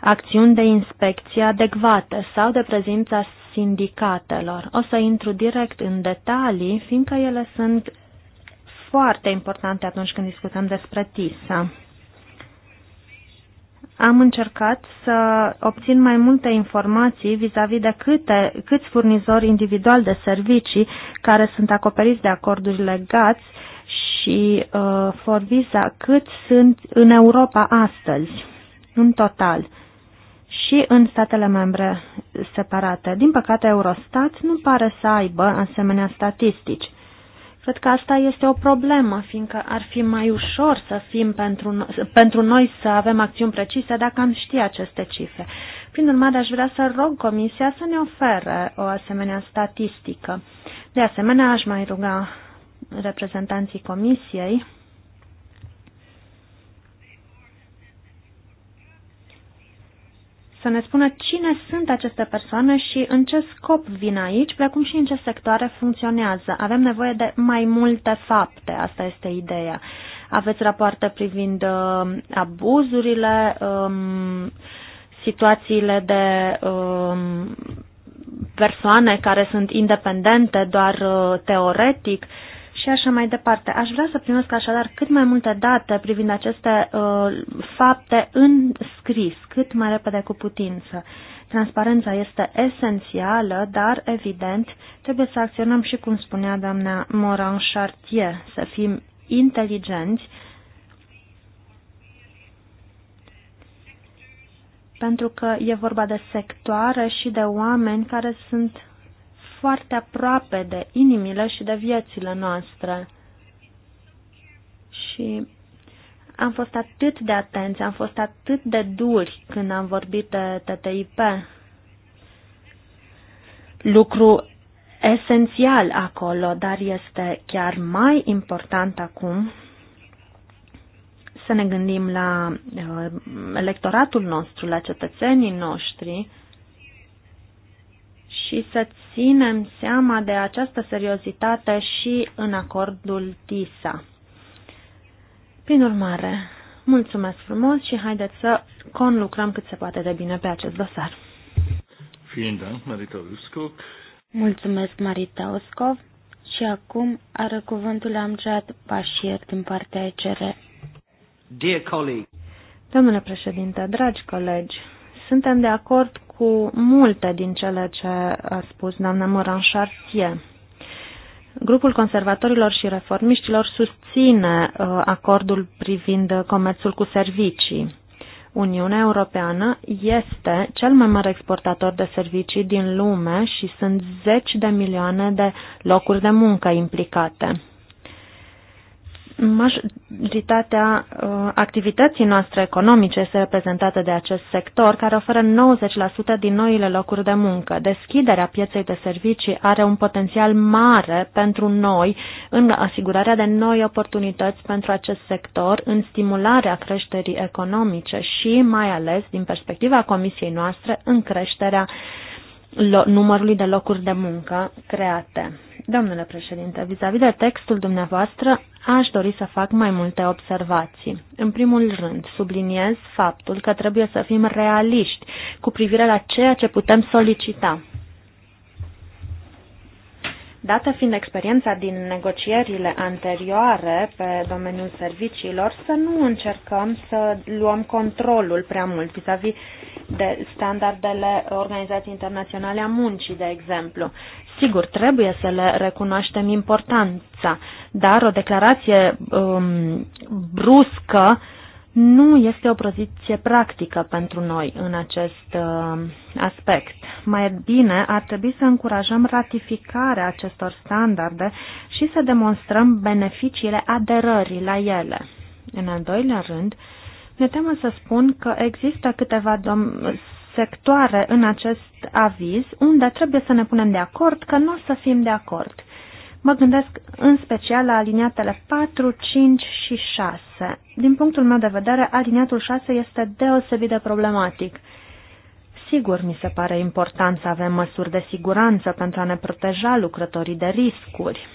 acțiuni de inspecție adecvate sau de prezența sindicatelor. O să intru direct în detalii, fiindcă ele sunt foarte importante atunci când discutăm despre TISA am încercat să obțin mai multe informații vis-a-vis -vis de câte, câți furnizori individuali de servicii care sunt acoperiți de acorduri legați și uh, visa cât sunt în Europa astăzi, în total, și în statele membre separate. Din păcate, Eurostat nu pare să aibă asemenea statistici. Cred că asta este o problemă, fiindcă ar fi mai ușor să fim pentru, no pentru noi să avem acțiuni precise dacă am ști aceste cifre. Prin urmare, aș vrea să rog Comisia să ne ofere o asemenea statistică. De asemenea, aș mai ruga reprezentanții Comisiei să ne spună cine sunt aceste persoane și în ce scop vin aici, precum și în ce sectoare funcționează. Avem nevoie de mai multe fapte, asta este ideea. Aveți rapoarte privind uh, abuzurile, um, situațiile de um, persoane care sunt independente doar uh, teoretic. Uh, și așa mai departe. Aș vrea să primesc așadar cât mai multe date privind aceste uh, fapte în scris, cât mai repede cu putință. Transparența este esențială, dar, evident, trebuie să acționăm și cum spunea doamna Moran Chartier, să fim inteligenți, pentru că e vorba de sectoare și de oameni care sunt foarte aproape de inimile și de viețile noastre. Și am fost atât de atenți, am fost atât de duri când am vorbit de TTIP. Lucru esențial acolo, dar este chiar mai important acum să ne gândim la uh, electoratul nostru, la cetățenii noștri și să ținem seama de această seriozitate și în acordul TISA. Prin urmare, mulțumesc frumos și haideți să conlucrăm cât se poate de bine pe acest dosar. Mulțumesc, Marita Uskov. Și acum are cuvântul Amjad Bashir din partea ECR. Dear colleague. Domnule președinte, dragi colegi, suntem de acord cu multe din cele ce a spus doamna Moran Chartier. Grupul conservatorilor și reformiștilor susține uh, acordul privind comerțul cu servicii. Uniunea Europeană este cel mai mare exportator de servicii din lume și sunt zeci de milioane de locuri de muncă implicate majoritatea uh, activității noastre economice este reprezentată de acest sector, care oferă 90% din noile locuri de muncă. Deschiderea pieței de servicii are un potențial mare pentru noi în asigurarea de noi oportunități pentru acest sector, în stimularea creșterii economice și, mai ales, din perspectiva Comisiei noastre, în creșterea numărului de locuri de muncă create. Domnule președinte, vis-a-vis -vis de textul dumneavoastră, aș dori să fac mai multe observații. În primul rând, subliniez faptul că trebuie să fim realiști cu privire la ceea ce putem solicita. Dată fiind experiența din negocierile anterioare pe domeniul serviciilor, să nu încercăm să luăm controlul prea mult vis-a-vis de standardele Organizației Internaționale a Muncii, de exemplu. Sigur, trebuie să le recunoaștem importanța, dar o declarație um, bruscă uh, nu este o poziție practică pentru noi în acest uh, aspect. Mai bine ar trebui să încurajăm ratificarea acestor standarde și să demonstrăm beneficiile aderării la ele. În al doilea rând, ne temă să spun că există câteva sectoare în acest aviz unde trebuie să ne punem de acord că nu o să fim de acord. Mă gândesc în special la aliniatele 4, 5 și 6. Din punctul meu de vedere, aliniatul 6 este deosebit de problematic. Sigur, mi se pare important să avem măsuri de siguranță pentru a ne proteja lucrătorii de riscuri,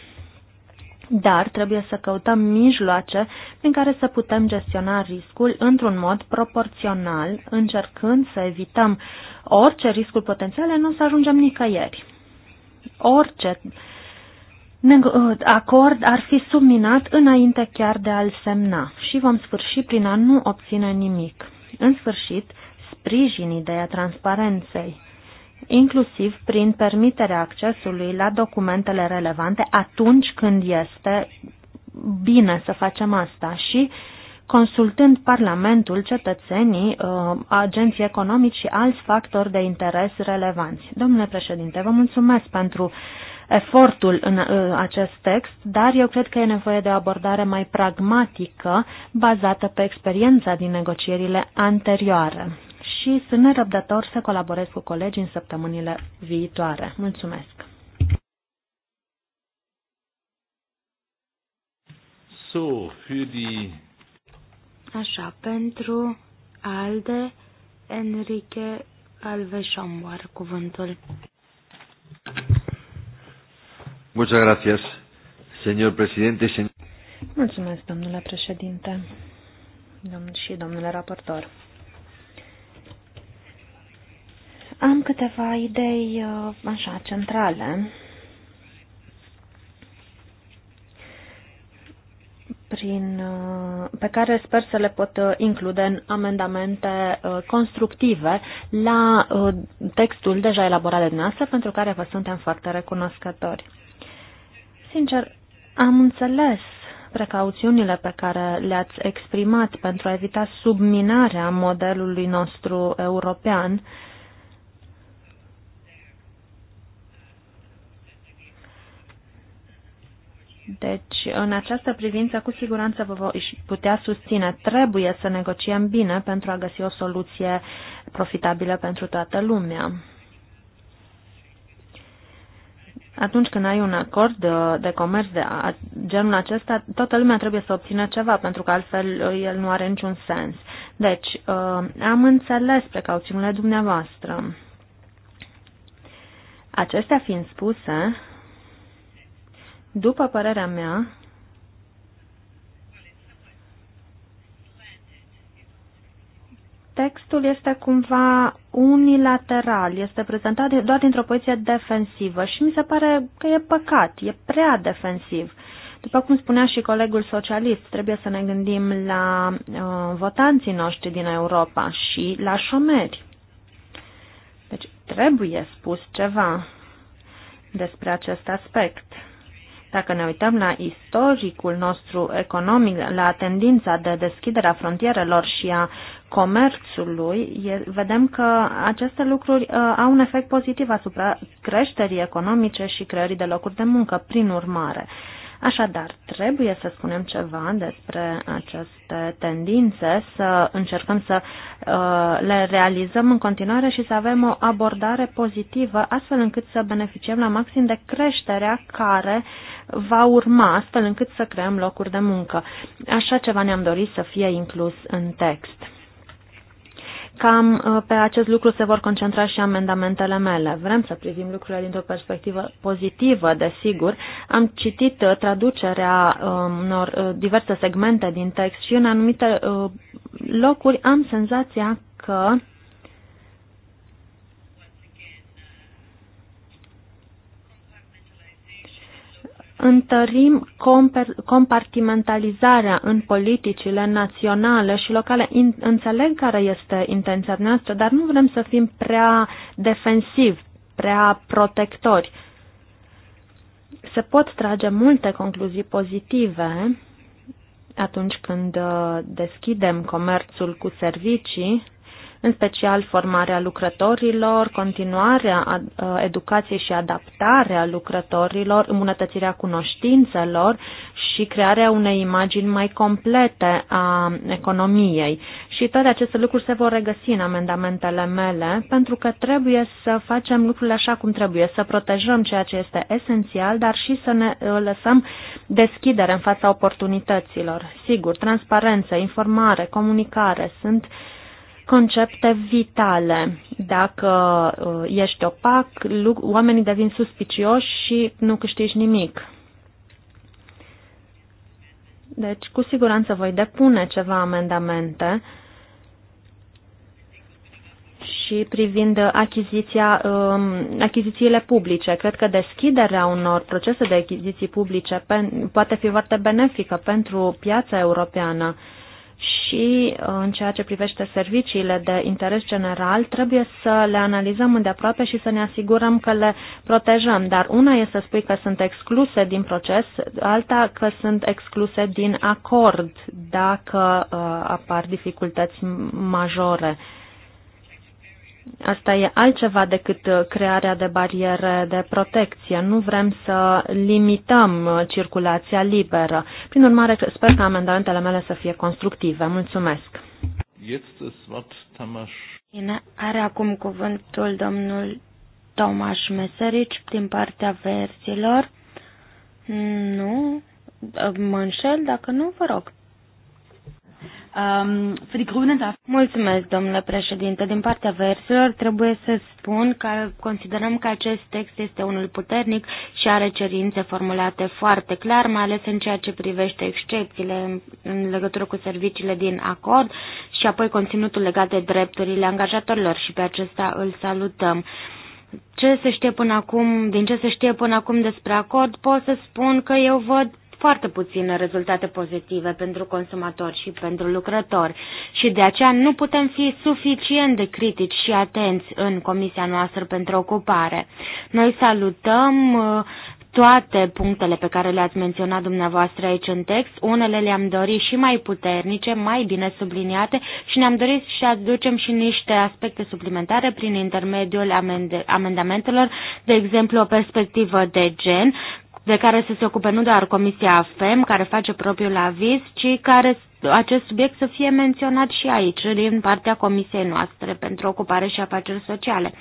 dar trebuie să căutăm mijloace prin care să putem gestiona riscul într-un mod proporțional, încercând să evităm orice riscul potențial, nu să ajungem nicăieri. Orice uh, Ă, acord ar fi subminat înainte chiar de a-l semna și vom sfârși prin a nu obține nimic. În sfârșit, sprijin ideea transparenței, inclusiv prin permiterea accesului la documentele relevante atunci când este bine să facem asta și consultând Parlamentul, cetățenii, ă, agenții economici și alți factori de interes relevanți. Domnule președinte, vă mulțumesc pentru efortul în uh, acest text, dar eu cred că e nevoie de o abordare mai pragmatică, bazată pe experiența din negocierile anterioare. Și sunt nerăbdător să colaborez cu colegii în săptămânile viitoare. Mulțumesc! So, the... Așa, pentru ALDE, Enrique Alveșomboar, cuvântul. Muchas gracias, señor presidente. Mulțumesc, domnule președinte domn și domnule raportor. Am câteva idei uh, așa centrale. Prin, uh, pe care sper să le pot uh, include în amendamente constructive la textul deja elaborat de dumneavoastră, pentru care vă suntem foarte recunoscători. Sincer, am înțeles precauțiunile pe care le-ați exprimat pentru a evita subminarea modelului nostru european, Deci, în această privință, cu siguranță vă voi putea susține. Trebuie să negociem bine pentru a găsi o soluție profitabilă pentru toată lumea atunci când ai un acord de, de comerț de a, genul acesta, toată lumea trebuie să obțină ceva, pentru că altfel uh, el nu are niciun sens. Deci, uh, am înțeles precauțiunile dumneavoastră. Acestea fiind spuse, după părerea mea, textul este cumva unilateral, este prezentat doar dintr-o poziție defensivă și mi se pare că e păcat, e prea defensiv. După cum spunea și colegul socialist, trebuie să ne gândim la uh, votanții noștri din Europa și la șomeri. Deci trebuie spus ceva despre acest aspect. Dacă ne uităm la istoricul nostru economic, la tendința de deschidere a frontierelor și a comerțului, vedem că aceste lucruri uh, au un efect pozitiv asupra creșterii economice și creării de locuri de muncă, prin urmare. Așadar, trebuie să spunem ceva despre aceste tendințe, să încercăm să uh, le realizăm în continuare și să avem o abordare pozitivă, astfel încât să beneficiem la maxim de creșterea care uh, va urma, astfel încât să creăm locuri de muncă. Așa ceva ne-am dorit să fie inclus în text. Cam uh, pe acest lucru se vor concentra și amendamentele mele. Vrem să privim lucrurile dintr-o perspectivă pozitivă, desigur. Am citit uh, traducerea um, unor uh, diverse segmente din text și în anumite locuri am senzația că întărim compartimentalizarea în politicile naționale și locale. Înțeleg care este intenția noastră, dar nu vrem să fim prea defensivi, prea protectori. Se pot trage multe concluzii pozitive atunci când uh, deschidem comerțul cu servicii în special formarea lucrătorilor, continuarea educației și adaptarea lucrătorilor, îmbunătățirea cunoștințelor și crearea unei imagini mai complete a economiei. Și toate aceste lucruri se vor regăsi în amendamentele mele, pentru că trebuie să facem lucrurile așa cum trebuie, să protejăm ceea ce este esențial, dar și să ne uh, lăsăm deschidere în fața oportunităților. Sigur, transparență, informare, comunicare sunt uh, concepte vitale. Dacă uh, ești opac, oamenii devin suspicioși și nu câștigi nimic. Deci, cu siguranță voi depune ceva amendamente și privind achiziția, um, achizițiile publice. Cred că deschiderea unor procese de achiziții publice poate fi foarte benefică pentru piața europeană și uh, în ceea ce privește serviciile de interes general, trebuie să le analizăm îndeaproape și să ne asigurăm că le protejăm. Dar una e să spui că sunt excluse din proces, alta că sunt excluse din acord dacă uh, apar dificultăți majore. Asta e altceva decât uh, crearea de bariere de protecție. Nu vrem să limităm uh, circulația liberă. Prin urmare, sper că amendamentele mele să fie constructive. Mulțumesc. Bine, are acum cuvântul domnul Tomaș Meserici din partea versilor. Nu, mă înșel, dacă nu, vă rog. Um, Mulțumesc, domnule președinte. Din partea versilor, trebuie să spun că considerăm că acest text este unul puternic și are cerințe formulate foarte clar, mai ales în ceea ce privește excepțiile în legătură cu serviciile din acord și apoi conținutul legat de drepturile angajatorilor și pe acesta îl salutăm ce se știe până acum, din ce se știe până acum despre acord, pot să spun că eu văd foarte puține rezultate pozitive pentru consumatori și pentru lucrători și de aceea nu putem fi suficient de critici și atenți în Comisia noastră pentru ocupare. Noi salutăm uh, toate punctele pe care le-ați menționat dumneavoastră aici în text, unele le-am dorit și mai puternice, mai bine subliniate și ne-am dorit și aducem și niște aspecte suplimentare prin intermediul amende- amendamentelor, de exemplu o perspectivă de gen, de care să se ocupe nu doar Comisia AFEM, care face propriul aviz, ci care acest subiect să fie menționat și aici, din partea Comisiei noastre pentru ocupare și afaceri sociale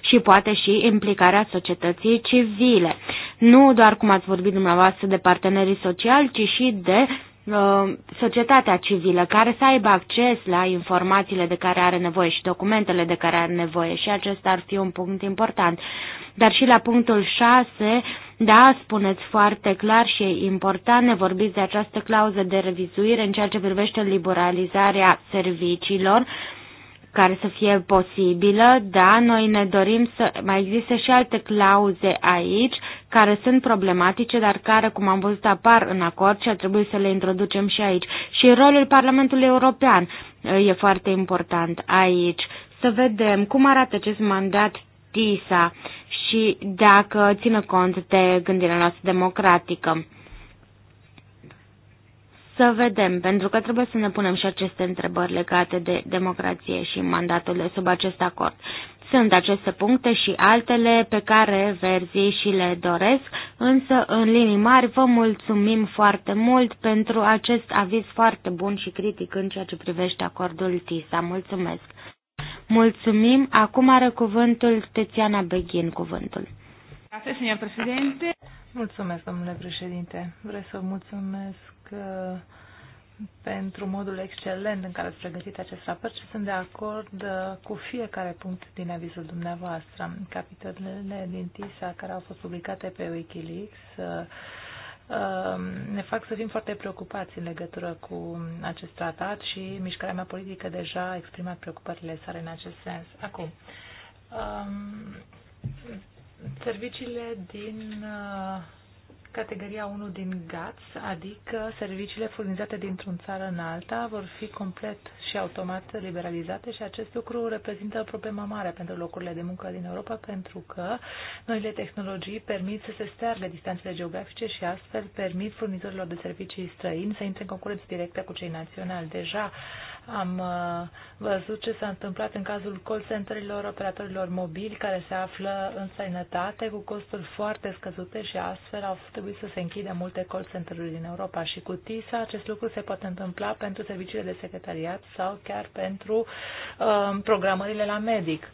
și poate și implicarea societății civile. Nu doar cum ați vorbit dumneavoastră de partenerii sociali, ci și de Uh, societatea civilă care să aibă acces la informațiile de care are nevoie și documentele de care are nevoie și acesta ar fi un punct important. Dar și la punctul 6, da, spuneți foarte clar și e important, ne vorbiți de această clauză de revizuire în ceea ce privește liberalizarea serviciilor, uh, care să fie posibilă, da, noi ne dorim să mai există și alte clauze aici care sunt problematice, dar care, cum am văzut, apar în acord și ar trebui să le introducem și aici. Și rolul Parlamentului European e foarte important aici. Să vedem cum arată acest mandat TISA și dacă țină cont de gândirea noastră democratică. Să vedem, pentru că trebuie să ne punem și aceste întrebări legate de democrație și mandatul sub acest acord. Sunt aceste puncte și altele pe care verzii și le doresc, însă în linii mari vă mulțumim foarte mult pentru acest aviz foarte bun și critic în ceea ce privește acordul TISA. Mulțumesc! Mulțumim! Acum are cuvântul Tețiana Beghin cuvântul. Grazie, signor Presidente. Mulțumesc, domnule președinte. Vreau să mulțumesc uh, pentru modul excelent în care ați pregătit acest raport și sunt de acord uh, cu fiecare punct din avizul dumneavoastră. Capitolele din TISA care au fost publicate pe Wikileaks uh, um, ne fac să fim foarte preocupați în legătură cu acest tratat și mișcarea mea politică deja a exprimat preocupările sale în acest sens. Acum, um, serviciile din uh, categoria 1 din GATS, adică serviciile furnizate dintr-un țară în alta, vor fi complet și automat liberalizate și acest lucru reprezintă o problemă mare pentru locurile de muncă din Europa, pentru că noile tehnologii permit să se steargă distanțele geografice și astfel permit furnizorilor de servicii străini să intre în concurență directă cu cei naționali. Deja am uh, văzut ce s-a întâmplat în cazul call centerilor operatorilor mobili care se află în sănătate, cu costuri foarte scăzute și astfel au trebuit să se închidă multe call center-uri din Europa și cu TISA acest lucru se poate întâmpla pentru serviciile de secretariat sau chiar pentru uh, programările la medic. Uh,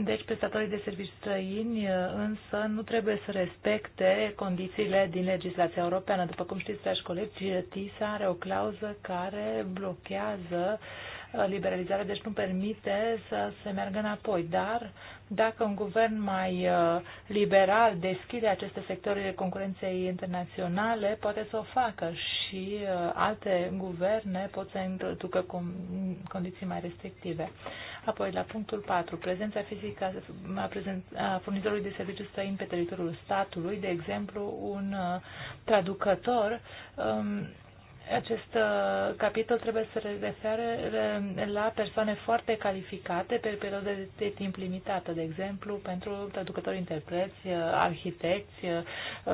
deci, prestatorii de servicii străini uh, însă nu trebuie să respecte condițiile din legislația europeană. După cum știți, dragi colegi, TISA are o clauză care blochează uh, liberalizarea, deci nu permite să se meargă înapoi. Dar dacă un guvern mai uh, liberal deschide aceste sectoare concurenței internaționale, poate să o facă și alte guverne pot să introducă condiții mai restrictive. Apoi, la punctul 4, prezența fizică a, prezent, a furnizorului de serviciu străin pe teritoriul statului, de exemplu, un uh, traducător um, acest uh, capitol trebuie să se refere la persoane foarte calificate pe perioade de, de timp limitată, de exemplu, pentru traducători, interpreți, uh, arhitecți uh,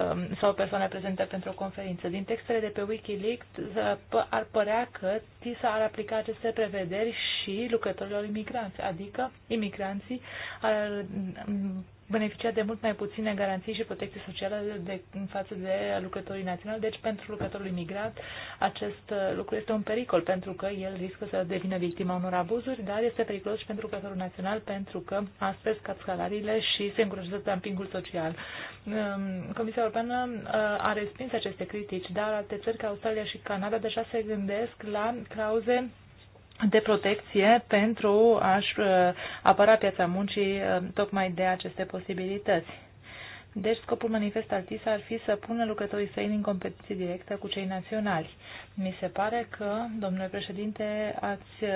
um, sau persoane prezente pentru o conferință. Din textele de pe Wikileaks uh, ar părea că TISA ar aplica aceste prevederi și lucrătorilor imigranți, adică imigranții ar uh, beneficia de mult mai puține garanții și protecție socială de, în față de lucrătorii naționali. Deci, pentru lucrătorul imigrat, acest uh, lucru este un pericol, pentru că el riscă să devină victima unor abuzuri, dar este periculos și pentru lucrătorul național, pentru că astfel scad salariile și se încurajează dumpingul social. Um, Comisia Europeană uh, a respins aceste critici, dar alte țări ca Australia și Canada deja se gândesc la clauze de protecție pentru a-și uh, apăra piața muncii uh, tocmai de aceste posibilități. Deci scopul manifest al TISA ar fi să pună lucrătorii săi în competiție directă cu cei naționali. Mi se pare că, domnule președinte, ați uh,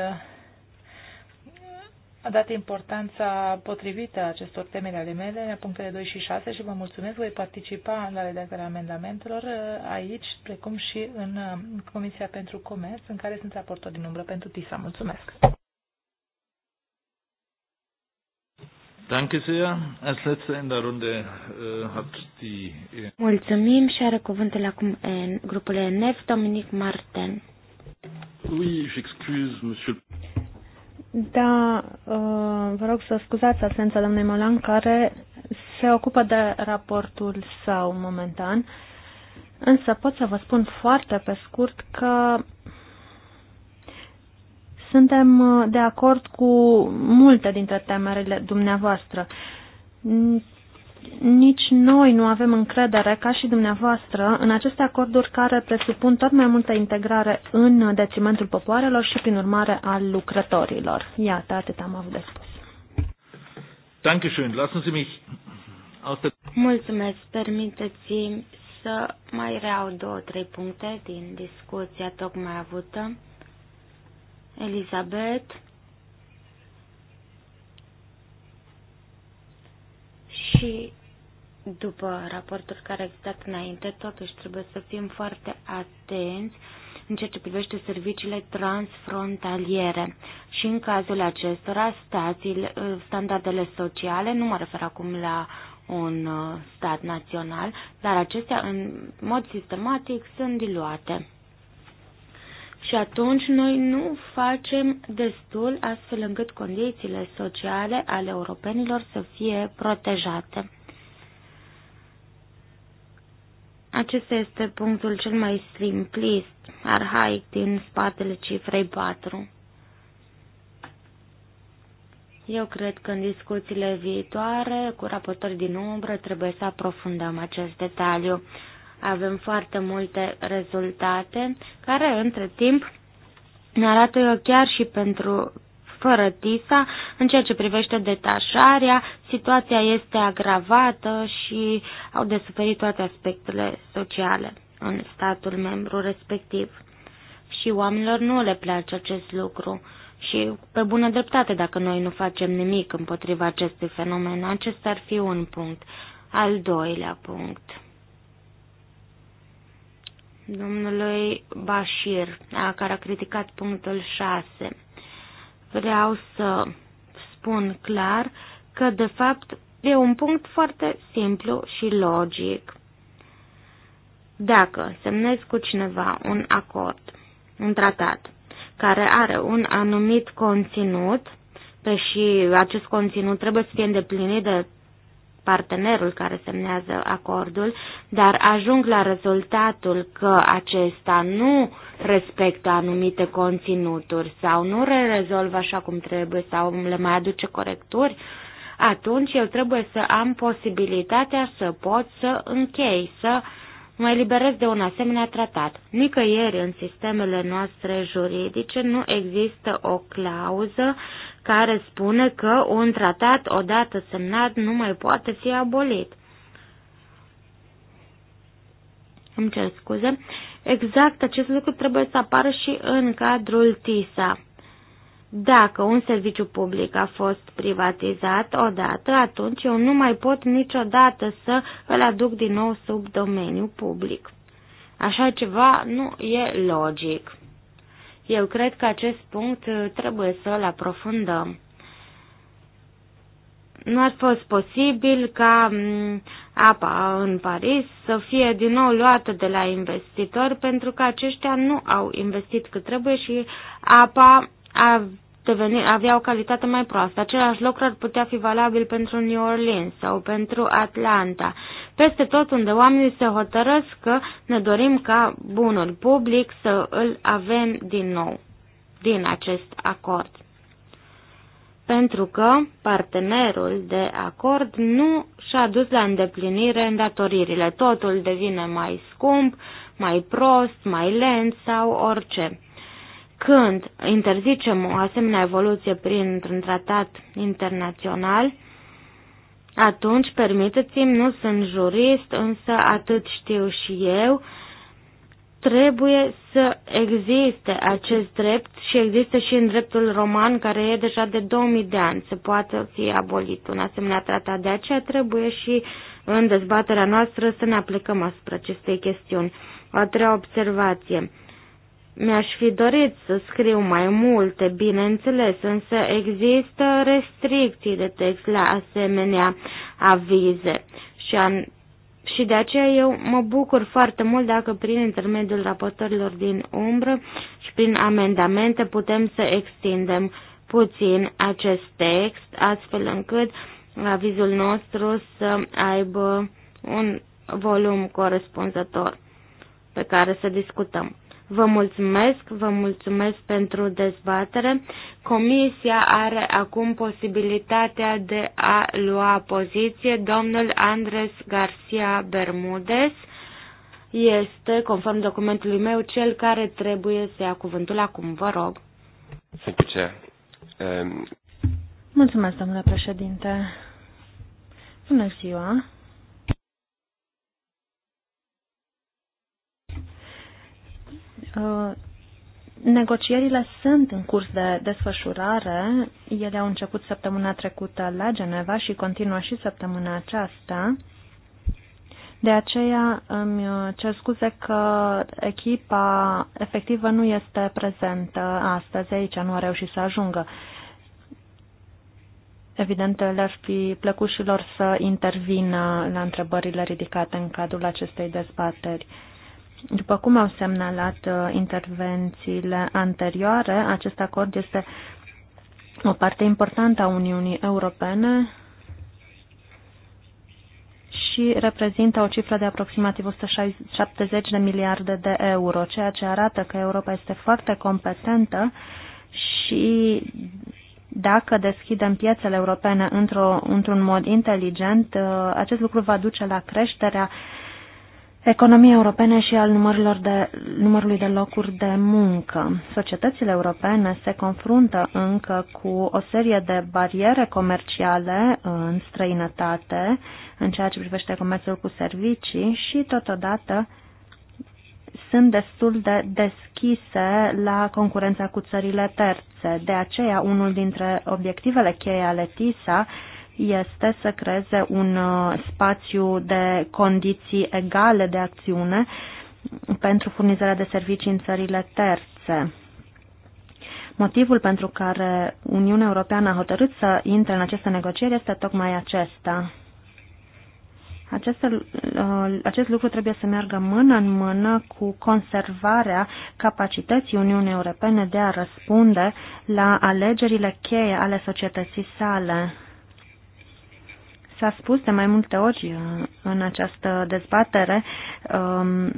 a dat importanța potrivită acestor temele ale mele, la punctele 2 și 6 și vă mulțumesc. Voi participa la redactarea amendamentelor uh, aici, precum și în uh, Comisia pentru Comerț, în care sunt raportor din umbră pentru TISA. Mulțumesc! Danke sehr. Als in der Runde äh, hat die... Äh, Mulțumim și are cuvântul acum în grupul ENF, Dominic Martin. Oui, j'excuse, monsieur. Da, uh, vă rog să scuzați absența doamnei Molan, care se ocupă de raportul său momentan, însă pot să vă spun foarte pe scurt că suntem de acord cu multe dintre temerile dumneavoastră nici noi nu avem încredere, ca și dumneavoastră, în aceste acorduri care presupun tot mai multă integrare în detrimentul popoarelor și, prin urmare, al lucrătorilor. Iată, atât am avut de spus. Mulțumesc. Permiteți-mi să mai reau două, trei puncte din discuția tocmai avută. Elizabeth și după raportul care a existat înainte, totuși trebuie să fim foarte atenți în ceea ce privește serviciile transfrontaliere. Și în cazul acestora, stațiile, standardele sociale, nu mă refer acum la un uh, stat național, dar acestea în mod sistematic sunt diluate. Și atunci noi nu facem destul astfel încât condițiile sociale ale europenilor să fie protejate. Acesta este punctul cel mai simplist, arhaic, din spatele cifrei 4. Eu cred că în discuțiile viitoare cu raportori din umbră trebuie să aprofundăm acest detaliu. Avem foarte multe rezultate care între timp ne arată eu chiar și pentru fără TISA, în ceea ce privește detașarea, situația este agravată și au de suferit toate aspectele sociale în statul membru respectiv. Și oamenilor nu le place acest lucru și pe bună dreptate dacă noi nu facem nimic împotriva acestui fenomen. Acesta ar fi un punct. Al doilea punct domnului Bashir, care a criticat punctul 6. Vreau să spun clar că, de fapt, e un punct foarte simplu și logic. Dacă semnezi cu cineva un acord, un tratat, care are un anumit conținut, pe și acest conținut trebuie să fie îndeplinit de partenerul care semnează acordul, dar ajung la rezultatul că acesta nu respectă anumite conținuturi sau nu le rezolvă așa cum trebuie sau le mai aduce corecturi, atunci eu trebuie să am posibilitatea să pot să închei, să mă eliberez de un asemenea tratat. Nicăieri în sistemele noastre juridice nu există o clauză care spune că un tratat odată semnat nu mai poate fi abolit. Îmi cer scuze. Exact acest lucru trebuie să apară și în cadrul TISA. Dacă un serviciu public a fost privatizat odată, atunci eu nu mai pot niciodată să îl aduc din nou sub domeniu public. Așa ceva nu e logic. Eu cred că acest punct uh, trebuie să-l aprofundăm. Nu ar fost posibil ca mm, apa în Paris să fie din nou luată de la investitori pentru că aceștia nu au investit cât trebuie și apa a deveni, avea o calitate mai proastă. Același lucru ar putea fi valabil pentru New Orleans sau pentru Atlanta. Peste tot unde oamenii se hotărăsc că ne dorim ca bunul public să îl avem din nou din acest acord. Pentru că partenerul de acord nu și-a dus la îndeplinire îndatoririle. Totul devine mai scump, mai prost, mai lent sau orice. Când interzicem o asemenea evoluție printr-un tratat internațional, atunci, permiteți-mi, nu sunt jurist, însă atât știu și eu, trebuie să existe acest drept și există și în dreptul roman, care e deja de 2000 de ani, să poată fi abolit un asemenea tratat. De aceea trebuie și în dezbaterea noastră să ne aplicăm asupra acestei chestiuni. O a treia observație. Mi-aș fi dorit să scriu mai multe, bineînțeles, însă există restricții de text la asemenea avize și, an... și de aceea eu mă bucur foarte mult dacă prin intermediul raportorilor din umbră și prin amendamente putem să extindem puțin acest text, astfel încât avizul nostru să aibă un volum corespunzător pe care să discutăm. Vă mulțumesc, vă mulțumesc pentru dezbatere. Comisia are acum posibilitatea de a lua poziție. Domnul Andres Garcia Bermudez este, conform documentului meu, cel care trebuie să ia cuvântul acum. Vă rog. Um, mulțumesc, domnule președinte. Bună ziua. Uh, negocierile sunt în curs de desfășurare. Ele au început săptămâna trecută la Geneva și continuă și săptămâna aceasta. De aceea îmi cer scuze că echipa efectivă nu este prezentă astăzi aici, nu a reușit să ajungă. Evident, le-ar fi plăcut și lor să intervină la întrebările ridicate în cadrul acestei dezbateri. După cum au semnalat uh, intervențiile anterioare, acest acord este o parte importantă a Uniunii Europene și reprezintă o cifră de aproximativ 170 de miliarde de euro, ceea ce arată că Europa este foarte competentă și dacă deschidem piețele europene într-un într mod inteligent, uh, acest lucru va duce la creșterea uh, economiei europene și al numărilor de, numărului de locuri de muncă. Societățile europene se confruntă încă cu o serie de bariere comerciale în străinătate, în ceea ce privește comerțul cu servicii și, totodată, sunt destul de deschise la concurența cu țările terțe. De aceea, unul dintre obiectivele cheie ale TISA este să creeze un uh, spațiu de condiții egale de acțiune pentru furnizarea de servicii în țările terțe. Motivul pentru care Uniunea Europeană a hotărât să intre în aceste negocieri este tocmai acesta. Acest, uh, acest lucru trebuie să meargă mână în mână cu conservarea capacității Uniunii Europene de a răspunde la alegerile cheie ale societății sale. S-a spus de mai multe ori uh, în această dezbatere um,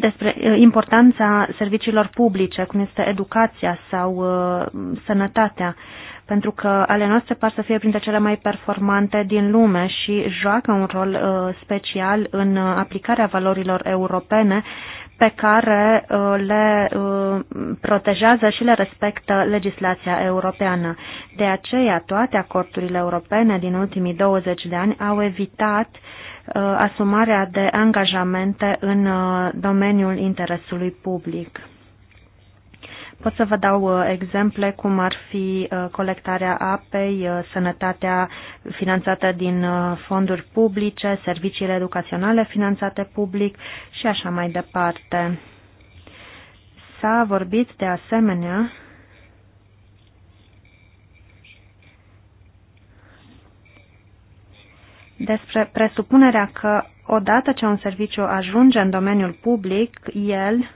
despre uh, importanța serviciilor publice, cum este educația sau uh, sănătatea, pentru că ale noastre par să fie printre cele mai performante din lume și joacă un rol special în aplicarea valorilor europene pe care uh, le uh, protejează și le respectă legislația europeană. De aceea, toate acordurile europene din ultimii 20 de ani au evitat uh, asumarea de angajamente în domeniul interesului public. Pot să vă dau uh, exemple cum ar fi uh, colectarea apei, uh, sănătatea finanțată din fonduri publice, serviciile educaționale finanțate public și așa mai departe. S-a vorbit de asemenea despre presupunerea că odată ce un serviciu ajunge în domeniul public, el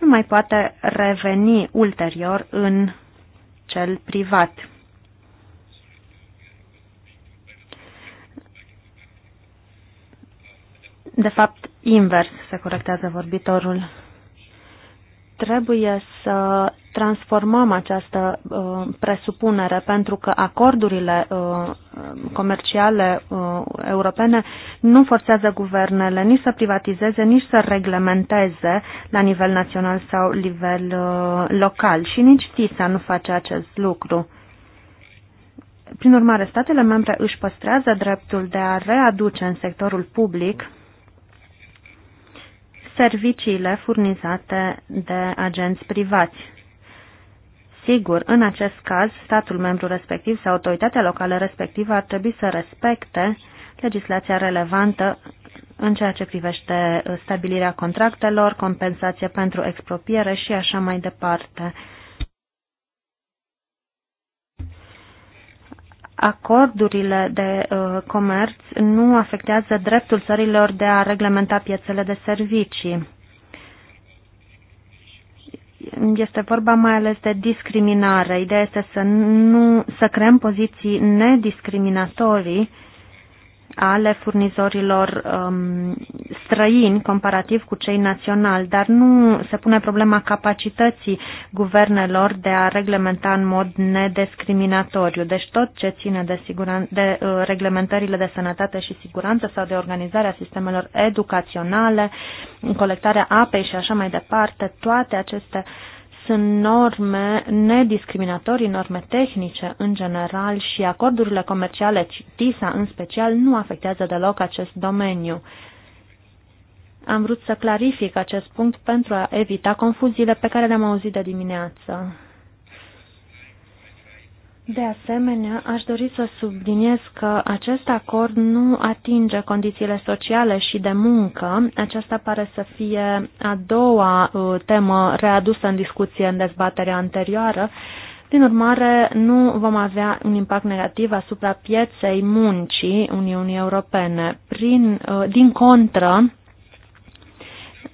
nu mai poate reveni ulterior în cel privat. De fapt, invers se corectează vorbitorul trebuie să transformăm această uh, presupunere, pentru că acordurile uh, comerciale uh, europene nu forțează guvernele nici să privatizeze, nici să reglementeze la nivel național sau nivel uh, local și nici TISA nu face acest lucru. Prin urmare, statele membre își păstrează dreptul de a readuce în sectorul public serviciile furnizate de agenți privați. Sigur, în acest caz, statul membru respectiv sau autoritatea locală respectivă ar trebui să respecte legislația relevantă în ceea ce privește stabilirea contractelor, compensație pentru expropiere și așa mai departe. acordurile de uh, comerț nu afectează dreptul țărilor de a reglementa piețele de servicii. Este vorba mai ales de discriminare. Ideea este să, nu, să creăm poziții nediscriminatorii ale furnizorilor um, străini comparativ cu cei naționali, dar nu se pune problema capacității guvernelor de a reglementa în mod nediscriminatoriu. Deci tot ce ține de, siguran- de uh, reglementările de sănătate și siguranță sau de organizarea sistemelor educaționale, colectarea apei și așa mai departe, toate aceste sunt norme nediscriminatorii, norme tehnice în general și acordurile comerciale TISA în special nu afectează deloc acest domeniu. Am vrut să clarific acest punct pentru a evita confuziile pe care le-am auzit de dimineață. De asemenea, aș dori să subliniez că acest acord nu atinge condițiile sociale și de muncă. Aceasta pare să fie a doua uh, temă readusă în discuție în dezbaterea anterioară. Din urmare, nu vom avea un impact negativ asupra pieței muncii Uniunii Europene. Prin, uh, din contră,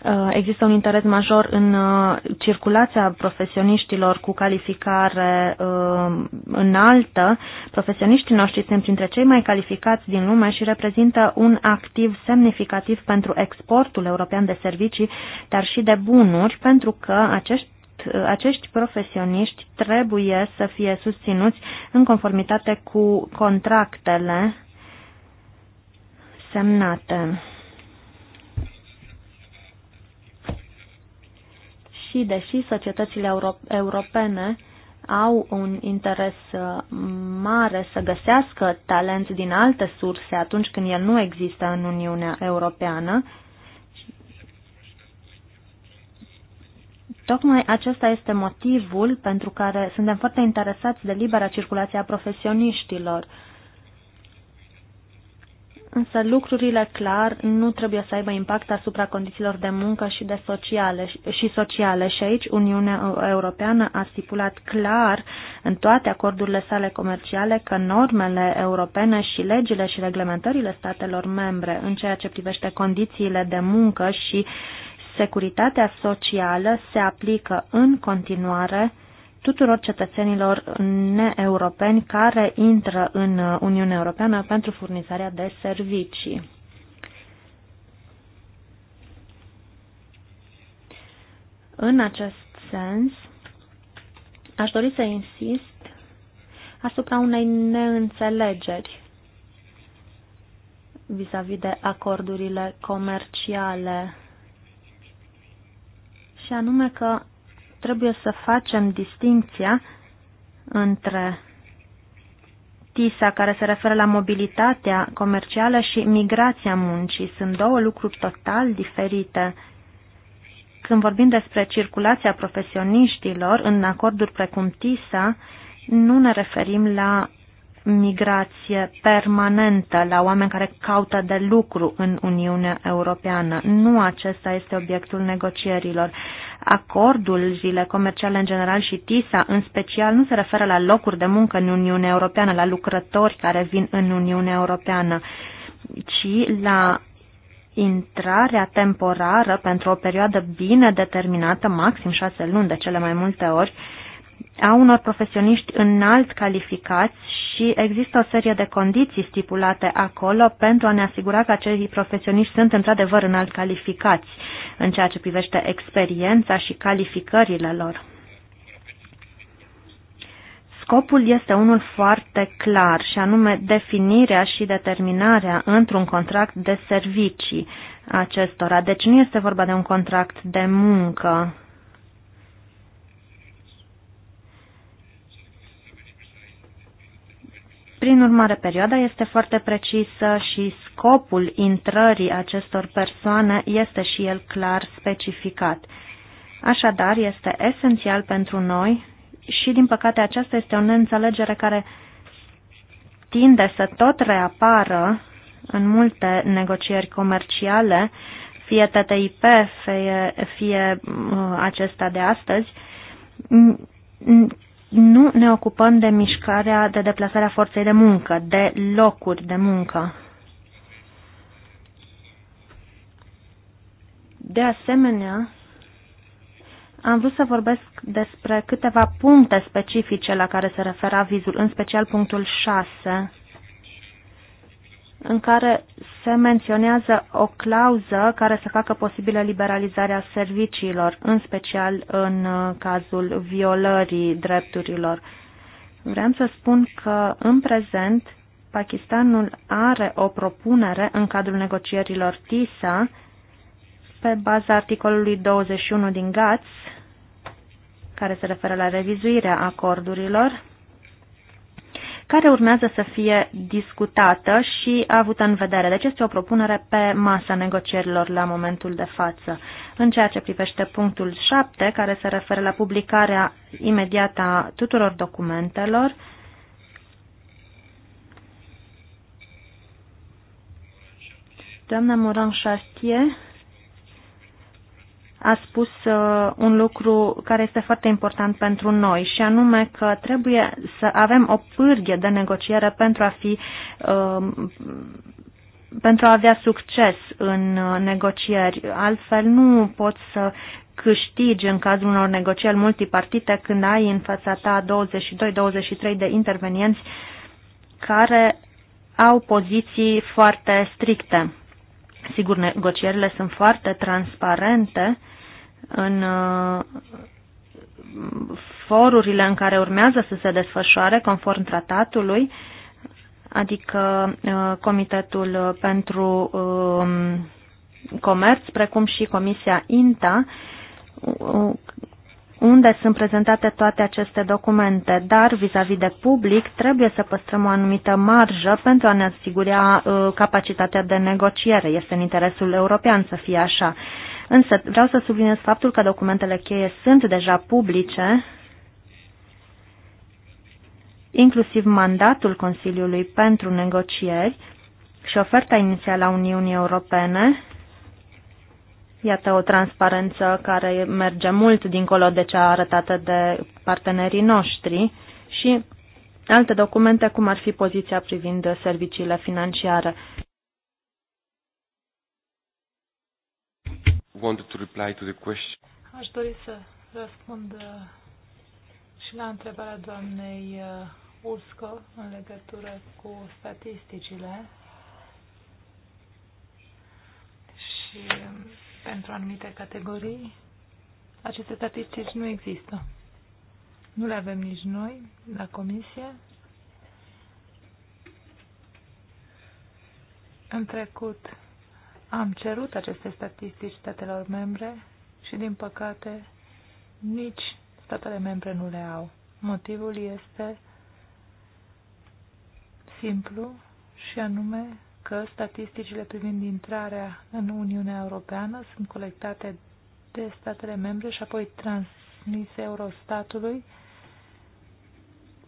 Uh, există un interes major în uh, circulația profesioniștilor cu calificare uh, înaltă. Profesioniștii noștri sunt printre cei mai calificați din lume și reprezintă un activ semnificativ pentru exportul european de servicii, dar și de bunuri, pentru că acești acești profesioniști trebuie să fie susținuți în conformitate cu contractele semnate. și deși societățile euro europene au un interes uh, mare să găsească talent din alte surse atunci când el nu există în Uniunea Europeană, Tocmai acesta este motivul pentru care suntem foarte interesați de libera circulație a profesioniștilor. Uh, Însă lucrurile clar nu trebuie să aibă impact asupra condițiilor de muncă și, de sociale, și sociale și aici Uniunea Europeană a stipulat clar în toate acordurile sale comerciale că normele europene și legile și reglementările statelor membre în ceea ce privește condițiile de muncă și securitatea socială se aplică în continuare uh, tuturor cetățenilor neeuropeni care intră în Uniunea Europeană pentru furnizarea de servicii. În acest sens, aș dori să insist asupra unei neînțelegeri vis-a-vis -vis de acordurile comerciale, și anume că trebuie să facem distinția între TISA, care se referă la mobilitatea comercială, și migrația muncii. Sunt două lucruri total diferite. Când vorbim despre circulația profesioniștilor în acorduri precum TISA, nu ne referim la migrație permanentă la oameni care caută de lucru în Uniunea Europeană. Nu acesta este obiectul negocierilor. Acordurile comerciale în general și TISA în special nu se referă la locuri de muncă în Uniunea Europeană, la lucrători care vin în Uniunea Europeană, ci la intrarea temporară pentru o perioadă bine determinată, maxim șase luni de cele mai multe ori, a unor profesioniști înalt calificați și există o serie de condiții stipulate acolo pentru a ne asigura că acei profesioniști sunt într-adevăr înalt calificați în ceea ce privește experiența și calificările lor. Scopul este unul foarte clar și anume definirea și determinarea într-un contract de servicii acestora. Deci nu este vorba de un contract de muncă Prin urmare, perioada este foarte precisă și scopul intrării acestor persoane este și el clar specificat. Așadar, este esențial pentru noi și, din păcate, aceasta este o neînțelegere care tinde să tot reapară în multe negocieri comerciale, fie TTIP, fie, fie uh, acesta de astăzi, nu ne ocupăm de mișcarea, de deplasarea forței de muncă, de locuri de muncă. De asemenea, am vrut să vorbesc despre câteva puncte specifice la care se referă vizul, în special punctul 6 în care se menționează o clauză care să facă posibilă liberalizarea serviciilor, în special în uh, cazul violării drepturilor. Vreau să spun că, în prezent, Pakistanul are o propunere în cadrul negocierilor TISA pe baza articolului 21 din GATS, care se referă la revizuirea acordurilor, care urmează să fie discutată și avută în vedere. Deci este o propunere pe masa negocierilor la momentul de față. În ceea ce privește punctul 7, care se referă la publicarea imediată a tuturor documentelor, Doamna Moran Chartier a spus uh, un lucru care este foarte important pentru noi și anume că trebuie să avem o pârghie de negociere pentru a fi uh, pentru a avea succes în uh, negocieri. Altfel nu poți să câștigi în cazul unor negocieri multipartite când ai în fața ta 22-23 de intervenienți care au poziții foarte stricte. Sigur, negocierile sunt foarte transparente în uh, forurile în care urmează să se desfășoare conform tratatului, adică uh, Comitetul pentru um, Comerț, precum și Comisia INTA, uh, unde sunt prezentate toate aceste documente, dar vis-a-vis -vis de public trebuie să păstrăm o anumită marjă pentru a ne asigura uh, capacitatea de negociere. Este în interesul european să fie așa. Însă vreau să subliniez faptul că documentele cheie sunt deja publice, inclusiv mandatul Consiliului pentru negocieri și oferta inițială a Uniunii Europene, Iată o transparență care merge mult dincolo de cea arătată de partenerii noștri și alte documente, cum ar fi poziția privind serviciile financiare. to reply to the question. Aș dori să răspund uh, și la întrebarea doamnei uh, Usco în legătură cu statisticile și um, pentru anumite categorii, aceste statistici nu există. Nu le avem nici noi la comisie. În trecut am cerut aceste statistici statelor membre și, din păcate, nici statele membre nu le au. Motivul este simplu și anume că statisticile privind intrarea în Uniunea Europeană sunt colectate de statele membre și apoi transmise Eurostatului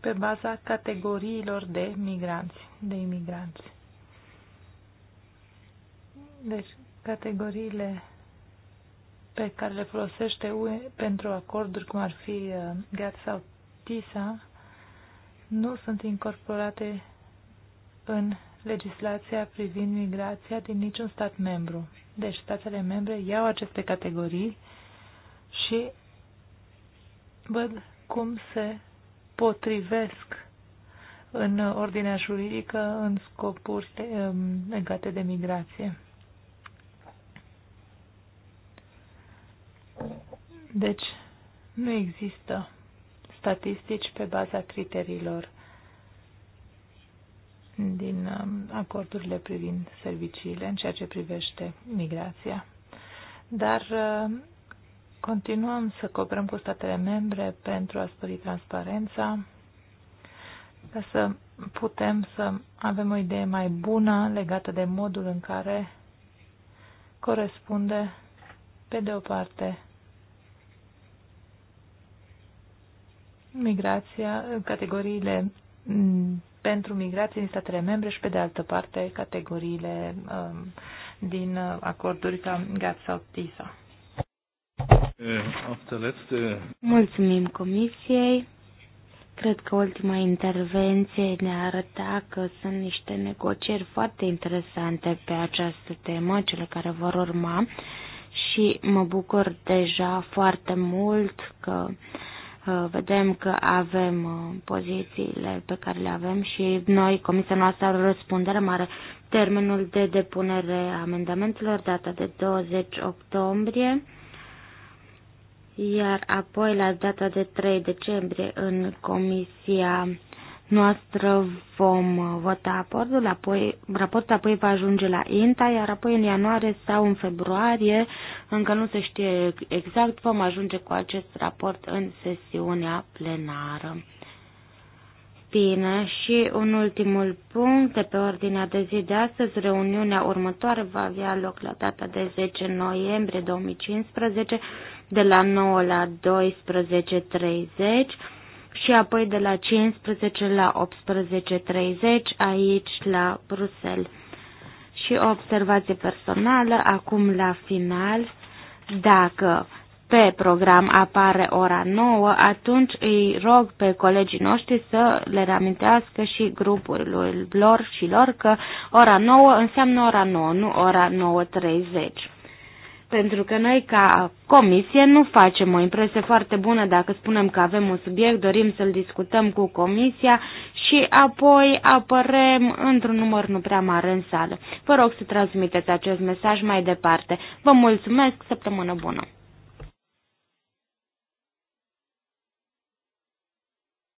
pe baza categoriilor de migranți, de imigranți. Deci, categoriile pe care le folosește UE pentru acorduri cum ar fi uh, GATT sau TISA nu sunt incorporate în legislația privind migrația din niciun stat membru. Deci statele membre iau aceste categorii și văd cum se potrivesc în ordinea juridică în scopuri um, legate de migrație. Deci, nu există statistici pe baza criteriilor din um, acordurile privind serviciile în ceea ce privește migrația. Dar uh, continuăm să cooperăm cu statele membre pentru a spări transparența, ca să putem să avem o idee mai bună legată de modul în care corespunde, pe de o parte, migrația, categoriile mm, pentru migrație din statele membre și, pe de altă parte, categoriile um, din uh, acorduri ca GATS sau TISA. Eh, eh. Mulțumim Comisiei. Cred că ultima intervenție ne arăta că sunt niște negocieri foarte interesante pe această temă, cele care vor urma și mă bucur deja foarte mult că uh, vedem că avem uh, pozițiile pe care le avem și noi, Comisia noastră, are răspundere mare. Termenul de depunere a amendamentelor, data de 20 octombrie, iar apoi la data de 3 decembrie în Comisia noastră vom uh, vota acordul, apoi, raportul apoi va ajunge la INTA, iar apoi în ianuarie sau în februarie, încă nu se știe exact, vom ajunge cu acest raport în sesiunea plenară. Bine, și un ultimul punct de pe ordinea de zi de astăzi, reuniunea următoare va avea loc la data de 10 noiembrie 2015 de la 9 la 12.30 și apoi de la 15 la 18.30 aici la Bruxelles. Și o observație personală, acum la final, dacă pe program apare ora 9, atunci îi rog pe colegii noștri să le reamintească și grupului lor și lor că ora 9 înseamnă ora 9, nu ora 9.30. Pentru că noi, ca comisie, nu facem o impresie foarte bună dacă spunem că avem un subiect, dorim să-l discutăm cu comisia și apoi apărem într-un număr nu prea mare în sală. Vă rog să transmiteți acest mesaj mai departe. Vă mulțumesc, săptămână bună!